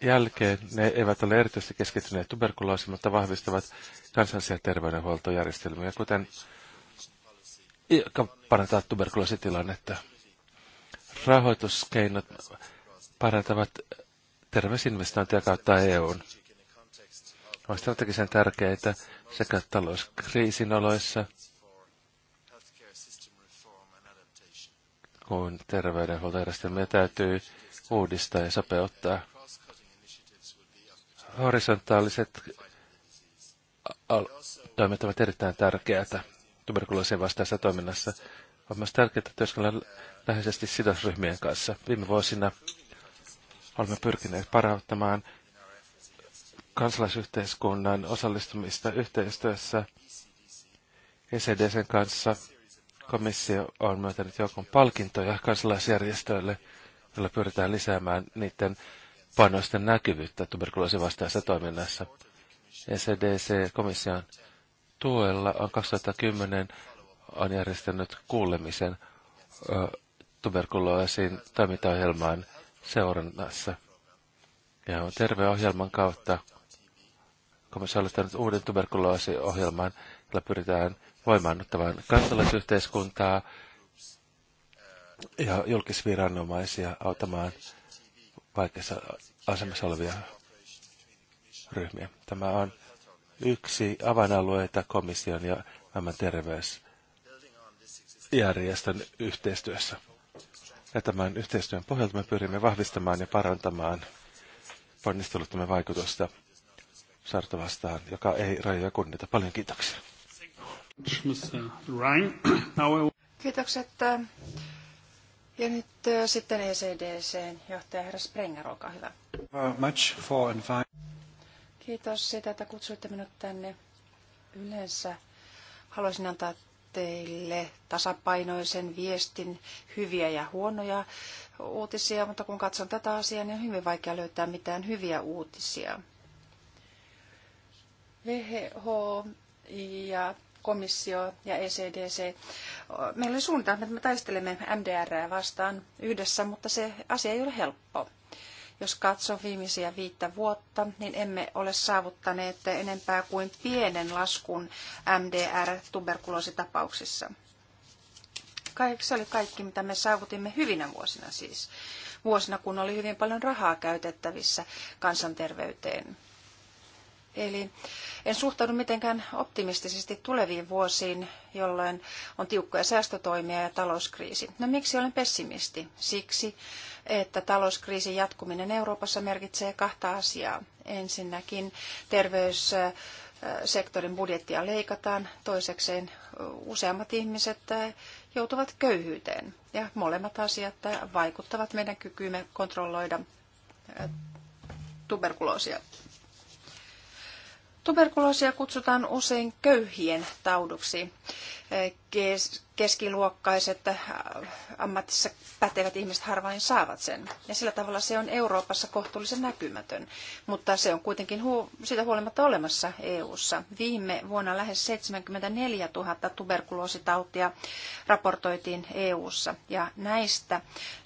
jälkeen ne eivät ole erityisesti keskittyneet tuberkuloosiin, mutta vahvistavat kansallisia terveydenhuoltojärjestelmiä, kuten parantaa tuberkuloositilannetta. Rahoituskeinot parantavat terveysinvestointia kautta EUn. On strategisen tärkeitä sekä talouskriisin oloissa kuin terveydenhuoltojärjestelmiä täytyy uudistaa ja sopeuttaa horisontaaliset toimet ovat erittäin tärkeätä tuberkuloosin vastaisessa toiminnassa. On myös tärkeää työskennellä läheisesti sidosryhmien kanssa. Viime vuosina olemme pyrkineet parantamaan kansalaisyhteiskunnan osallistumista yhteistyössä ECDCn kanssa. Komissio on myöntänyt joukon palkintoja kansalaisjärjestöille, joilla pyritään lisäämään niiden panosten näkyvyyttä tuberkuloosin vastaisessa toiminnassa. ECDC-komission tuella on 2010 on järjestänyt kuulemisen tuberkuloosin toimintaohjelmaan seurannassa. Ja on terve ohjelman kautta komissio aloittanut uuden tuberkuloosiohjelman, jolla pyritään voimaannuttamaan kansalaisyhteiskuntaa ja julkisviranomaisia auttamaan vaikeassa asemassa olevia ryhmiä. Tämä on yksi avainalueita komission ja terveysjärjestön yhteistyössä. Ja tämän yhteistyön pohjalta me pyrimme vahvistamaan ja parantamaan ponnistelutamme vaikutusta saarta vastaan, joka ei rajoja kunnita. Paljon kiitoksia. <coughs> Kiitokset ja nyt sitten ECDCn johtaja herra Sprenger, olkaa hyvä. Much for and fine. Kiitos siitä, että kutsuitte minut tänne. Yleensä haluaisin antaa teille tasapainoisen viestin hyviä ja huonoja uutisia, mutta kun katson tätä asiaa, niin on hyvin vaikea löytää mitään hyviä uutisia. WHO ja komissio ja ECDC. Meillä oli suunnitelma, että me taistelemme MDR vastaan yhdessä, mutta se asia ei ole helppo. Jos katsoo viimeisiä viittä vuotta, niin emme ole saavuttaneet enempää kuin pienen laskun MDR-tuberkuloositapauksissa. Se oli kaikki, mitä me saavutimme hyvinä vuosina siis. Vuosina, kun oli hyvin paljon rahaa käytettävissä kansanterveyteen Eli en suhtaudu mitenkään optimistisesti tuleviin vuosiin, jolloin on tiukkoja säästötoimia ja talouskriisi. No miksi olen pessimisti? Siksi, että talouskriisin jatkuminen Euroopassa merkitsee kahta asiaa. Ensinnäkin terveyssektorin budjettia leikataan, toisekseen useammat ihmiset joutuvat köyhyyteen. Ja molemmat asiat vaikuttavat meidän kykyymme kontrolloida tuberkuloosia. Tuberkuloosia kutsutaan usein köyhien tauduksi. Kes- keskiluokkaiset äh, ammatissa pätevät ihmiset harvain saavat sen. Ja sillä tavalla se on Euroopassa kohtuullisen näkymätön. Mutta se on kuitenkin hu- siitä huolimatta olemassa EU:ssa. Viime vuonna lähes 74 000 tuberkuloositautia raportoitiin EU:ssa ja näistä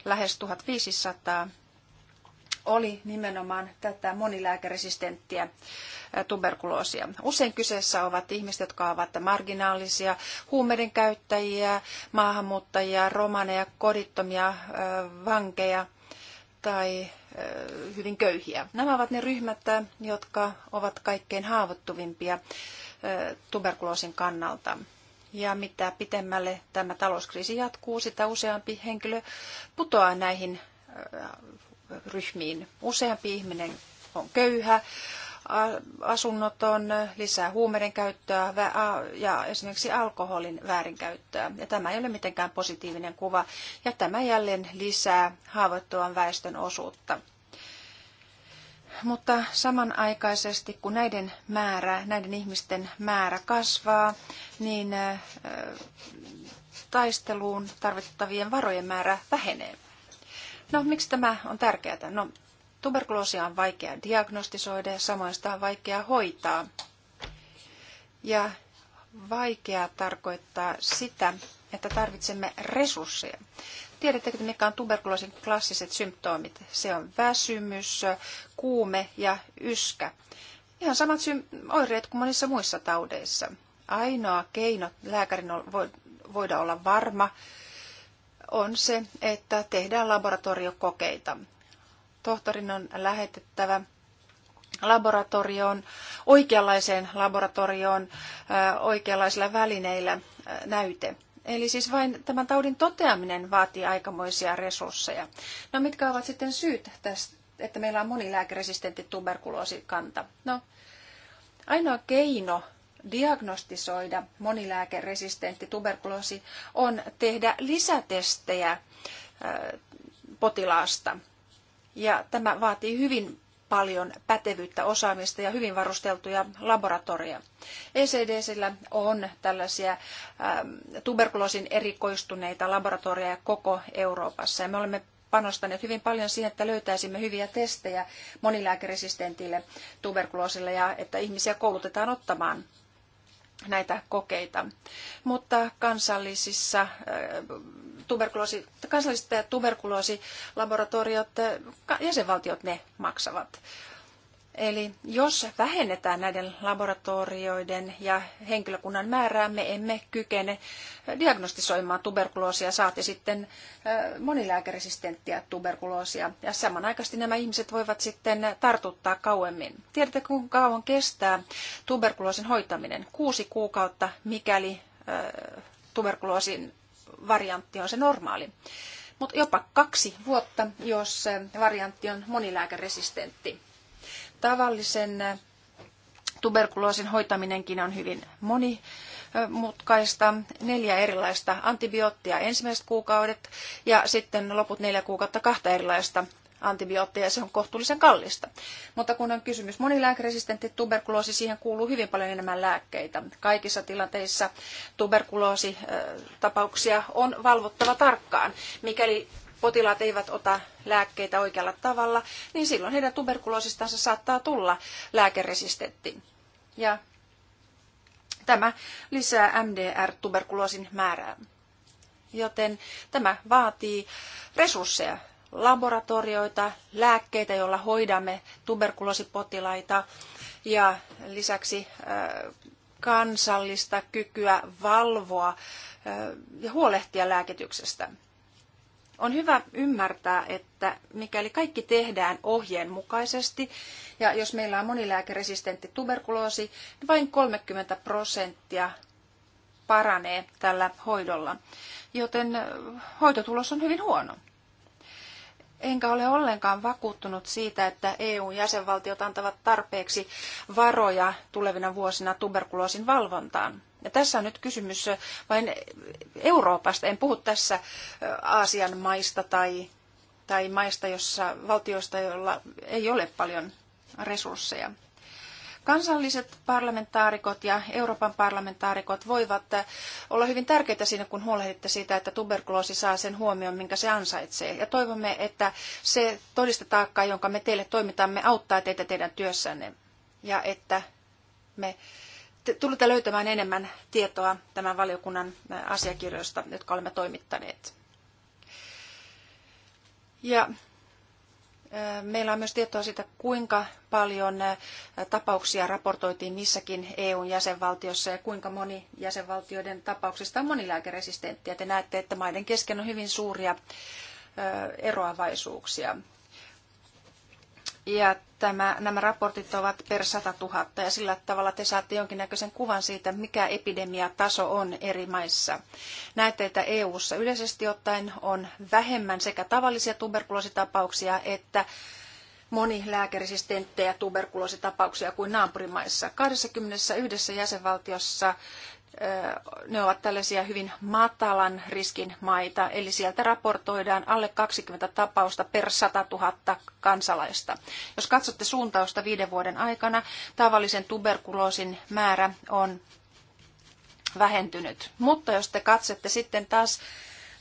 lähes 1500 oli nimenomaan tätä monilääkeresistenttiä tuberkuloosia. Usein kyseessä ovat ihmiset, jotka ovat marginaalisia, huumeiden käyttäjiä, maahanmuuttajia, romaneja, kodittomia, vankeja tai hyvin köyhiä. Nämä ovat ne ryhmät, jotka ovat kaikkein haavoittuvimpia tuberkuloosin kannalta. Ja mitä pitemmälle tämä talouskriisi jatkuu, sitä useampi henkilö putoaa näihin ryhmiin. Useampi ihminen on köyhä, asunnoton, lisää huumeiden käyttöä ja esimerkiksi alkoholin väärinkäyttöä. Ja tämä ei ole mitenkään positiivinen kuva ja tämä jälleen lisää haavoittuvan väestön osuutta. Mutta samanaikaisesti, kun näiden, määrä, näiden ihmisten määrä kasvaa, niin taisteluun tarvittavien varojen määrä vähenee. No, miksi tämä on tärkeää? No, tuberkuloosia on vaikea diagnostisoida ja samoin sitä on vaikea hoitaa. Ja vaikea tarkoittaa sitä, että tarvitsemme resursseja. Tiedättekö, mikä on tuberkuloosin klassiset symptoomit? Se on väsymys, kuume ja yskä. Ihan samat oireet kuin monissa muissa taudeissa. Ainoa keino lääkärin voida olla varma on se, että tehdään laboratoriokokeita. Tohtorin on lähetettävä laboratorioon, oikeanlaiseen laboratorioon, oikeanlaisilla välineillä näyte. Eli siis vain tämän taudin toteaminen vaatii aikamoisia resursseja. No mitkä ovat sitten syyt tästä, että meillä on monilääkeresistentti tuberkuloosikanta? No ainoa keino diagnostisoida monilääkeresistentti tuberkuloosi on tehdä lisätestejä potilaasta. Ja tämä vaatii hyvin paljon pätevyyttä, osaamista ja hyvin varusteltuja laboratorioja. ECDsillä on tällaisia tuberkuloosin erikoistuneita laboratorioja koko Euroopassa. Ja me olemme panostaneet hyvin paljon siihen, että löytäisimme hyviä testejä monilääkeresistentille tuberkuloosille ja että ihmisiä koulutetaan ottamaan näitä kokeita. Mutta kansallisissa äh, tuberkuloosi, kansalliset tuberkuloosilaboratoriot, äh, jäsenvaltiot ne maksavat. Eli jos vähennetään näiden laboratorioiden ja henkilökunnan määrää, me emme kykene diagnostisoimaan tuberkuloosia, saati sitten monilääkäresistenttiä tuberkuloosia. Ja samanaikaisesti nämä ihmiset voivat sitten tartuttaa kauemmin. Tiedätkö, kuinka kauan kestää tuberkuloosin hoitaminen? Kuusi kuukautta, mikäli tuberkuloosin variantti on se normaali. Mutta jopa kaksi vuotta, jos variantti on monilääkäresistentti. Tavallisen äh, tuberkuloosin hoitaminenkin on hyvin moni mutkaista, neljä erilaista antibioottia ensimmäiset kuukaudet ja sitten loput neljä kuukautta kahta erilaista antibiootteja ja se on kohtuullisen kallista. Mutta kun on kysymys monilääkeresistentti tuberkuloosi, siihen kuuluu hyvin paljon enemmän lääkkeitä. Kaikissa tilanteissa tuberkuloositapauksia äh, on valvottava tarkkaan. Mikäli potilaat eivät ota lääkkeitä oikealla tavalla, niin silloin heidän tuberkuloosistansa saattaa tulla lääkeresistentti. Ja tämä lisää MDR-tuberkuloosin määrää. Joten tämä vaatii resursseja, laboratorioita, lääkkeitä, joilla hoidamme tuberkuloosipotilaita ja lisäksi äh, kansallista kykyä valvoa äh, ja huolehtia lääkityksestä. On hyvä ymmärtää, että mikäli kaikki tehdään ohjeen mukaisesti, ja jos meillä on monilääkeresistentti tuberkuloosi, niin vain 30 prosenttia paranee tällä hoidolla, joten hoitotulos on hyvin huono enkä ole ollenkaan vakuuttunut siitä, että EU-jäsenvaltiot antavat tarpeeksi varoja tulevina vuosina tuberkuloosin valvontaan. Ja tässä on nyt kysymys vain Euroopasta. En puhu tässä Aasian maista tai, tai maista, jossa valtioista, joilla ei ole paljon resursseja. Kansalliset parlamentaarikot ja Euroopan parlamentaarikot voivat eh, olla hyvin tärkeitä siinä, kun huolehditte siitä, että tuberkuloosi saa sen huomion, minkä se ansaitsee. Ja toivomme, että se todistetaakka, jonka me teille toimitamme, auttaa teitä teidän työssänne ja että me tulette löytämään enemmän tietoa tämän valiokunnan eh, asiakirjoista, jotka olemme toimittaneet. Ja Meillä on myös tietoa siitä, kuinka paljon tapauksia raportoitiin missäkin EUn jäsenvaltiossa ja kuinka moni jäsenvaltioiden tapauksista on monilääkeresistenttiä. Te näette, että maiden kesken on hyvin suuria eroavaisuuksia. Ja tämä, nämä raportit ovat per 100 000 ja sillä tavalla te saatte jonkinnäköisen kuvan siitä, mikä epidemiataso on eri maissa. Näette, että EU-ssa yleisesti ottaen on vähemmän sekä tavallisia tuberkuloositapauksia että monilääkärisistenttejä tuberkuloositapauksia kuin naapurimaissa. 21 jäsenvaltiossa ne ovat tällaisia hyvin matalan riskin maita, eli sieltä raportoidaan alle 20 tapausta per 100 000 kansalaista. Jos katsotte suuntausta viiden vuoden aikana, tavallisen tuberkuloosin määrä on vähentynyt. Mutta jos te katsotte sitten taas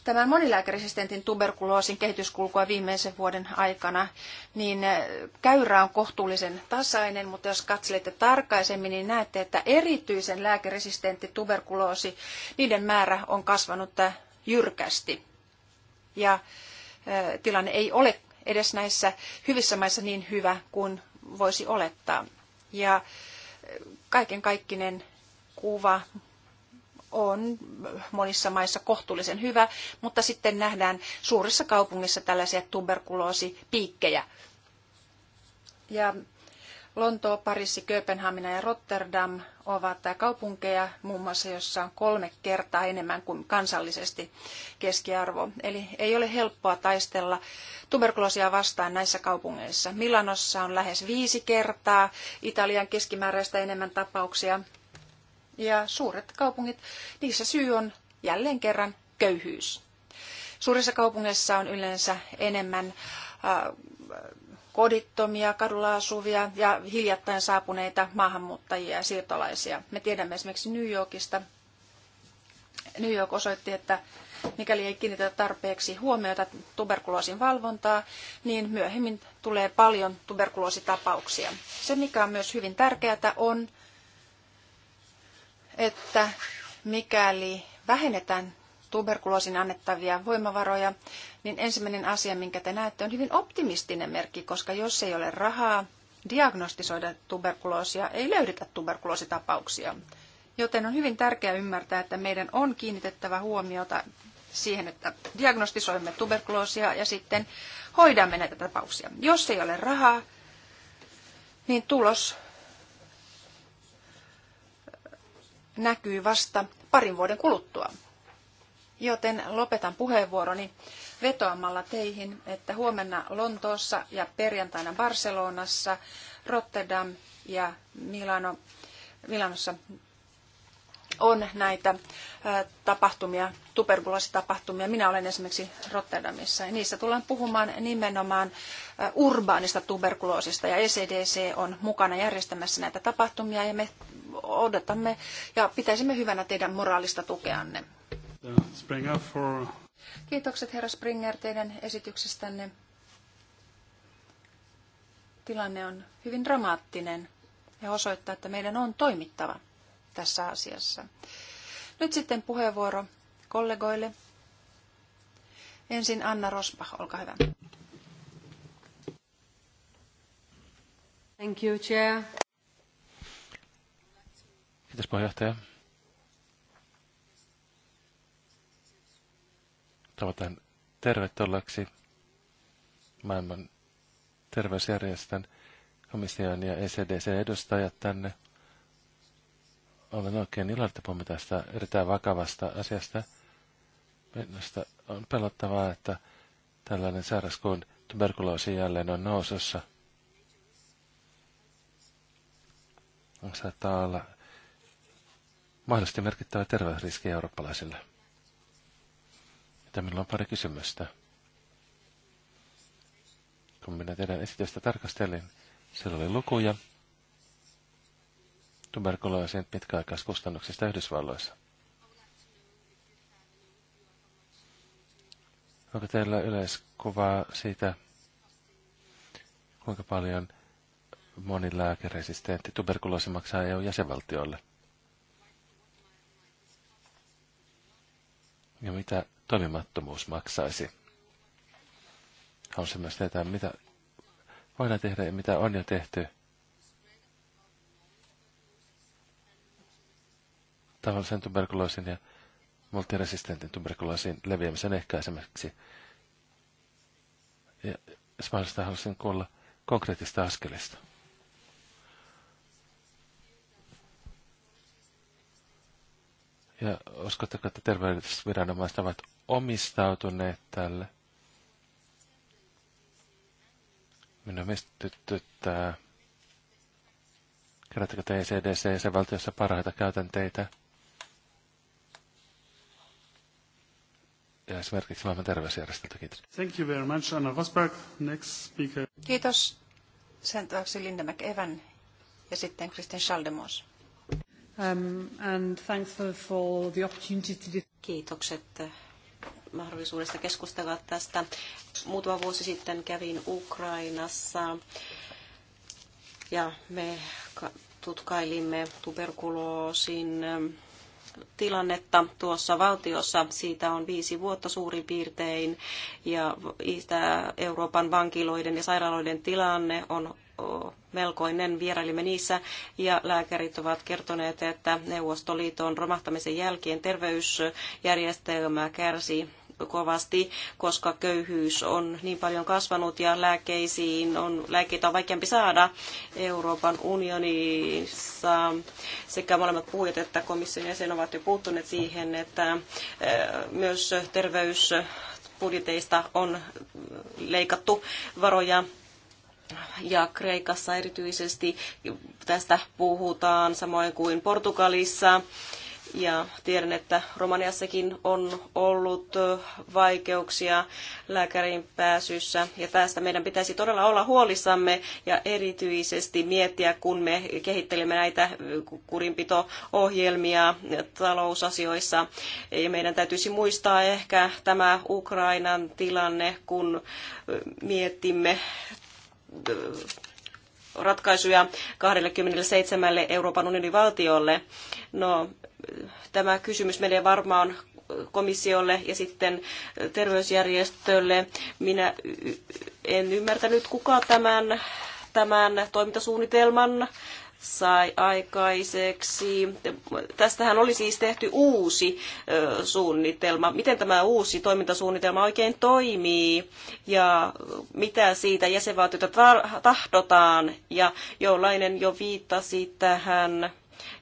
tämän monilääkäresistentin tuberkuloosin kehityskulkua viimeisen vuoden aikana, niin eh, käyrä on kohtuullisen tasainen, mutta jos katselette tarkaisemmin, niin näette, että erityisen lääkeresistentti tuberkuloosi, niiden määrä on kasvanut eh, jyrkästi. Ja eh, tilanne ei ole edes näissä hyvissä maissa niin hyvä kuin voisi olettaa. Ja kaiken kaikkinen kuva on monissa maissa kohtuullisen hyvä, mutta sitten nähdään suurissa kaupungissa tällaisia tuberkuloosipiikkejä. Ja Lontoo, Pariisi, Kööpenhamina ja Rotterdam ovat kaupunkeja muun muassa, jossa on kolme kertaa enemmän kuin kansallisesti keskiarvo. Eli ei ole helppoa taistella tuberkuloosia vastaan näissä kaupungeissa. Milanossa on lähes viisi kertaa Italian keskimääräistä enemmän tapauksia ja suuret kaupungit, niissä syy on jälleen kerran köyhyys. Suurissa kaupungeissa on yleensä enemmän äh, kodittomia, kadulla asuvia ja hiljattain saapuneita maahanmuuttajia ja siirtolaisia. Me tiedämme esimerkiksi New Yorkista. New York osoitti, että mikäli ei kiinnitetä tarpeeksi huomiota tuberkuloosin valvontaa, niin myöhemmin tulee paljon tuberkuloositapauksia. Se, mikä on myös hyvin tärkeää, on, että mikäli vähennetään tuberkuloosin annettavia voimavaroja, niin ensimmäinen asia, minkä te näette, on hyvin optimistinen merkki, koska jos ei ole rahaa diagnostisoida tuberkuloosia, ei löydetä tuberkuloositapauksia. Joten on hyvin tärkeää ymmärtää, että meidän on kiinnitettävä huomiota siihen, että diagnostisoimme tuberkuloosia ja sitten hoidamme näitä tapauksia. Jos ei ole rahaa, niin tulos näkyy vasta parin vuoden kuluttua. Joten lopetan puheenvuoroni vetoamalla teihin, että huomenna Lontoossa ja perjantaina Barcelonassa, Rotterdam ja Milano, Milanossa on näitä tapahtumia, tuberkuloositapahtumia. Minä olen esimerkiksi Rotterdamissa ja niissä tullaan puhumaan nimenomaan Äh, urbaanista tuberkuloosista ja ECDC on mukana järjestämässä näitä tapahtumia ja me odotamme ja pitäisimme hyvänä teidän moraalista tukeanne. Kiitokset herra Springer teidän esityksestänne. Tilanne on hyvin dramaattinen ja osoittaa, että meidän on toimittava tässä asiassa. Nyt sitten puheenvuoro kollegoille. Ensin Anna Rosbach, olkaa hyvä. Thank you, Chair. Kiitos puheenjohtaja. Toivotan tervetulleeksi maailman terveysjärjestön komission ja ECDC-edustajat tänne. Olen oikein iloinen, että puhumme tästä erittäin vakavasta asiasta. Minusta on pelottavaa, että tällainen sairaus kuin tuberkuloosi jälleen on nousussa – saattaa olla mahdollisesti merkittävä terveysriski eurooppalaisille. Mitä minulla on pari kysymystä. Kun minä teidän esitystä tarkastelin, siellä oli lukuja tuberkuloosin pitkäaikaiskustannuksista Yhdysvalloissa. Onko teillä yleiskuvaa siitä, kuinka paljon monilääkeresistentti tuberkuloosi maksaa eu jäsenvaltioille Ja mitä toimimattomuus maksaisi? Haluaisin myös tietää, mitä voidaan tehdä ja mitä on jo tehty. Tavallisen tuberkuloosin ja multiresistentin tuberkuloosin leviämisen ehkäisemiseksi. Ja jos mahdollista, haluaisin kuulla konkreettista askelista. Ja uskotteko, että terveysviranomaiset ovat omistautuneet tälle? Minä mistyttyttää. Kerättekö te ECDC valtiossa parhaita käytänteitä? Ja esimerkiksi maailman terveysjärjestöltä. Kiitos. Thank you very much, Anna Rosberg. Next speaker. Kiitos. Sen taakse Linda McEvan ja sitten Kristin Schaldemos. Um, and thanks for, for the opportunity to... Kiitokset mahdollisuudesta keskustella tästä. Muutama vuosi sitten kävin Ukrainassa ja me tutkailimme tuberkuloosin um, tilannetta tuossa valtiossa. Siitä on viisi vuotta suurin piirtein ja Itä-Euroopan vankiloiden ja sairaaloiden tilanne on melkoinen. Vierailimme niissä ja lääkärit ovat kertoneet, että Neuvostoliiton romahtamisen jälkeen terveysjärjestelmä kärsi kovasti, koska köyhyys on niin paljon kasvanut ja lääkeisiin on, lääkkeitä on vaikeampi saada Euroopan unionissa. Sekä molemmat puhujat että komission jäsen ovat jo puuttuneet siihen, että eh, myös terveysbudjeteista on leikattu varoja ja Kreikassa erityisesti tästä puhutaan samoin kuin Portugalissa. Ja tiedän, että Romaniassakin on ollut vaikeuksia lääkärin pääsyssä ja tästä meidän pitäisi todella olla huolissamme ja erityisesti miettiä, kun me kehittelemme näitä kurinpito-ohjelmia talousasioissa. Ja meidän täytyisi muistaa ehkä tämä Ukrainan tilanne, kun miettimme ratkaisuja 27 Euroopan unionin valtiolle. No, tämä kysymys menee varmaan komissiolle ja sitten terveysjärjestölle. Minä en ymmärtänyt, kuka tämän, tämän toimintasuunnitelman sai aikaiseksi. Tästähän oli siis tehty uusi suunnitelma. Miten tämä uusi toimintasuunnitelma oikein toimii ja mitä siitä jäsenvaltiota tahdotaan ja jollainen jo viittasi tähän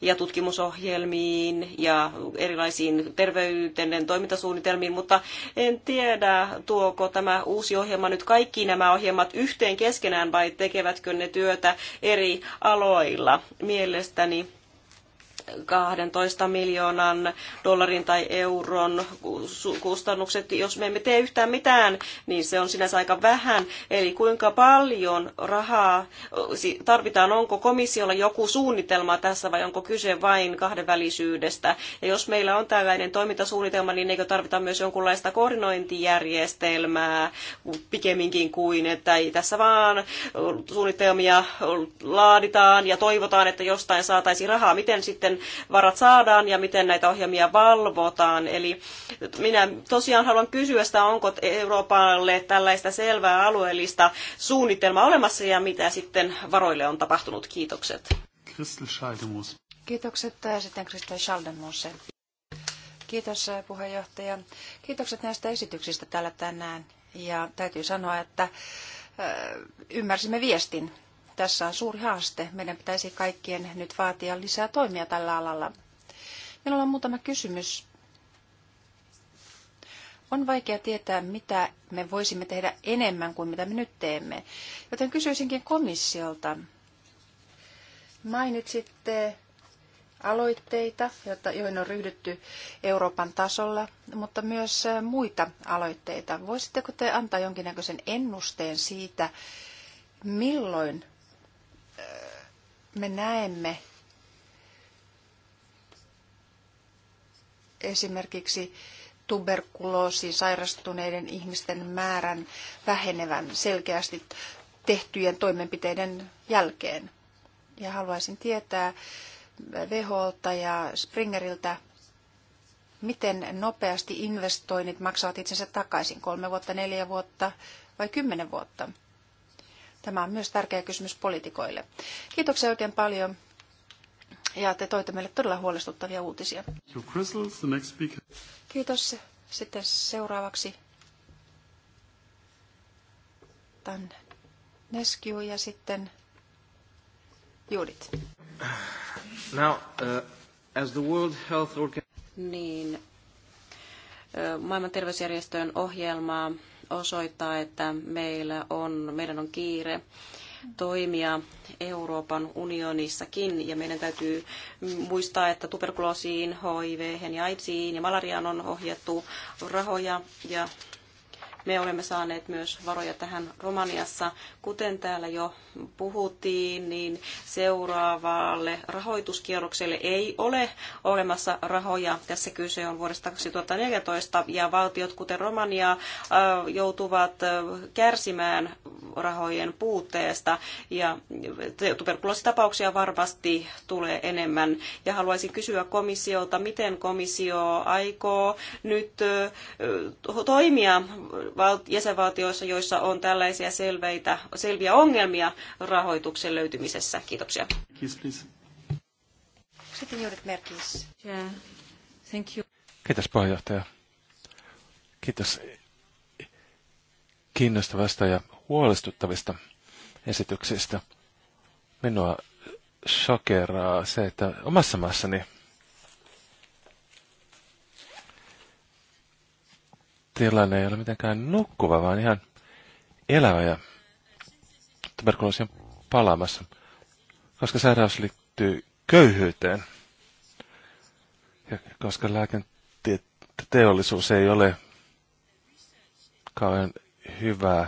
ja tutkimusohjelmiin ja erilaisiin terveyden toimintasuunnitelmiin, mutta en tiedä, tuoko tämä uusi ohjelma nyt kaikki nämä ohjelmat yhteen keskenään vai tekevätkö ne työtä eri aloilla. Mielestäni 12 miljoonan dollarin tai euron kustannukset. Jos me emme tee yhtään mitään, niin se on sinänsä aika vähän. Eli kuinka paljon rahaa tarvitaan? Onko komissiolla joku suunnitelma tässä vai onko kyse vain kahdenvälisyydestä? Ja jos meillä on tällainen toimintasuunnitelma, niin eikö tarvita myös jonkunlaista koordinointijärjestelmää pikemminkin kuin, että ei tässä vaan suunnitelmia laaditaan ja toivotaan, että jostain saataisiin rahaa. Miten sitten varat saadaan ja miten näitä ohjelmia valvotaan. Eli minä tosiaan haluan kysyä sitä, onko Euroopalle tällaista selvää alueellista suunnitelmaa olemassa ja mitä sitten varoille on tapahtunut. Kiitokset. Kristel Ja Kiitokset sitten Kristel Schaldemus. Kiitos puheenjohtaja. Kiitokset näistä esityksistä täällä tänään. Ja täytyy sanoa, että ymmärsimme viestin tässä on suuri haaste. Meidän pitäisi kaikkien nyt vaatia lisää toimia tällä alalla. Minulla on muutama kysymys. On vaikea tietää, mitä me voisimme tehdä enemmän kuin mitä me nyt teemme. Joten kysyisinkin komissiolta. Mainitsitte aloitteita, joihin on ryhdytty Euroopan tasolla, mutta myös muita aloitteita. Voisitteko te antaa jonkinnäköisen ennusteen siitä, milloin me näemme esimerkiksi tuberkuloosiin sairastuneiden ihmisten määrän vähenevän selkeästi tehtyjen toimenpiteiden jälkeen. Ja haluaisin tietää WHOlta ja Springeriltä, miten nopeasti investoinnit maksavat itsensä takaisin, kolme vuotta, neljä vuotta vai kymmenen vuotta. Tämä on myös tärkeä kysymys poliitikoille. Kiitoksia oikein paljon ja te toitte meille todella huolestuttavia uutisia. Kiitos. Sitten seuraavaksi tämän Neskew ja sitten Judith. Now, uh, as the World Health Organization... Niin, maailman terveysjärjestöjen ohjelmaa osoittaa, että meillä on, meidän on kiire toimia Euroopan unionissakin. Ja meidän täytyy muistaa, että tuberkuloosiin, HIV ja AIDSiin ja malariaan on ohjattu rahoja ja me olemme saaneet myös varoja tähän Romaniassa. Kuten täällä jo puhuttiin, niin seuraavalle rahoituskierrokselle ei ole olemassa rahoja. Tässä kyse on vuodesta 2014 ja valtiot, kuten Romania, joutuvat kärsimään rahojen puutteesta ja tuberkuloositapauksia varmasti tulee enemmän. Ja haluaisin kysyä komissiolta, miten komissio aikoo nyt toimia on jäsenvaltioissa, joissa on tällaisia selveitä, selviä ongelmia rahoituksen löytymisessä. Kiitoksia. Kiitos, please. Sitten Judith Merkis. Yeah. Thank you. Kiitos puheenjohtaja. Kiitos kiinnostavasta ja huolestuttavista esityksistä. Minua shokeraa se, että omassa maassani tilanne ei ole mitenkään nukkuva, vaan ihan elävä ja tuberkuloosi on palaamassa, koska sairaus liittyy köyhyyteen. Ja koska lääketeollisuus ei ole kauhean hyvää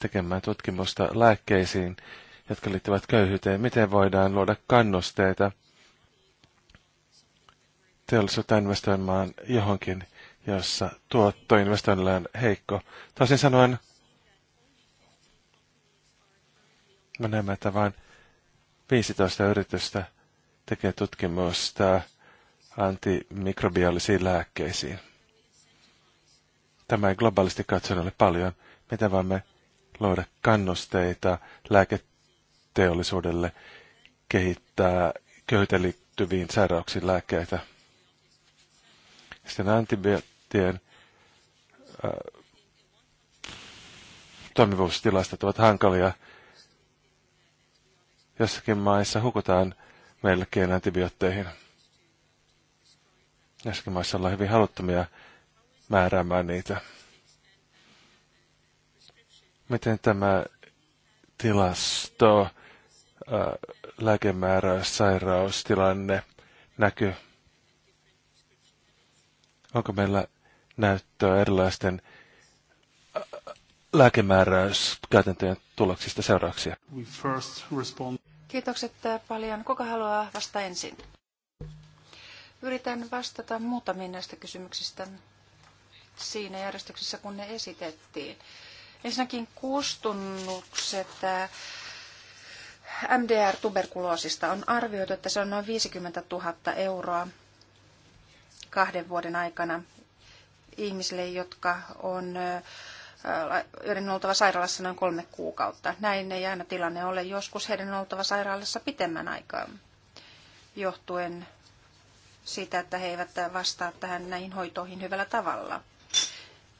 tekemään tutkimusta lääkkeisiin, jotka liittyvät köyhyyteen, miten voidaan luoda kannusteita teollisuutta investoimaan johonkin – jossa tuotto investoinnille on heikko. Tosin sanoen, me näemme, että vain 15 yritystä tekee tutkimusta antimikrobiaalisiin lääkkeisiin. Tämä ei globaalisti katsoen ole paljon, mitä vaan me luoda kannusteita lääketeollisuudelle kehittää köyteen liittyviin sairauksiin lääkkeitä. Sitten antibiootteja testien äh, toimivuustilastot ovat hankalia. Jossakin maissa hukutaan melkein antibiootteihin. Jossakin maissa ollaan hyvin haluttomia määräämään niitä. Miten tämä tilasto, äh, lääkemäärä lääkemääräys, sairaustilanne näkyy? Onko meillä näyttöä erilaisten lääkemääräyskäytäntöjen tuloksista seurauksia. Kiitokset paljon. Kuka haluaa vasta ensin? Yritän vastata muutamiin näistä kysymyksistä siinä järjestyksessä, kun ne esitettiin. Ensinnäkin kustannukset MDR-tuberkuloosista on arvioitu, että se on noin 50 000 euroa kahden vuoden aikana ihmisille, jotka on joiden on oltava sairaalassa noin kolme kuukautta. Näin ei aina tilanne ole. Joskus heidän on oltava sairaalassa pitemmän aikaa johtuen siitä, että he eivät vastaa tähän näihin hoitoihin hyvällä tavalla.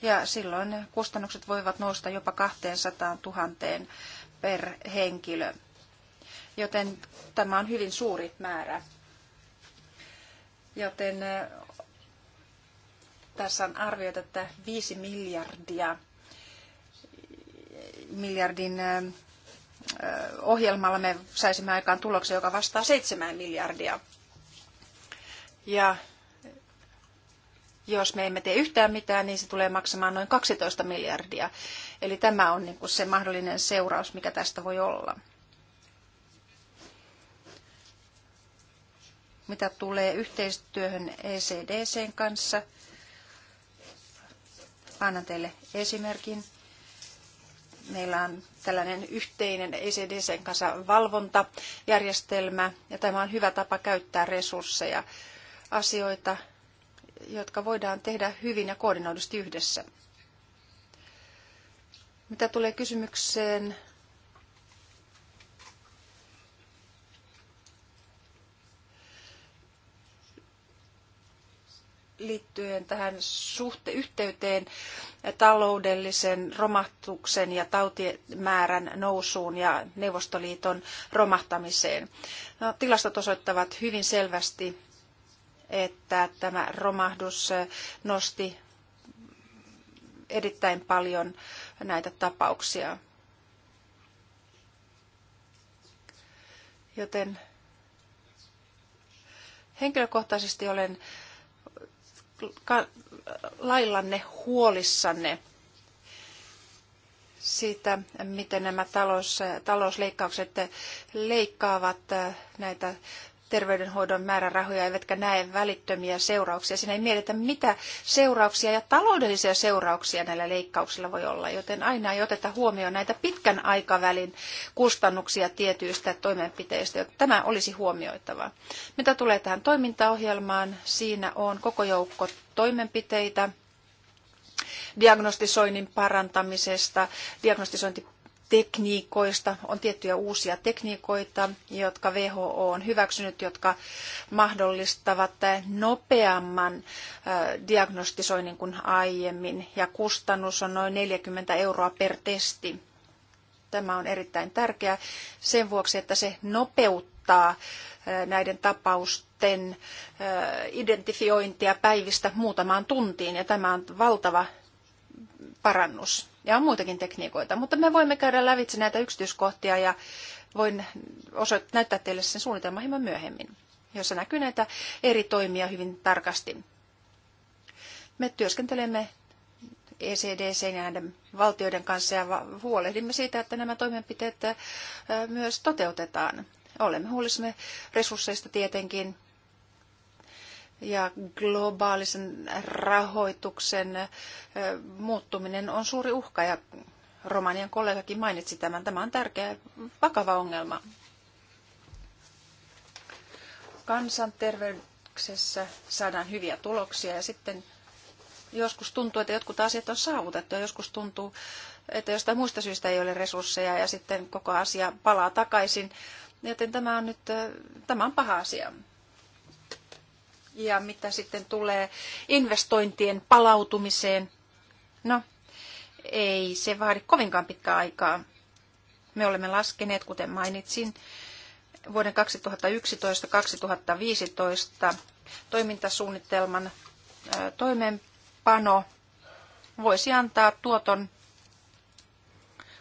Ja silloin kustannukset voivat nousta jopa 200 000 per henkilö. Joten tämä on hyvin suuri määrä. Joten tässä on arvioitu, että 5 miljardia miljardin ohjelmalla me saisimme aikaan tuloksen, joka vastaa 7 miljardia. Ja jos me emme tee yhtään mitään, niin se tulee maksamaan noin 12 miljardia. Eli tämä on niin kuin se mahdollinen seuraus, mikä tästä voi olla. Mitä tulee yhteistyöhön ECDCn kanssa – Annan teille esimerkin. Meillä on tällainen yhteinen ECDCn kanssa valvontajärjestelmä, ja tämä on hyvä tapa käyttää resursseja, asioita, jotka voidaan tehdä hyvin ja koordinoidusti yhdessä. Mitä tulee kysymykseen liittyen tähän suhte- yhteyteen taloudellisen romahtuksen ja tautimäärän nousuun ja Neuvostoliiton romahtamiseen. No, tilastot osoittavat hyvin selvästi, että tämä romahdus nosti erittäin paljon näitä tapauksia. Joten henkilökohtaisesti olen laillanne huolissanne siitä, miten nämä talous, talousleikkaukset leikkaavat äh, näitä terveydenhoidon määrärahoja eivätkä näe välittömiä seurauksia. Siinä ei mietitä, mitä seurauksia ja taloudellisia seurauksia näillä leikkauksilla voi olla, joten aina ei oteta huomioon näitä pitkän aikavälin kustannuksia tietyistä toimenpiteistä, jotta tämä olisi huomioitava. Mitä tulee tähän toimintaohjelmaan, siinä on koko joukko toimenpiteitä, diagnostisoinnin parantamisesta, diagnostisointi tekniikoista. On tiettyjä uusia tekniikoita, jotka WHO on hyväksynyt, jotka mahdollistavat nopeamman diagnostisoinnin kuin aiemmin. Ja kustannus on noin 40 euroa per testi. Tämä on erittäin tärkeää sen vuoksi, että se nopeuttaa näiden tapausten identifiointia päivistä muutamaan tuntiin. Ja tämä on valtava parannus. Ja on muitakin tekniikoita, mutta me voimme käydä lävitse näitä yksityiskohtia ja voin osoit- näyttää teille sen suunnitelman hieman myöhemmin, jossa näkyy näitä eri toimia hyvin tarkasti. Me työskentelemme ECDC ja näiden valtioiden kanssa ja huolehdimme siitä, että nämä toimenpiteet myös toteutetaan. Olemme huolissamme resursseista tietenkin, ja globaalisen rahoituksen muuttuminen on suuri uhka ja Romanian kollegakin mainitsi tämän. Tämä on tärkeä, vakava ongelma. Kansanterveyksessä saadaan hyviä tuloksia ja sitten joskus tuntuu, että jotkut asiat on saavutettu ja joskus tuntuu, että jostain muista syistä ei ole resursseja ja sitten koko asia palaa takaisin. Joten tämä on nyt tämä on paha asia. Ja mitä sitten tulee investointien palautumiseen, no ei se vaadi kovinkaan pitkää aikaa. Me olemme laskeneet, kuten mainitsin, vuoden 2011-2015 toimintasuunnitelman toimeenpano voisi antaa tuoton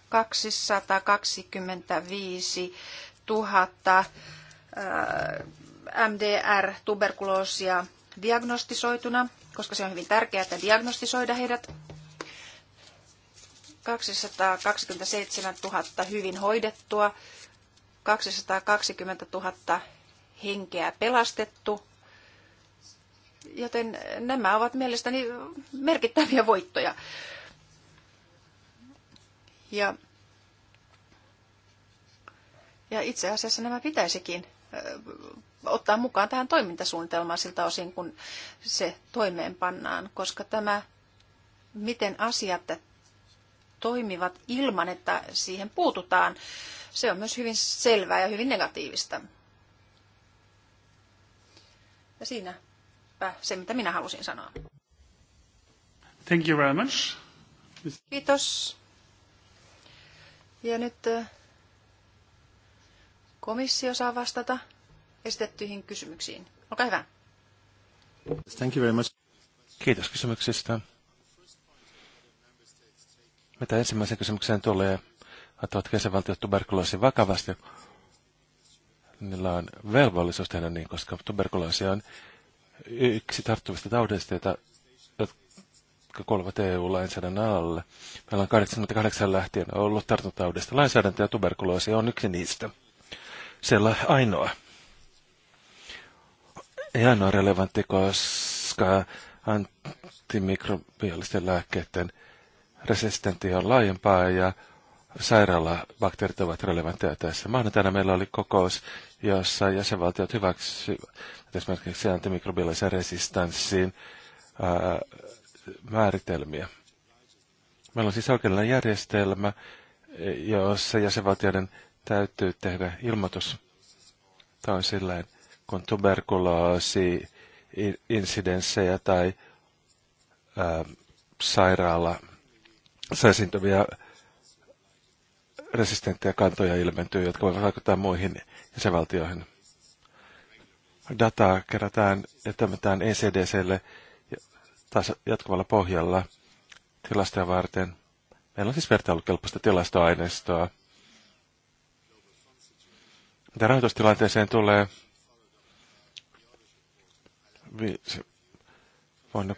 225 000 MDR tuberkuloosia diagnostisoituna, koska se on hyvin tärkeää, että diagnostisoida heidät. 227 000 hyvin hoidettua, 220 000 henkeä pelastettu, joten nämä ovat mielestäni merkittäviä voittoja. Ja, ja itse asiassa nämä pitäisikin ottaa mukaan tähän toimintasuunnitelmaan siltä osin, kun se toimeenpannaan, koska tämä, miten asiat toimivat ilman, että siihen puututaan, se on myös hyvin selvää ja hyvin negatiivista. Ja siinäpä se, mitä minä halusin sanoa. Thank you very much. Kiitos. Ja nyt eh, komissio saa vastata esitettyihin kysymyksiin. Olkaa hyvä. Thank you very much. Kiitos kysymyksistä. Mitä ensimmäiseen kysymykseen tulee, ottavat jäsenvaltiot tuberkuloosin vakavasti. Niillä on velvollisuus tehdä niin, koska tuberkuloosi on yksi tarttuvista taudeista, jota, jotka kuuluvat EU-lainsäädännön alle. Meillä on 88 lähtien ollut tartuntataudista lainsäädäntö ja tuberkuloosi on yksi niistä. Siellä ainoa ei ainoa relevantti, koska antimikrobiallisten lääkkeiden resistentti on laajempaa ja sairaalabakteerit ovat relevantteja tässä. Maanantaina meillä oli kokous, jossa jäsenvaltiot hyväksyivät esimerkiksi antimikrobiallisen resistanssiin ää, määritelmiä. Meillä on siis oikeudellinen järjestelmä, jossa jäsenvaltioiden täytyy tehdä ilmoitus. Tämä on silleen kun tuberkuloosi, insidenssejä tai äh, sairaala saisintovia resistenttejä kantoja ilmentyy, jotka voivat vaikuttaa muihin jäsenvaltioihin. Dataa kerätään ja tämmöitään ECDClle taas jatkuvalla pohjalla tilastoja varten. Meillä on siis vertailukelpoista tilastoaineistoa. Mitä rahoitustilanteeseen tulee, vuonna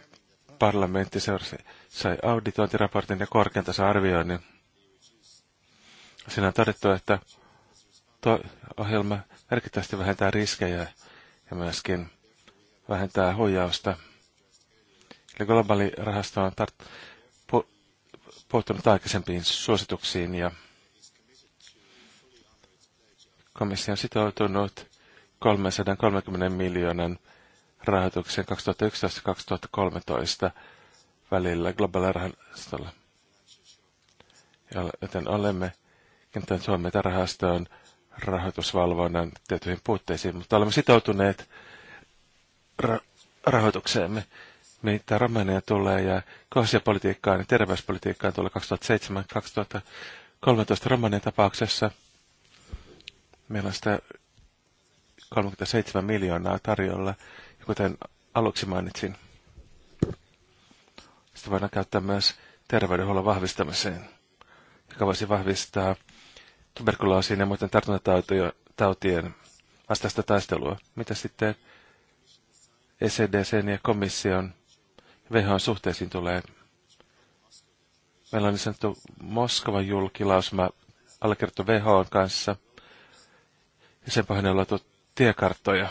parlamentti seurasi, sai auditointiraportin ja korkeintansa arvioinnin. Siinä on todettu, että tuo ohjelma merkittävästi vähentää riskejä ja myöskin vähentää huijausta. Eli globaali rahasto on tart- pu- puuttunut aikaisempiin suosituksiin ja komissio on sitoutunut 330 miljoonan rahoituksen 2011-2013 välillä globaalilla rahastolla. Joten olemme kiinnittäneet Suomen rahastoon rahoitusvalvonnan tiettyihin puutteisiin, mutta olemme sitoutuneet ra- rahoitukseemme, mitä Romania tulee ja kohdistopolitiikkaan ja terveyspolitiikkaan tulee 2007-2013 Romanian tapauksessa. Meillä on sitä 37 miljoonaa tarjolla kuten aluksi mainitsin. Sitä voidaan käyttää myös terveydenhuollon vahvistamiseen, joka voisi vahvistaa tuberkuloosiin ja muiden tartuntatautien vastaista taistelua. Mitä sitten ECDC ja komission WHO suhteisiin tulee? Meillä on niin sanottu Moskovan julkilausma allekirjoittu WHO kanssa ja sen pohjalta on tiekarttoja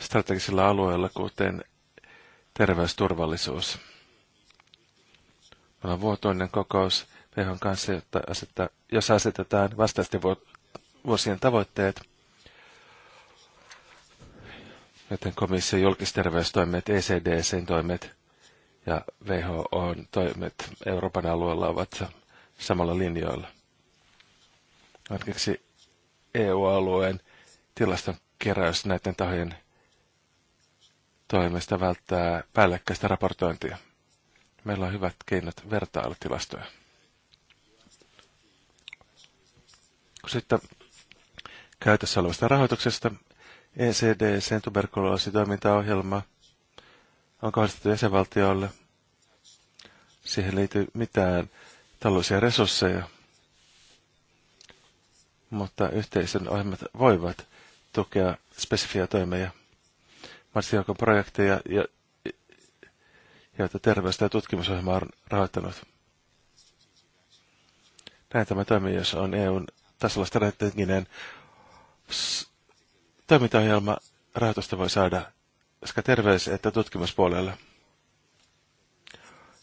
strategisilla alueilla, kuten terveysturvallisuus. Meillä on vuotoinen kokous VHn kanssa, jotta asettaa, jos asetetaan vastaisesti vuosien tavoitteet, joten komissio julkisterveystoimet, ECDCin toimet ja WHOn toimet Euroopan alueella ovat samalla linjoilla. Esimerkiksi EU-alueen tilaston keräys näiden tahojen toimesta välttää päällekkäistä raportointia. Meillä on hyvät keinot vertailla tilastoja. Sitten käytössä olevasta rahoituksesta ECD, sen tuberkuloositoimintaohjelma, on kohdistettu jäsenvaltioille. Siihen liittyy mitään taloudellisia resursseja, mutta yhteisön ohjelmat voivat tukea spesifiä toimeja marssijoukon projekteja, ja, ja terveystä ja tutkimusohjelma on rahoittanut. Näin tämä toimii, jos on EUn tasolla strateginen toimintaohjelma. Rahoitusta voi saada sekä terveys- että tutkimuspuolella.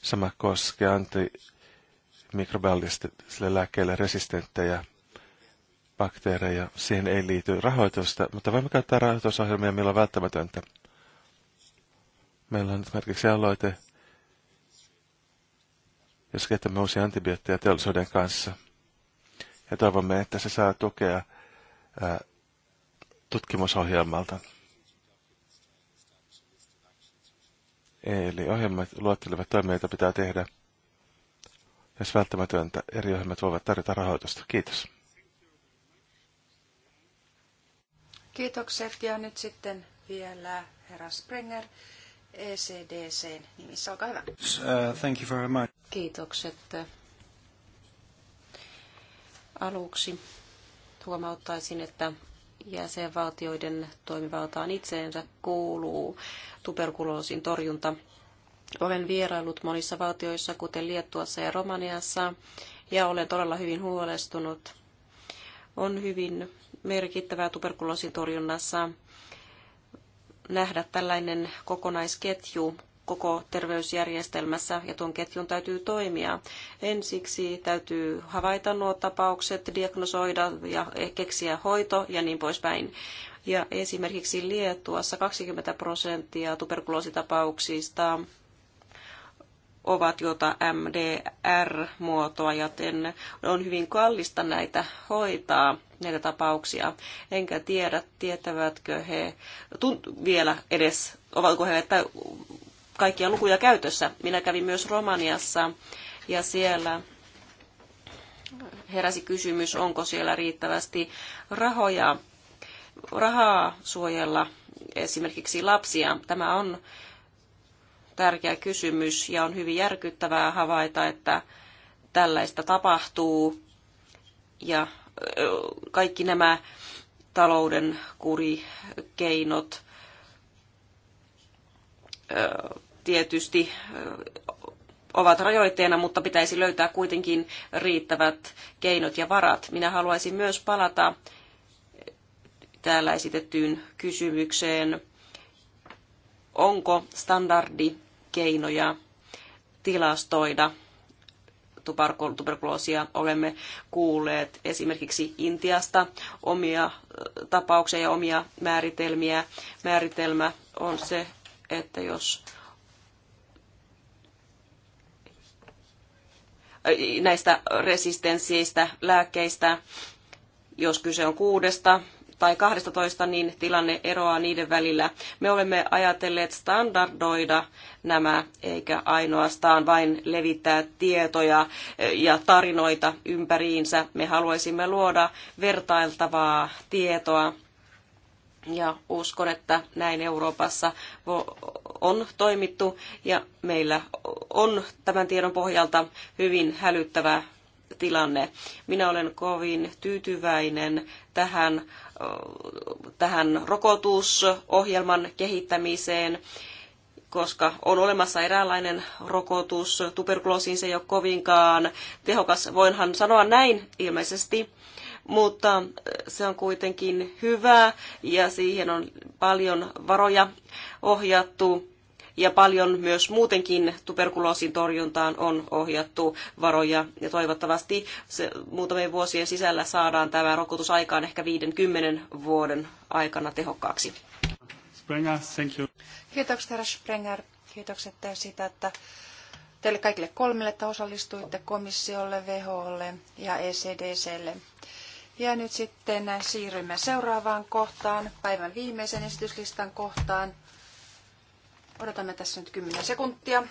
Sama koskee antimikrobiallisille lääkkeille resistenttejä bakteereja. Siihen ei liity rahoitusta, mutta voimme käyttää rahoitusohjelmia, millä on välttämätöntä – Meillä on esimerkiksi aloite, jos käytämme uusia antibiootteja teollisuuden kanssa. Ja toivomme, että se saa tukea ää, tutkimusohjelmalta. Eli ohjelmat luottelevat toimijoita pitää tehdä. Jos välttämätöntä, eri ohjelmat voivat tarjota rahoitusta. Kiitos. Kiitokset ja nyt sitten vielä herra Springer. ECDCn nimissä. Olkaa hyvä. Uh, thank you very much. Kiitokset. Aluksi huomauttaisin, että jäsenvaltioiden toimivaltaan itseensä kuuluu tuberkuloosin torjunta. Olen vieraillut monissa valtioissa, kuten Liettuassa ja Romaniassa, ja olen todella hyvin huolestunut. On hyvin merkittävää tuberkuloosin torjunnassa nähdä tällainen kokonaisketju koko terveysjärjestelmässä ja tuon ketjun täytyy toimia. Ensiksi täytyy havaita nuo tapaukset, diagnosoida ja keksiä hoito ja niin poispäin. Ja esimerkiksi Lietuassa 20 prosenttia tuberkuloositapauksista ovat jota MDR-muotoa, joten on hyvin kallista näitä hoitaa, näitä tapauksia. Enkä tiedä, tietävätkö he tunt- vielä edes, ovatko he että kaikkia lukuja käytössä. Minä kävin myös Romaniassa ja siellä heräsi kysymys, onko siellä riittävästi rahoja, rahaa suojella esimerkiksi lapsia. Tämä on tärkeä kysymys ja on hyvin järkyttävää havaita, että tällaista tapahtuu ja kaikki nämä talouden kurikeinot tietysti ovat rajoitteena, mutta pitäisi löytää kuitenkin riittävät keinot ja varat. Minä haluaisin myös palata täällä esitettyyn kysymykseen, onko standardi keinoja tilastoida tuberkuloosia. Olemme kuulleet esimerkiksi Intiasta omia tapauksia ja omia määritelmiä. Määritelmä on se, että jos näistä resistenssiistä lääkkeistä, jos kyse on kuudesta tai 12, niin tilanne eroaa niiden välillä. Me olemme ajatelleet standardoida nämä, eikä ainoastaan vain levittää tietoja eh, ja tarinoita ympäriinsä. Me haluaisimme luoda vertailtavaa tietoa ja uskon, että näin Euroopassa on toimittu ja meillä on tämän tiedon pohjalta hyvin hälyttävä tilanne. Minä olen kovin tyytyväinen tähän tähän rokotusohjelman kehittämiseen, koska on olemassa eräänlainen rokotus. Tuberkuloosiin se ei ole kovinkaan tehokas, voinhan sanoa näin ilmeisesti, mutta se on kuitenkin hyvä ja siihen on paljon varoja ohjattu ja paljon myös muutenkin tuberkuloosin torjuntaan on ohjattu varoja ja toivottavasti se, muutamien vuosien sisällä saadaan tämä rokotus aikaan ehkä 50 vuoden aikana tehokkaaksi. Sprenger, thank you. Kiitokset herra Sprenger. Kiitokset siitä, että teille kaikille kolmelle, että osallistuitte komissiolle, WHOlle ja ECDClle. Ja nyt sitten siirrymme seuraavaan kohtaan, päivän viimeisen esityslistan kohtaan. Odotamme tässä nyt 10 sekuntia.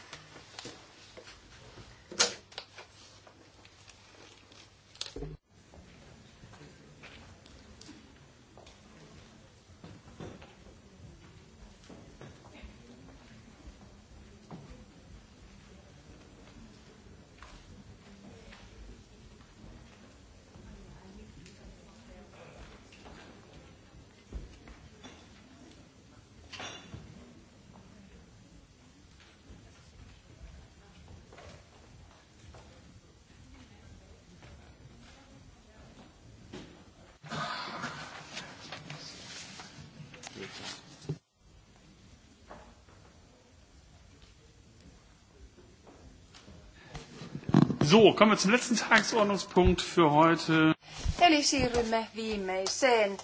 So, kommen wir zum letzten Tagesordnungspunkt für heute. Eli siirrymme viimeiseen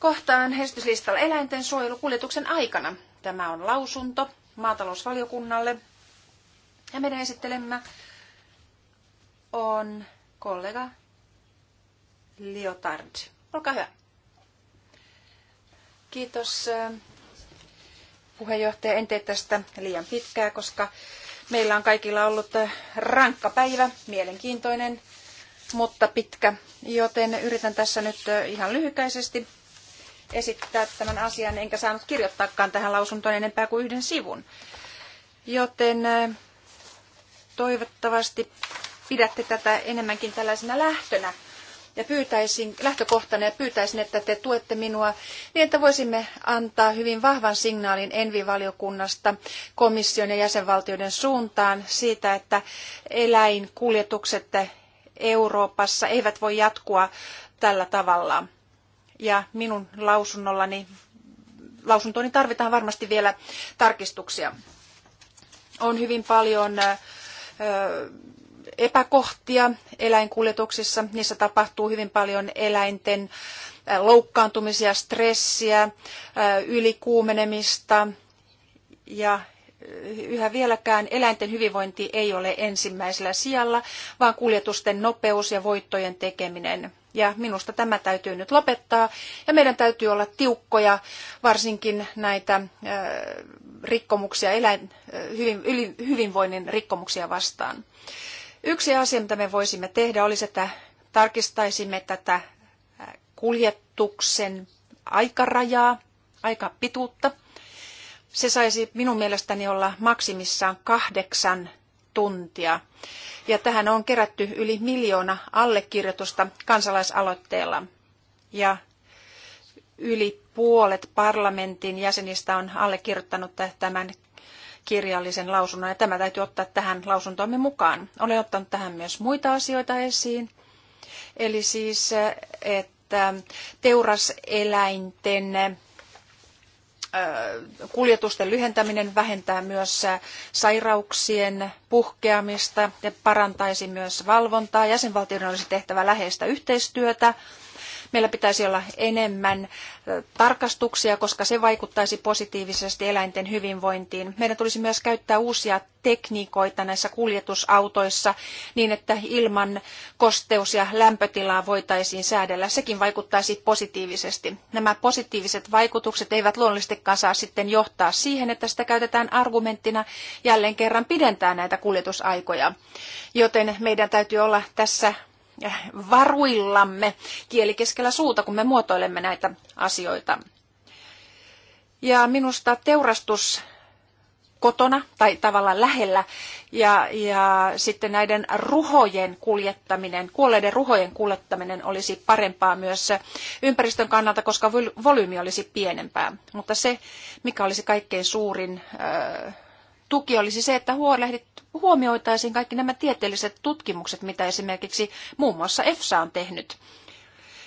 kohtaan esityslistalla eläinten suojelukuljetuksen aikana. Tämä on lausunto maatalousvaliokunnalle. Ja meidän esittelemme on kollega Liotard. Olkaa hyvä. Kiitos äh, puheenjohtaja. En tee tästä liian pitkää, koska Meillä on kaikilla ollut eh, rankka päivä, mielenkiintoinen, mutta pitkä, joten yritän tässä nyt eh, ihan lyhykäisesti esittää tämän asian, enkä saanut kirjoittaakaan tähän lausuntoon enempää kuin yhden sivun. Joten eh, toivottavasti pidätte tätä enemmänkin tällaisena lähtönä ja pyytäisin, lähtökohtana ja pyytäisin, että te tuette minua niin, että voisimme antaa hyvin vahvan signaalin Envi-valiokunnasta komission ja jäsenvaltioiden suuntaan siitä, että eläinkuljetukset Euroopassa eivät voi jatkua tällä tavalla. Ja minun lausunnollani, lausuntooni tarvitaan varmasti vielä tarkistuksia. On hyvin paljon epäkohtia eläinkuljetuksissa. Niissä tapahtuu hyvin paljon eläinten äh, loukkaantumisia, stressiä, äh, ylikuumenemista ja äh, yhä vieläkään eläinten hyvinvointi ei ole ensimmäisellä sijalla, vaan kuljetusten nopeus ja voittojen tekeminen. Ja minusta tämä täytyy nyt lopettaa ja meidän täytyy olla tiukkoja, varsinkin näitä rikkomuksia, eläin, hyvin, hyvinvoinnin rikkomuksia vastaan. Yksi asia, mitä me voisimme tehdä, olisi, että tarkistaisimme tätä kuljetuksen aikarajaa, aikapituutta. Se saisi minun mielestäni olla maksimissaan kahdeksan tuntia. Ja tähän on kerätty yli miljoona allekirjoitusta kansalaisaloitteella. Ja yli puolet parlamentin jäsenistä on allekirjoittanut tämän kirjallisen lausunnon ja tämä täytyy ottaa tähän lausuntoomme mukaan. Olen ottanut tähän myös muita asioita esiin. Eli siis, että teuraseläinten kuljetusten lyhentäminen vähentää myös sairauksien puhkeamista ja parantaisi myös valvontaa. Jäsenvaltioiden olisi tehtävä läheistä yhteistyötä Meillä pitäisi olla enemmän tarkastuksia, koska se vaikuttaisi positiivisesti eläinten hyvinvointiin. Meidän tulisi myös käyttää uusia tekniikoita näissä kuljetusautoissa niin, että ilman kosteus- ja lämpötilaa voitaisiin säädellä. Sekin vaikuttaisi positiivisesti. Nämä positiiviset vaikutukset eivät luonnollisestikaan saa sitten johtaa siihen, että sitä käytetään argumenttina jälleen kerran pidentää näitä kuljetusaikoja. Joten meidän täytyy olla tässä Eh, varuillamme kieli keskellä suuta, kun me muotoilemme näitä asioita. Ja minusta teurastus kotona tai tavallaan lähellä ja, ja sitten näiden ruhojen kuljettaminen, kuolleiden ruhojen kuljettaminen olisi parempaa myös ympäristön kannalta, koska volyymi olisi pienempää. Mutta se, mikä olisi kaikkein suurin äh, tuki olisi se, että huomioitaisiin kaikki nämä tieteelliset tutkimukset, mitä esimerkiksi muun muassa EFSA on tehnyt.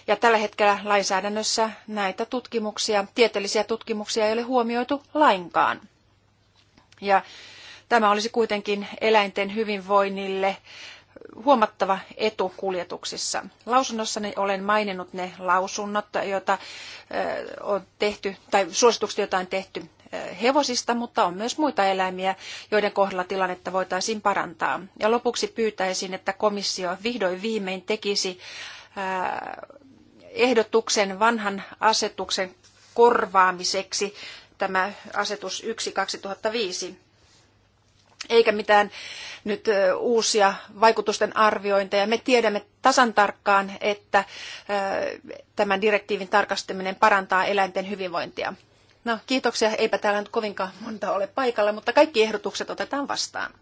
Ja tällä hetkellä lainsäädännössä näitä tutkimuksia, tieteellisiä tutkimuksia ei ole huomioitu lainkaan. Ja tämä olisi kuitenkin eläinten hyvinvoinnille huomattava etu kuljetuksissa. Lausunnossani olen maininnut ne lausunnot, joita on tehty, tai suositukset, joita on tehty hevosista, mutta on myös muita eläimiä, joiden kohdalla tilannetta voitaisiin parantaa. Ja lopuksi pyytäisin, että komissio vihdoin viimein tekisi ehdotuksen vanhan asetuksen korvaamiseksi, tämä asetus 1 2005 eikä mitään nyt uusia vaikutusten arviointeja. Me tiedämme tasan tarkkaan, että tämän direktiivin tarkastaminen parantaa eläinten hyvinvointia. No, kiitoksia. Eipä täällä nyt kovinkaan monta ole paikalla, mutta kaikki ehdotukset otetaan vastaan.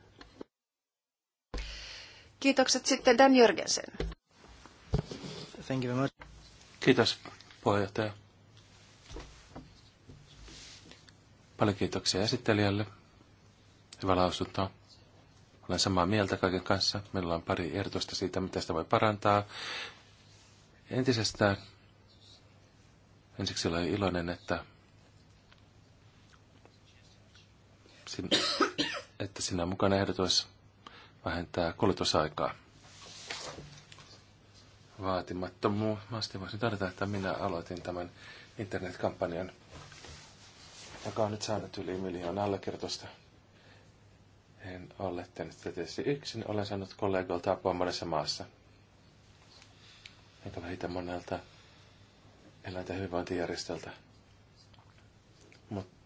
Kiitokset sitten Dan Jörgensen. Thank you very much. Kiitos, puheenjohtaja. Paljon kiitoksia esittelijälle. Hyvä lausunto. Olen samaa mieltä kaiken kanssa. Meillä on pari ehdotusta siitä, mitä sitä voi parantaa. Entisestään ensiksi olen iloinen, että sin, että sinä mukaan mukana ehdotus vähentää kuljetusaikaa. Vaatimattomuusti voisin todeta, että minä aloitin tämän internetkampanjan, joka on nyt saanut yli miljoona allekirjoitusta. En ole tehnyt sitä tietysti yksin, olen saanut kollegoilta apua monessa maassa. Enkä vähitä monelta eläinten hyvinvointijärjestöltä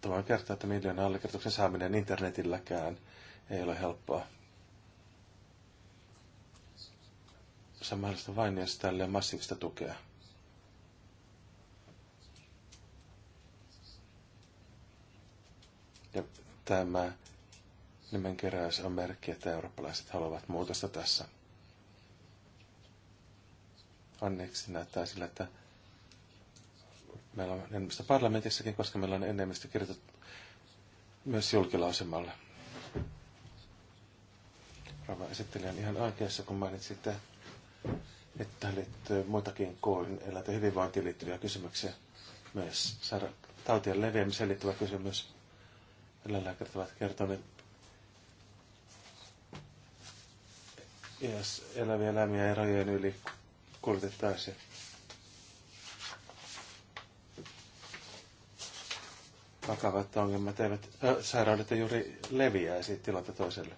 Tämä voin kertoa, että miljoonan allekirjoituksen saaminen internetilläkään ei ole helppoa. Se on mahdollista vain, jos tälle on massiivista tukea. Ja tämä nimenkeräys on merkki, että eurooppalaiset haluavat muutosta tässä. Onneksi näyttää sillä, että meillä on enemmistö parlamentissakin, koska meillä on enemmistö kirjoitettu myös julkilausemalle. Rava esittelijä ihan oikeassa, kun mainitsitte, että tähän liittyy muitakin kuin eläinten hyvinvointiin liittyviä kysymyksiä. Myös saira- tautien leviämiseen liittyvä kysymys. Eläinlääkärit ovat kertoneet, jos eläviä eläimiä ei rajojen yli kuljetettaisiin vakavat ongelmat eivät, ö, sairaudet juuri leviäisi tilalta toiselle.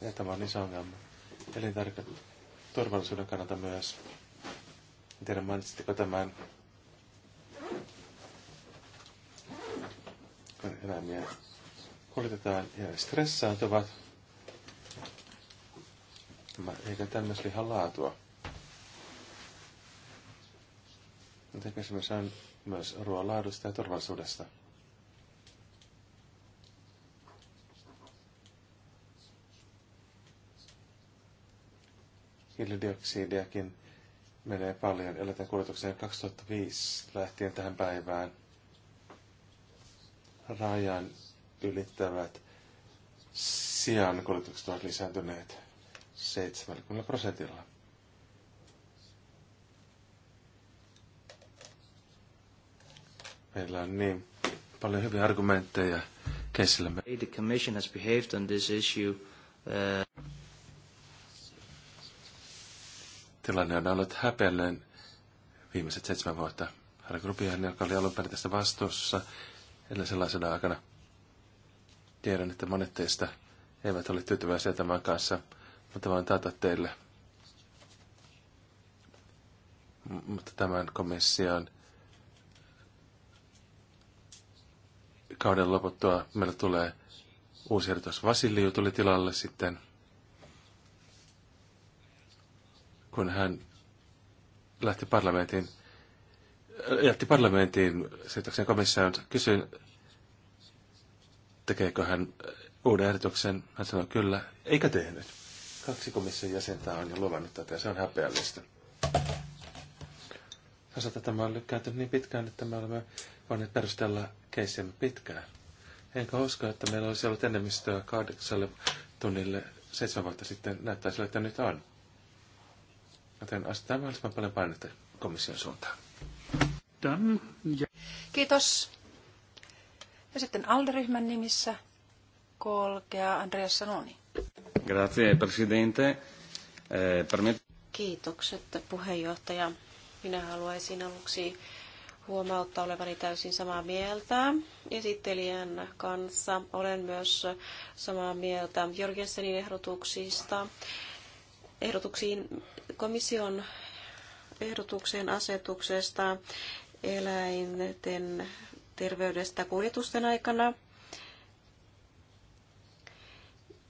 Ja tämä on iso ongelma. Elintärkeä turvallisuuden kannalta myös. En tiedä, mainitsitteko tämän kun eläimiä kuljetetaan ja stressaantuvat. Tämä ei myös lihan laatua. Joten kysymys on myös ruoan laadusta ja turvallisuudesta. Hiilidioksidiakin menee paljon eläinten kuljetukseen 2005 lähtien tähän päivään. Rajan ylittävät sian kuljetukset ovat lisääntyneet 70 prosentilla. Meillä on niin paljon hyviä argumentteja käsillämme. The commission has behaved on this issue. Uh, Tilanne on ollut häpeällinen viimeiset seitsemän vuotta. Harry Grubihan, joka oli alun perin tästä vastuussa sellaisena aikana. Tiedän, että monet teistä eivät ole tyytyväisiä tämän kanssa, mutta voin taata teille. M- mutta tämän komission kauden loputtua meillä tulee uusi ehdotus Vasiliu tuli tilalle sitten, kun hän lähti parlamentin, jätti parlamentin siirtoksen komissioon. Kysyin, tekeekö hän uuden ehdotuksen. Hän sanoi kyllä, eikä tehnyt. Kaksi komission jäsentä on jo luvannut tätä ja se on häpeällistä. Hän tämä on lykkääntynyt niin pitkään, että me olemme voineet perustella keissemme pitkään. Enkä usko, että meillä olisi ollut enemmistöä kahdeksalle tunnille seitsemän vuotta sitten. Näyttää sillä, että nyt on. Joten asetetaan mahdollisimman paljon painetta komission suuntaan. Kiitos. Ja sitten Alderyhmän nimissä kolkea Andreas Sanoni. Grazie, presidente. Eh, Kiitokset puheenjohtaja. Minä haluaisin aluksi huomauttaa olevani täysin samaa mieltä esittelijän kanssa. Olen myös samaa mieltä Jorgensenin ehdotuksista. Ehdotuksiin komission ehdotuksen asetuksesta eläinten terveydestä kuljetusten aikana.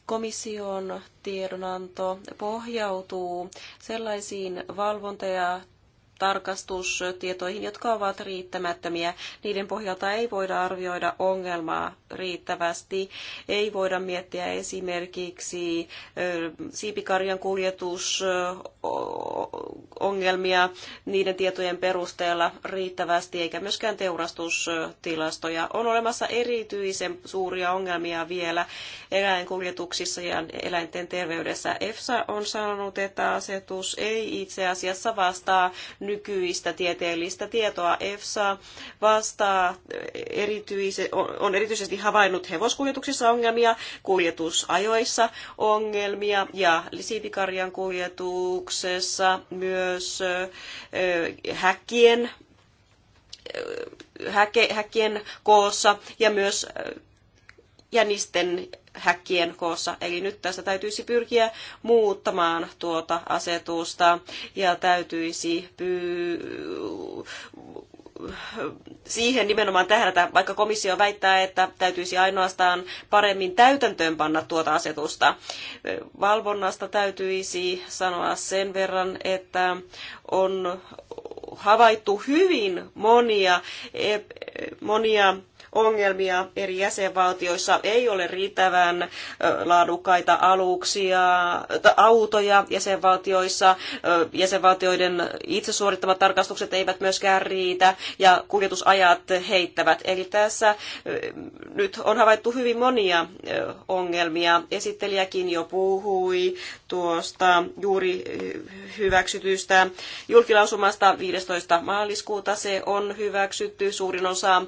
Komission tiedonanto pohjautuu sellaisiin valvonta- ja tarkastustietoihin, jotka ovat riittämättömiä. Niiden pohjalta ei voida arvioida ongelmaa riittävästi. Ei voida miettiä esimerkiksi siipikarjan kuljetusongelmia niiden tietojen perusteella riittävästi, eikä myöskään teurastustilastoja. On olemassa erityisen suuria ongelmia vielä eläinkuljetuksissa ja eläinten terveydessä. EFSA on sanonut, että asetus ei itse asiassa vastaa nykyistä tieteellistä tietoa. EFSA vastaa erityise, on erityisesti havainnut hevoskuljetuksissa ongelmia, kuljetusajoissa ongelmia ja lisivikarjan kuljetuksessa myös häkkien, häke, häkkien koossa ja myös jänisten häkkien koossa. Eli nyt tässä täytyisi pyrkiä muuttamaan tuota asetusta ja täytyisi pyy- siihen nimenomaan tähdätä, vaikka komissio väittää, että täytyisi ainoastaan paremmin täytäntöönpanna tuota asetusta. Valvonnasta täytyisi sanoa sen verran, että on havaittu hyvin monia, e- monia ongelmia eri jäsenvaltioissa. Ei ole riittävän laadukkaita aluksia, autoja jäsenvaltioissa. Jäsenvaltioiden itse suorittamat tarkastukset eivät myöskään riitä ja kuljetusajat heittävät. Eli tässä nyt on havaittu hyvin monia ongelmia. Esittelijäkin jo puhui tuosta juuri hyväksytystä julkilausumasta 15. maaliskuuta. Se on hyväksytty. Suurin osa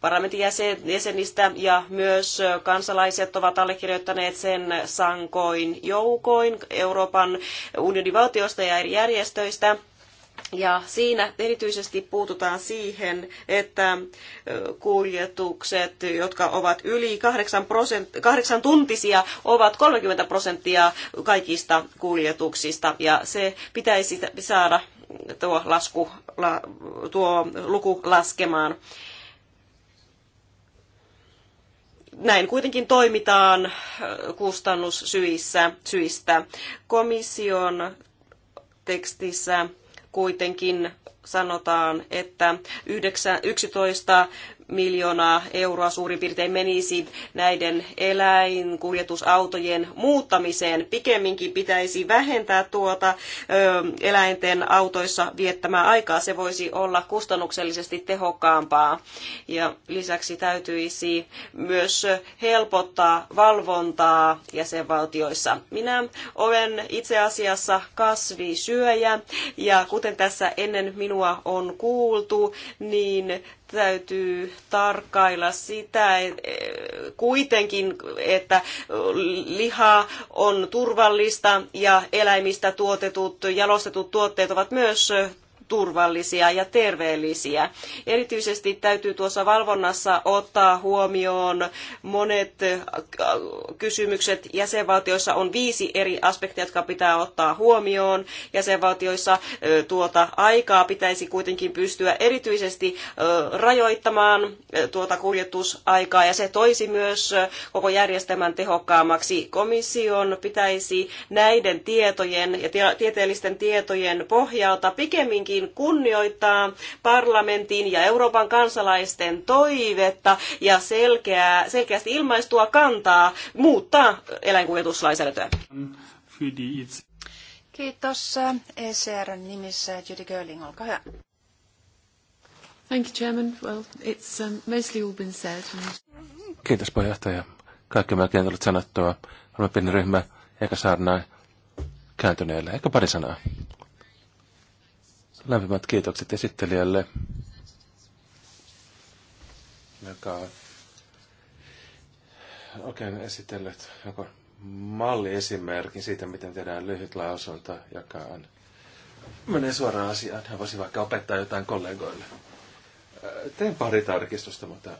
parlamentin jäsen, jäsenistä ja myös kansalaiset ovat allekirjoittaneet sen sankoin joukoin Euroopan unionin valtioista ja eri järjestöistä. Ja siinä erityisesti puututaan siihen, että kuljetukset, jotka ovat yli kahdeksan, prosent, tuntisia, ovat 30 prosenttia kaikista kuljetuksista. Ja se pitäisi saada tuo, lasku, tuo luku laskemaan. näin kuitenkin toimitaan äh, kustannussyissä, syistä. Komission tekstissä kuitenkin sanotaan, että 9, 11 miljoonaa euroa suurin piirtein menisi näiden eläinkuljetusautojen muuttamiseen. Pikemminkin pitäisi vähentää tuota eläinten autoissa viettämää aikaa. Se voisi olla kustannuksellisesti tehokkaampaa. Ja lisäksi täytyisi myös helpottaa valvontaa jäsenvaltioissa. Minä olen itse asiassa kasvisyöjä ja kuten tässä ennen minua perua on kuultu, niin täytyy tarkkailla sitä e, kuitenkin, että liha on turvallista ja eläimistä tuotetut, jalostetut tuotteet ovat myös turvallisia ja terveellisiä. Erityisesti täytyy tuossa valvonnassa ottaa huomioon monet äh, kysymykset. Jäsenvaltioissa on viisi eri aspektia, jotka pitää ottaa huomioon. Jäsenvaltioissa äh, tuota aikaa pitäisi kuitenkin pystyä erityisesti äh, rajoittamaan tuota kuljetusaikaa ja se toisi myös koko järjestelmän tehokkaammaksi. Komission pitäisi näiden tietojen ja tieteellisten tietojen pohjalta pikemminkin todellakin kunnioittaa parlamentin ja Euroopan kansalaisten toivetta ja selkeää, selkeästi ilmaistua kantaa muuttaa eläinkuljetuslainsäädäntöä. Kiitos. ECRn nimissä Judy Görling, olkaa hyvä. Thank you, Chairman. Well, it's um, mostly all been said. Kiitos puheenjohtaja. Kaikki melkein tullut sanottua. Olemme pieni ryhmä, eikä saarnaa kääntyneelle. Eikä pari sanaa. Lämpimät kiitokset esittelijälle, joka on oikein esitellyt joko malliesimerkin siitä, miten tehdään lyhyt lausunto, joka on, menee suoraan asiaan. Hän voisi vaikka opettaa jotain kollegoille. Tein pari tarkistusta, mutta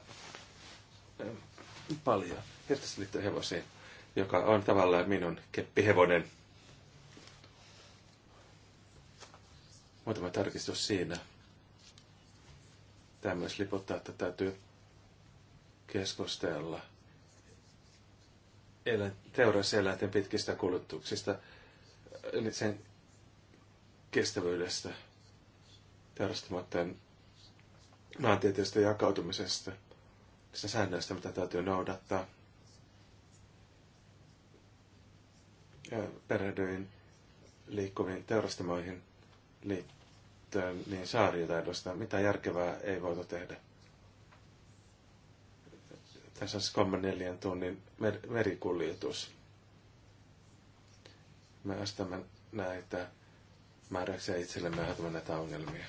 paljon. Hirtaisesti liittyy hevosiin, joka on tavallaan minun keppihevonen. muutama tarkistus siinä. Tämä myös lipottaa, että täytyy keskustella teoriassa eläinten pitkistä kulutuksista, eli sen kestävyydestä, teurastamatten maantieteestä jakautumisesta, niistä säännöistä, mitä täytyy noudattaa. Ja perehdyin liikkuviin teurastamoihin liittyen käyttöön, niin saariotaidosta mitä järkevää ei voitu tehdä. Tässä on siis kolmen tunnin mer- merikuljetus. Me astamme näitä määräyksiä itsellemme ja näitä ongelmia.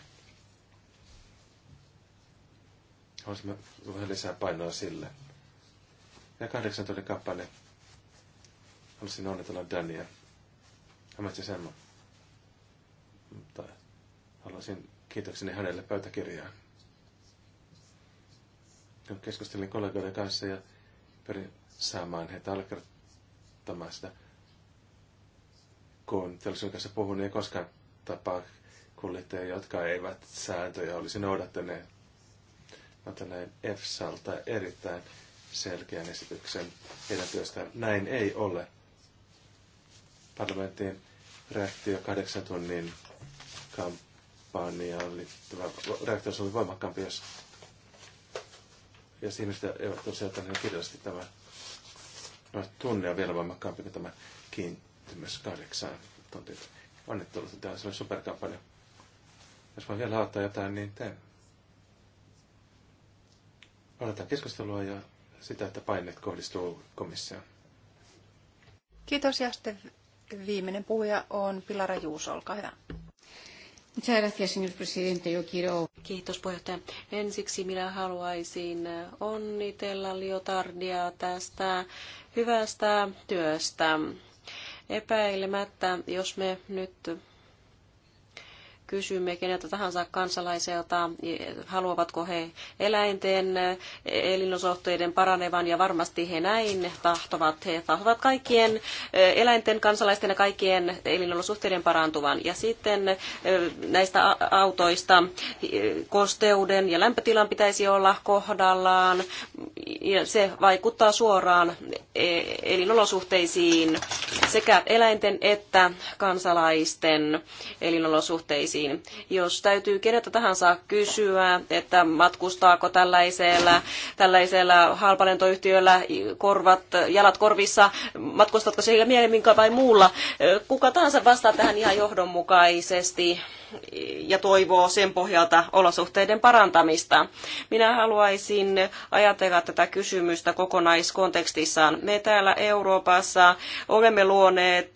Haluaisimme vähän lisää painoa sille. Ja kahdeksan tunnin kappale. Haluaisin onnitella Dania. Hämätsi sen. Tai Haluaisin kiitokseni hänelle pöytäkirjaan. Keskustelin kollegoiden kanssa ja pyrin saamaan heitä allekirjoittamaan sitä. Kun teollisuuden kanssa puhun, niin ei koskaan tapaa kuljettajia, jotka eivät sääntöjä olisi noudattaneet. Mutta näin EFSAlta erittäin selkeän esityksen heidän työstään. Näin ei ole. Parlamentin reaktio kahdeksan tunnin kamp- oli liittyvä reaktio oli voimakkaampi, jos, jos ihmiset eivät olisi ottaneet kirjallisesti tämä no, tunne on vielä voimakkaampi kuin tämä kiintymys kahdeksaan tuntia. Onnittelut, että tämä on superkampanja. Jos voin vielä auttaa jotain, niin teen. Odotan keskustelua ja sitä, että paineet kohdistuu komissioon. Kiitos ja sitten viimeinen puhuja on Pilara Juuso, olkaa hyvä. Kiitos puheenjohtaja. Ensiksi minä haluaisin onnitella Liotardia tästä hyvästä työstä. Epäilemättä, jos me nyt kysymme keneltä tahansa kansalaiselta, haluavatko he eläinten e- elinolosuhteiden paranevan, ja varmasti he näin tahtovat. He tahtovat kaikkien e- eläinten, kansalaisten ja kaikkien elinolosuhteiden parantuvan. Ja sitten e- näistä autoista kosteuden ja lämpötilan pitäisi olla kohdallaan, ja se vaikuttaa suoraan elinolosuhteisiin sekä eläinten että kansalaisten elinolosuhteisiin esiin. Jos täytyy kenetä tahansa kysyä, että matkustaako tällaisella, tällaisella halpalentoyhtiöllä korvat, jalat korvissa, matkustatko siellä mieluummin vai muulla, kuka tahansa vastaa tähän ihan johdonmukaisesti ja toivoo sen pohjalta olosuhteiden parantamista. Minä haluaisin ajatella tätä kysymystä kokonaiskontekstissaan. Me täällä Euroopassa olemme luoneet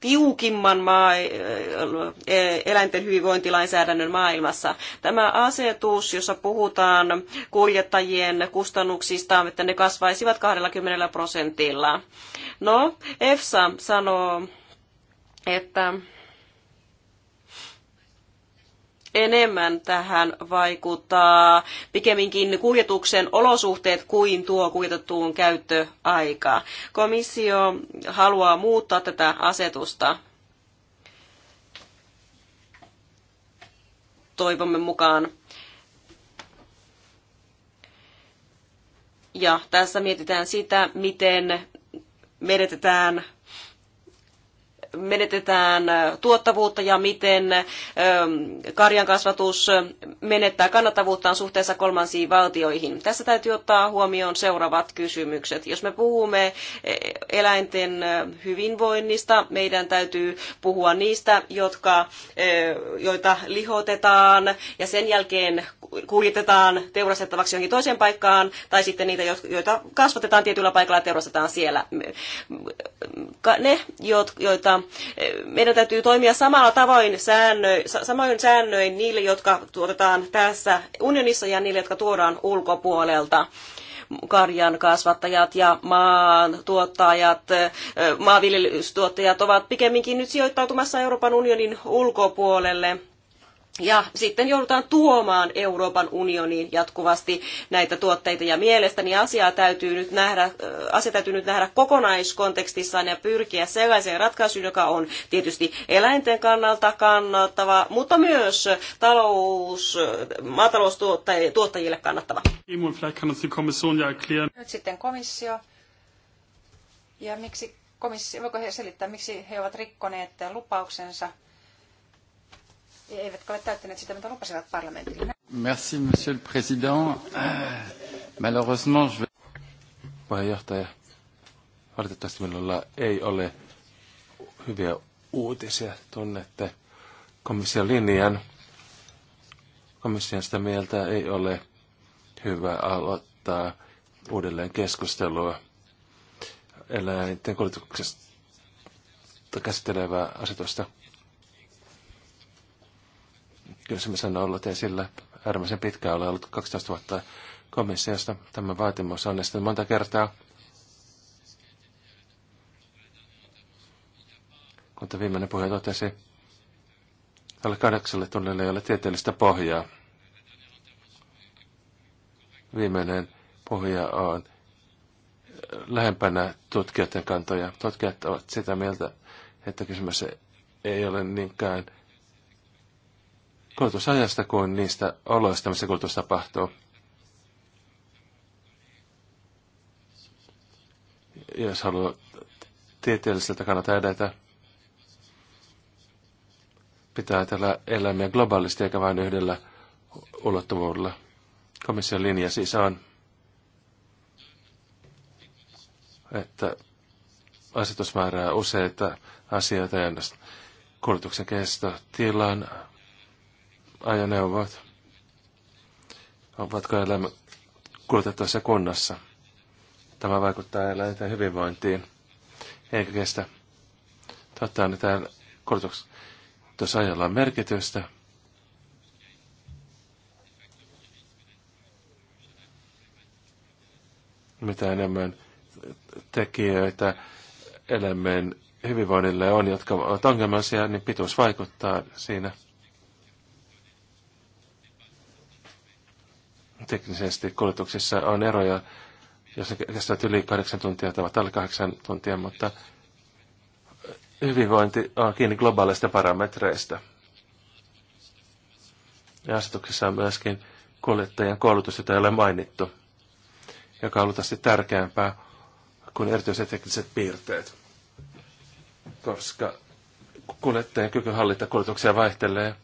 tiukimman maa, eläinten hyvinvoinnin hyvinvointilainsäädännön maailmassa. Tämä asetus, jossa puhutaan kuljettajien kustannuksista, että ne kasvaisivat 20 prosentilla. No, EFSA sanoo, että enemmän tähän vaikuttaa pikemminkin kuljetuksen olosuhteet kuin tuo kuljetettuun käyttöaika. Komissio haluaa muuttaa tätä asetusta toivomme mukaan. Ja tässä mietitään sitä, miten menetetään menetetään tuottavuutta ja miten karjan kasvatus menettää kannattavuuttaan suhteessa kolmansiin valtioihin. Tässä täytyy ottaa huomioon seuraavat kysymykset. Jos me puhumme e, eläinten hyvinvoinnista, meidän täytyy puhua niistä, jotka, joita lihotetaan ja sen jälkeen kuljetetaan teurastettavaksi johonkin toiseen paikkaan, tai sitten niitä, joita kasvatetaan tietyllä paikalla ja teurastetaan siellä. Ne, joita meidän täytyy toimia samalla tavoin säännöin, samoin säännöin niille, jotka tuotetaan tässä unionissa ja niille, jotka tuodaan ulkopuolelta karjan kasvattajat ja maan tuottajat, maanviljelystuottajat ovat pikemminkin nyt sijoittautumassa Euroopan unionin ulkopuolelle ja sitten joudutaan tuomaan Euroopan unioniin jatkuvasti näitä tuotteita. Ja mielestäni asiaa täytyy nyt nähdä, äh, asia täytyy nyt nähdä kokonaiskontekstissaan ja pyrkiä sellaiseen ratkaisuun, joka on tietysti eläinten kannalta kannattava, mutta myös talous, maataloustuottajille kannattava. Nyt sitten komissio. Ja miksi komissio, voiko he selittää, miksi he ovat rikkoneet lupauksensa eivätkä ole täyttäneet sitä, mitä lupasivat parlamentille. Merci, monsieur le président. Euh, malheureusement, je... Puheenjohtaja, valitettavasti minulla ei ole hyviä uutisia. Tunnette komission linjan. Komission sitä mieltä ei ole hyvä aloittaa uudelleen keskustelua eläinten kuljetuksesta käsittelevää asetusta kysymys on ollut esillä äärimmäisen pitkään. Olen ollut 12 vuotta komissiosta. Tämä vaatimus on esitetty monta kertaa. Kuten viimeinen puhe totesi, alle kahdeksalle tunnille ei ole tieteellistä pohjaa. Viimeinen pohja on lähempänä tutkijoiden kantoja. Tutkijat ovat sitä mieltä, että kysymys ei ole niinkään – kulutusajasta kuin niistä oloista, missä kulutus tapahtuu. Jos haluaa tieteelliseltä kannata edetä, pitää ajatella eläimiä globaalisti eikä vain yhdellä ulottuvuudella. Komission linja siis on, että asetus määrää useita asioita ja kulutuksen kesto, tilan, ajoneuvot, ovatko elämä kulutettavassa kunnassa. Tämä vaikuttaa eläinten hyvinvointiin, eikä kestä. Totta on, että ajalla on merkitystä. Mitä enemmän tekijöitä elämän hyvinvoinnille on, jotka ovat ongelmaisia, niin pituus vaikuttaa siinä – teknisesti kuljetuksissa on eroja, jos ne kestävät yli kahdeksan tuntia tai alle kahdeksan tuntia, mutta hyvinvointi on kiinni globaaleista parametreista. Ja asetuksessa on myöskin kuljettajan koulutus, jota ei ole mainittu, joka on ollut tärkeämpää kuin erityiset tekniset piirteet, koska kuljettajan kyky hallita kuljetuksia vaihtelee.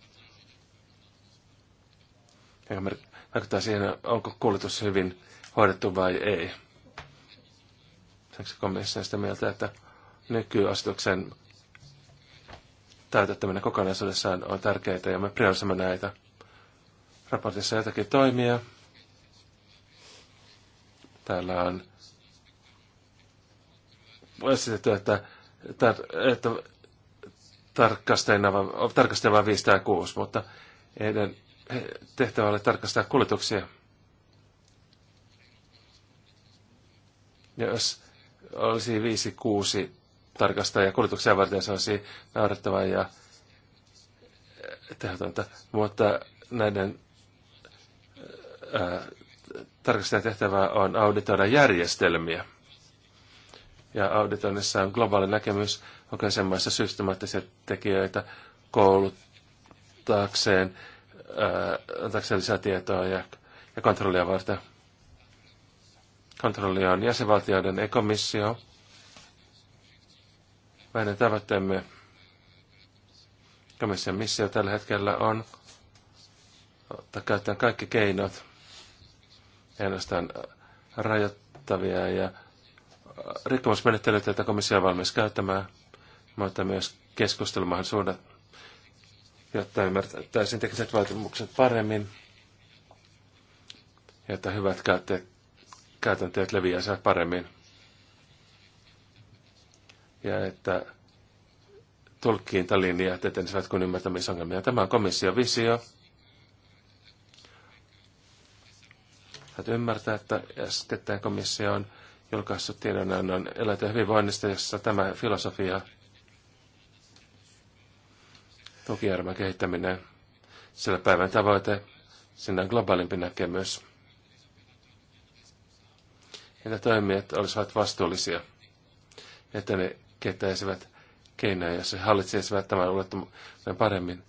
Ja vaikuttaa siihen, onko kuljetus hyvin hoidettu vai ei. Siksi komissio sitä mieltä, että nykyasetuksen täytettäminen kokonaisuudessaan on tärkeää ja me priorisoimme näitä. Raportissa jotakin toimia. Täällä on esitetty, että, tar- että tarkastellaan 5 tai 6, mutta tehtävä tarkastaa kuljetuksia. Ja jos olisi viisi, kuusi tarkastajaa kuljetuksia varten, se olisi naurettavaa ja tehotonta. Mutta näiden tarkastajan tehtävä on auditoida järjestelmiä. Ja auditoinnissa on globaali näkemys, onko systemaattisia tekijöitä kouluttaakseen antaakseen lisää tietoa ja, ja kontrollia varten. Kontrollia on jäsenvaltioiden ekomissio. Meidän tavoitteemme komission missio tällä hetkellä on ottaa käyttää kaikki keinot, ainoastaan rajoittavia ja rikkomusmenettelyitä, joita komissio on valmis käyttämään, mutta myös keskustelumahdollisuudet jotta ymmärtäisin tekniset vaatimukset paremmin, jotta hyvät käytteet, käytänteet leviäisivät paremmin. Ja että tulkkiin tulkintalinjat etenisivät kuin ymmärtämisongelmia. Tämä on komission visio. Täytyy ymmärtää, että äskettäin komissio on julkaissut tiedonannon eläinten hyvinvoinnista, jossa tämä filosofia – tukijärjestelmän kehittäminen, sillä päivän tavoite, sinne on globaalimpi näkemys. Että toimijat olisivat vastuullisia, että ne kehittäisivät keinoja, jos he hallitsisivat tämän ulottuvuuden paremmin.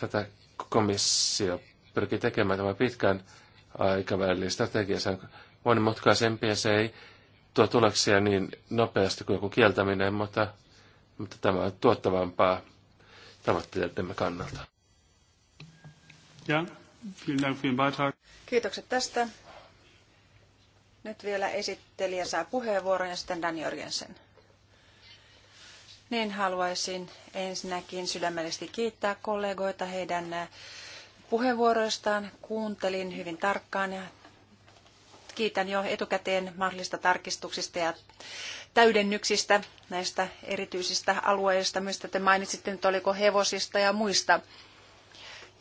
Tätä komissio pyrkii tekemään tämän pitkän aikavälin strategia. Se on monimutkaisempi ja se ei tuo tuloksia niin nopeasti kuin joku kieltäminen, mutta, mutta tämä on tuottavampaa tavoitteidemme kannalta. Ja, Kiitokset tästä. Nyt vielä esittelijä saa puheenvuoron ja sitten Dan Jorgensen. Niin haluaisin ensinnäkin sydämellisesti kiittää kollegoita heidän puheenvuoroistaan. Kuuntelin hyvin tarkkaan ja kiitän jo etukäteen mahdollisista tarkistuksista ja täydennyksistä näistä erityisistä alueista, mistä te mainitsitte nyt, oliko hevosista ja muista.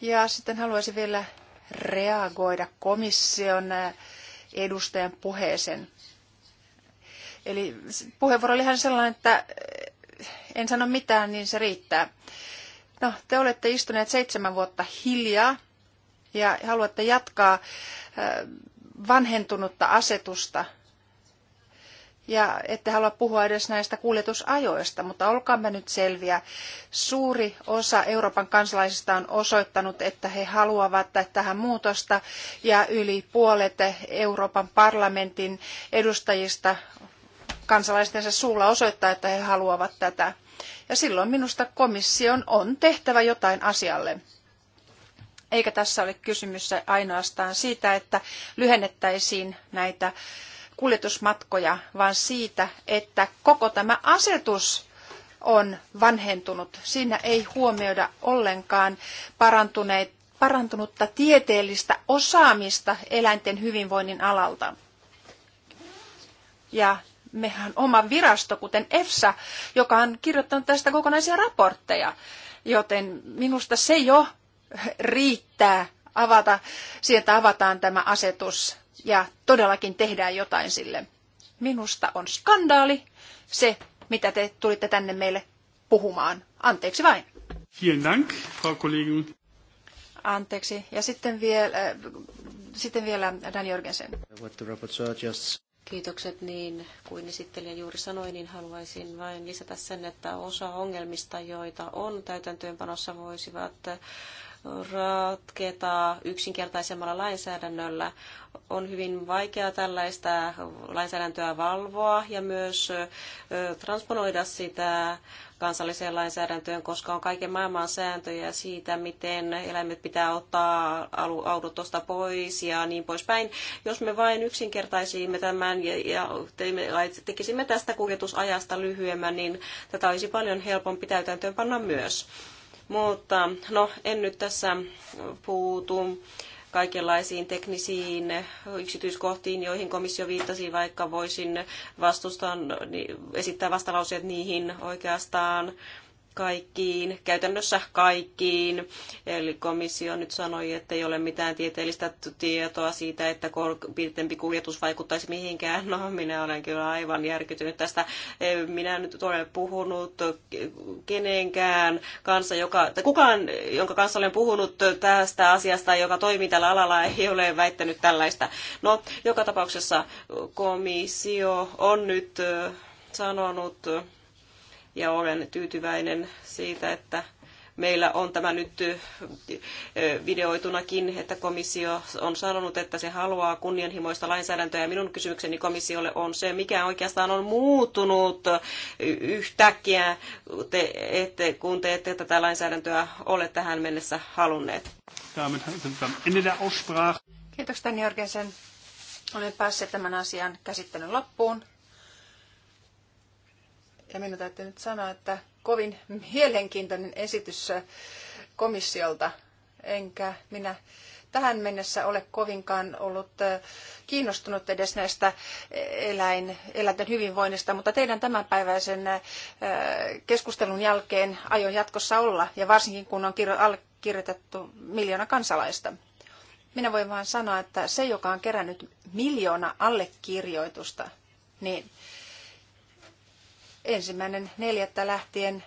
Ja sitten haluaisin vielä reagoida komission äh, edustajan puheeseen. Eli puheenvuoro oli ihan sellainen, että äh, en sano mitään, niin se riittää. No, te olette istuneet seitsemän vuotta hiljaa ja haluatte jatkaa äh, vanhentunutta asetusta ja ette halua puhua edes näistä kuljetusajoista, mutta olkaamme nyt selviä. Suuri osa Euroopan kansalaisista on osoittanut, että he haluavat tähän muutosta ja yli puolet Euroopan parlamentin edustajista kansalaistensa suulla osoittaa, että he haluavat tätä. Ja silloin minusta komission on tehtävä jotain asialle. Eikä tässä ole kysymys ainoastaan siitä, että lyhennettäisiin näitä kuljetusmatkoja, vaan siitä, että koko tämä asetus on vanhentunut. Siinä ei huomioida ollenkaan parantuneet, parantunutta tieteellistä osaamista eläinten hyvinvoinnin alalta. Ja mehän oma virasto, kuten EFSA, joka on kirjoittanut tästä kokonaisia raportteja. Joten minusta se jo riittää avata, sieltä avataan tämä asetus ja todellakin tehdään jotain sille. Minusta on skandaali se, mitä te tulitte tänne meille puhumaan. Anteeksi vain. Vielen Dank, Frau Kollegin. Anteeksi. Ja sitten vielä, äh, sitten vielä Dan Jörgensen. Kiitokset. Niin kuin esittelijä juuri sanoi, niin haluaisin vain lisätä sen, että osa ongelmista, joita on täytäntöönpanossa, voisivat ratketaa yksinkertaisemmalla lainsäädännöllä. On hyvin vaikea tällaista lainsäädäntöä valvoa ja myös transponoida sitä kansalliseen lainsäädäntöön, koska on kaiken maailman sääntöjä siitä, miten eläimet pitää ottaa audutosta pois ja niin poispäin. Jos me vain yksinkertaisimme tämän ja, ja teimme, tekisimme tästä kuljetusajasta lyhyemmän, niin tätä olisi paljon helpompi täytäntöönpanna myös. Mutta no, en nyt tässä puutu kaikenlaisiin teknisiin yksityiskohtiin, joihin komissio viittasi, vaikka voisin vastustaa, niin esittää vastalauseet niihin oikeastaan kaikkiin, käytännössä kaikkiin. Eli komissio nyt sanoi, että ei ole mitään tieteellistä tietoa siitä, että pidempi kuljetus vaikuttaisi mihinkään. No, minä olen kyllä aivan järkytynyt tästä. Eh, minä nyt olen puhunut kenenkään kanssa, joka, tai kukaan, jonka kanssa olen puhunut tästä asiasta, joka toimii tällä alalla, ei ole väittänyt tällaista. No, joka tapauksessa komissio on nyt eh, sanonut, ja olen tyytyväinen siitä, että meillä on tämä nyt videoitunakin, että komissio on sanonut, että se haluaa kunnianhimoista lainsäädäntöä. Ja minun kysymykseni komissiolle on se, mikä oikeastaan on muuttunut yhtäkkiä, te, ette, kun te ette tätä lainsäädäntöä ole tähän mennessä halunneet. Kiitos, Tän Jörgensen. Olen päässyt tämän asian käsittelyn loppuun. Ja minun täytyy nyt sanoa, että kovin mielenkiintoinen esitys äh, komissiolta, enkä minä tähän mennessä ole kovinkaan ollut äh, kiinnostunut edes näistä eläin, eläinten hyvinvoinnista, mutta teidän tämänpäiväisen äh, keskustelun jälkeen aion jatkossa olla, ja varsinkin kun on allekirjoitettu miljoona kansalaista. Minä voin vain sanoa, että se, joka on kerännyt miljoona allekirjoitusta, niin ensimmäinen neljättä lähtien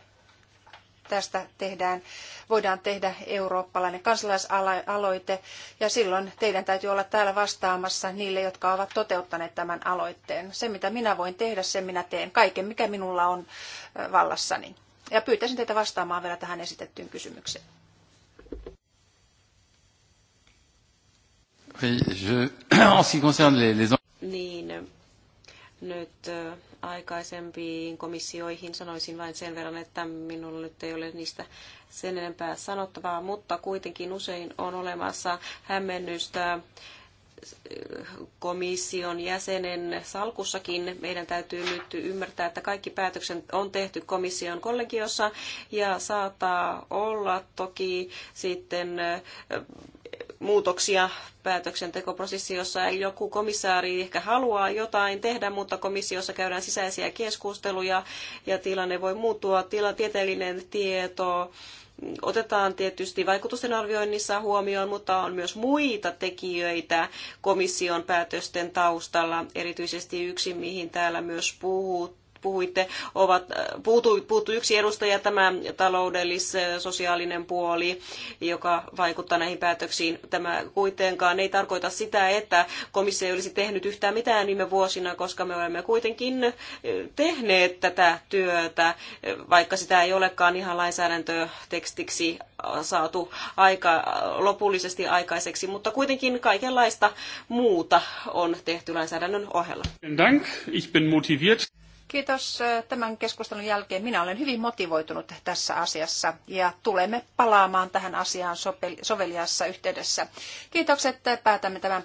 tästä tehdään, voidaan tehdä eurooppalainen kansalaisaloite ja silloin teidän täytyy olla täällä vastaamassa niille, jotka ovat toteuttaneet tämän aloitteen. Se, mitä minä voin tehdä, sen minä teen. Kaiken, mikä minulla on vallassani. Ja pyytäisin teitä vastaamaan vielä tähän esitettyyn kysymykseen. Niin, nyt aikaisempiin komissioihin. Sanoisin vain sen verran, että minulla nyt ei ole niistä sen enempää sanottavaa, mutta kuitenkin usein on olemassa hämmennystä komission jäsenen salkussakin. Meidän täytyy nyt ymmärtää, että kaikki päätökset on tehty komission kollegiossa ja saattaa olla toki sitten muutoksia päätöksentekoprosessi, jossa joku komissaari ehkä haluaa jotain tehdä, mutta komissiossa käydään sisäisiä keskusteluja ja tilanne voi muuttua. Tila, tieteellinen tieto otetaan tietysti vaikutusten arvioinnissa huomioon, mutta on myös muita tekijöitä komission päätösten taustalla, erityisesti yksi, mihin täällä myös puhut puhuitte, ovat, puutu, puuttu yksi edustaja tämä taloudellis-sosiaalinen puoli, joka vaikuttaa näihin päätöksiin. Tämä kuitenkaan ei tarkoita sitä, että komissio ei olisi tehnyt yhtään mitään viime vuosina, koska me olemme kuitenkin tehneet tätä työtä, vaikka sitä ei olekaan ihan lainsäädäntötekstiksi saatu aika, lopullisesti aikaiseksi, mutta kuitenkin kaikenlaista muuta on tehty lainsäädännön ohella. Dank. Ich bin motiviert. Kiitos tämän keskustelun jälkeen. Minä olen hyvin motivoitunut tässä asiassa ja tulemme palaamaan tähän asiaan soveliassa yhteydessä. Kiitokset. Päätämme tämän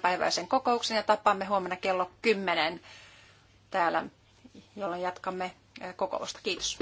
kokouksen ja tapaamme huomenna kello 10 täällä, jolloin jatkamme kokousta. Kiitos.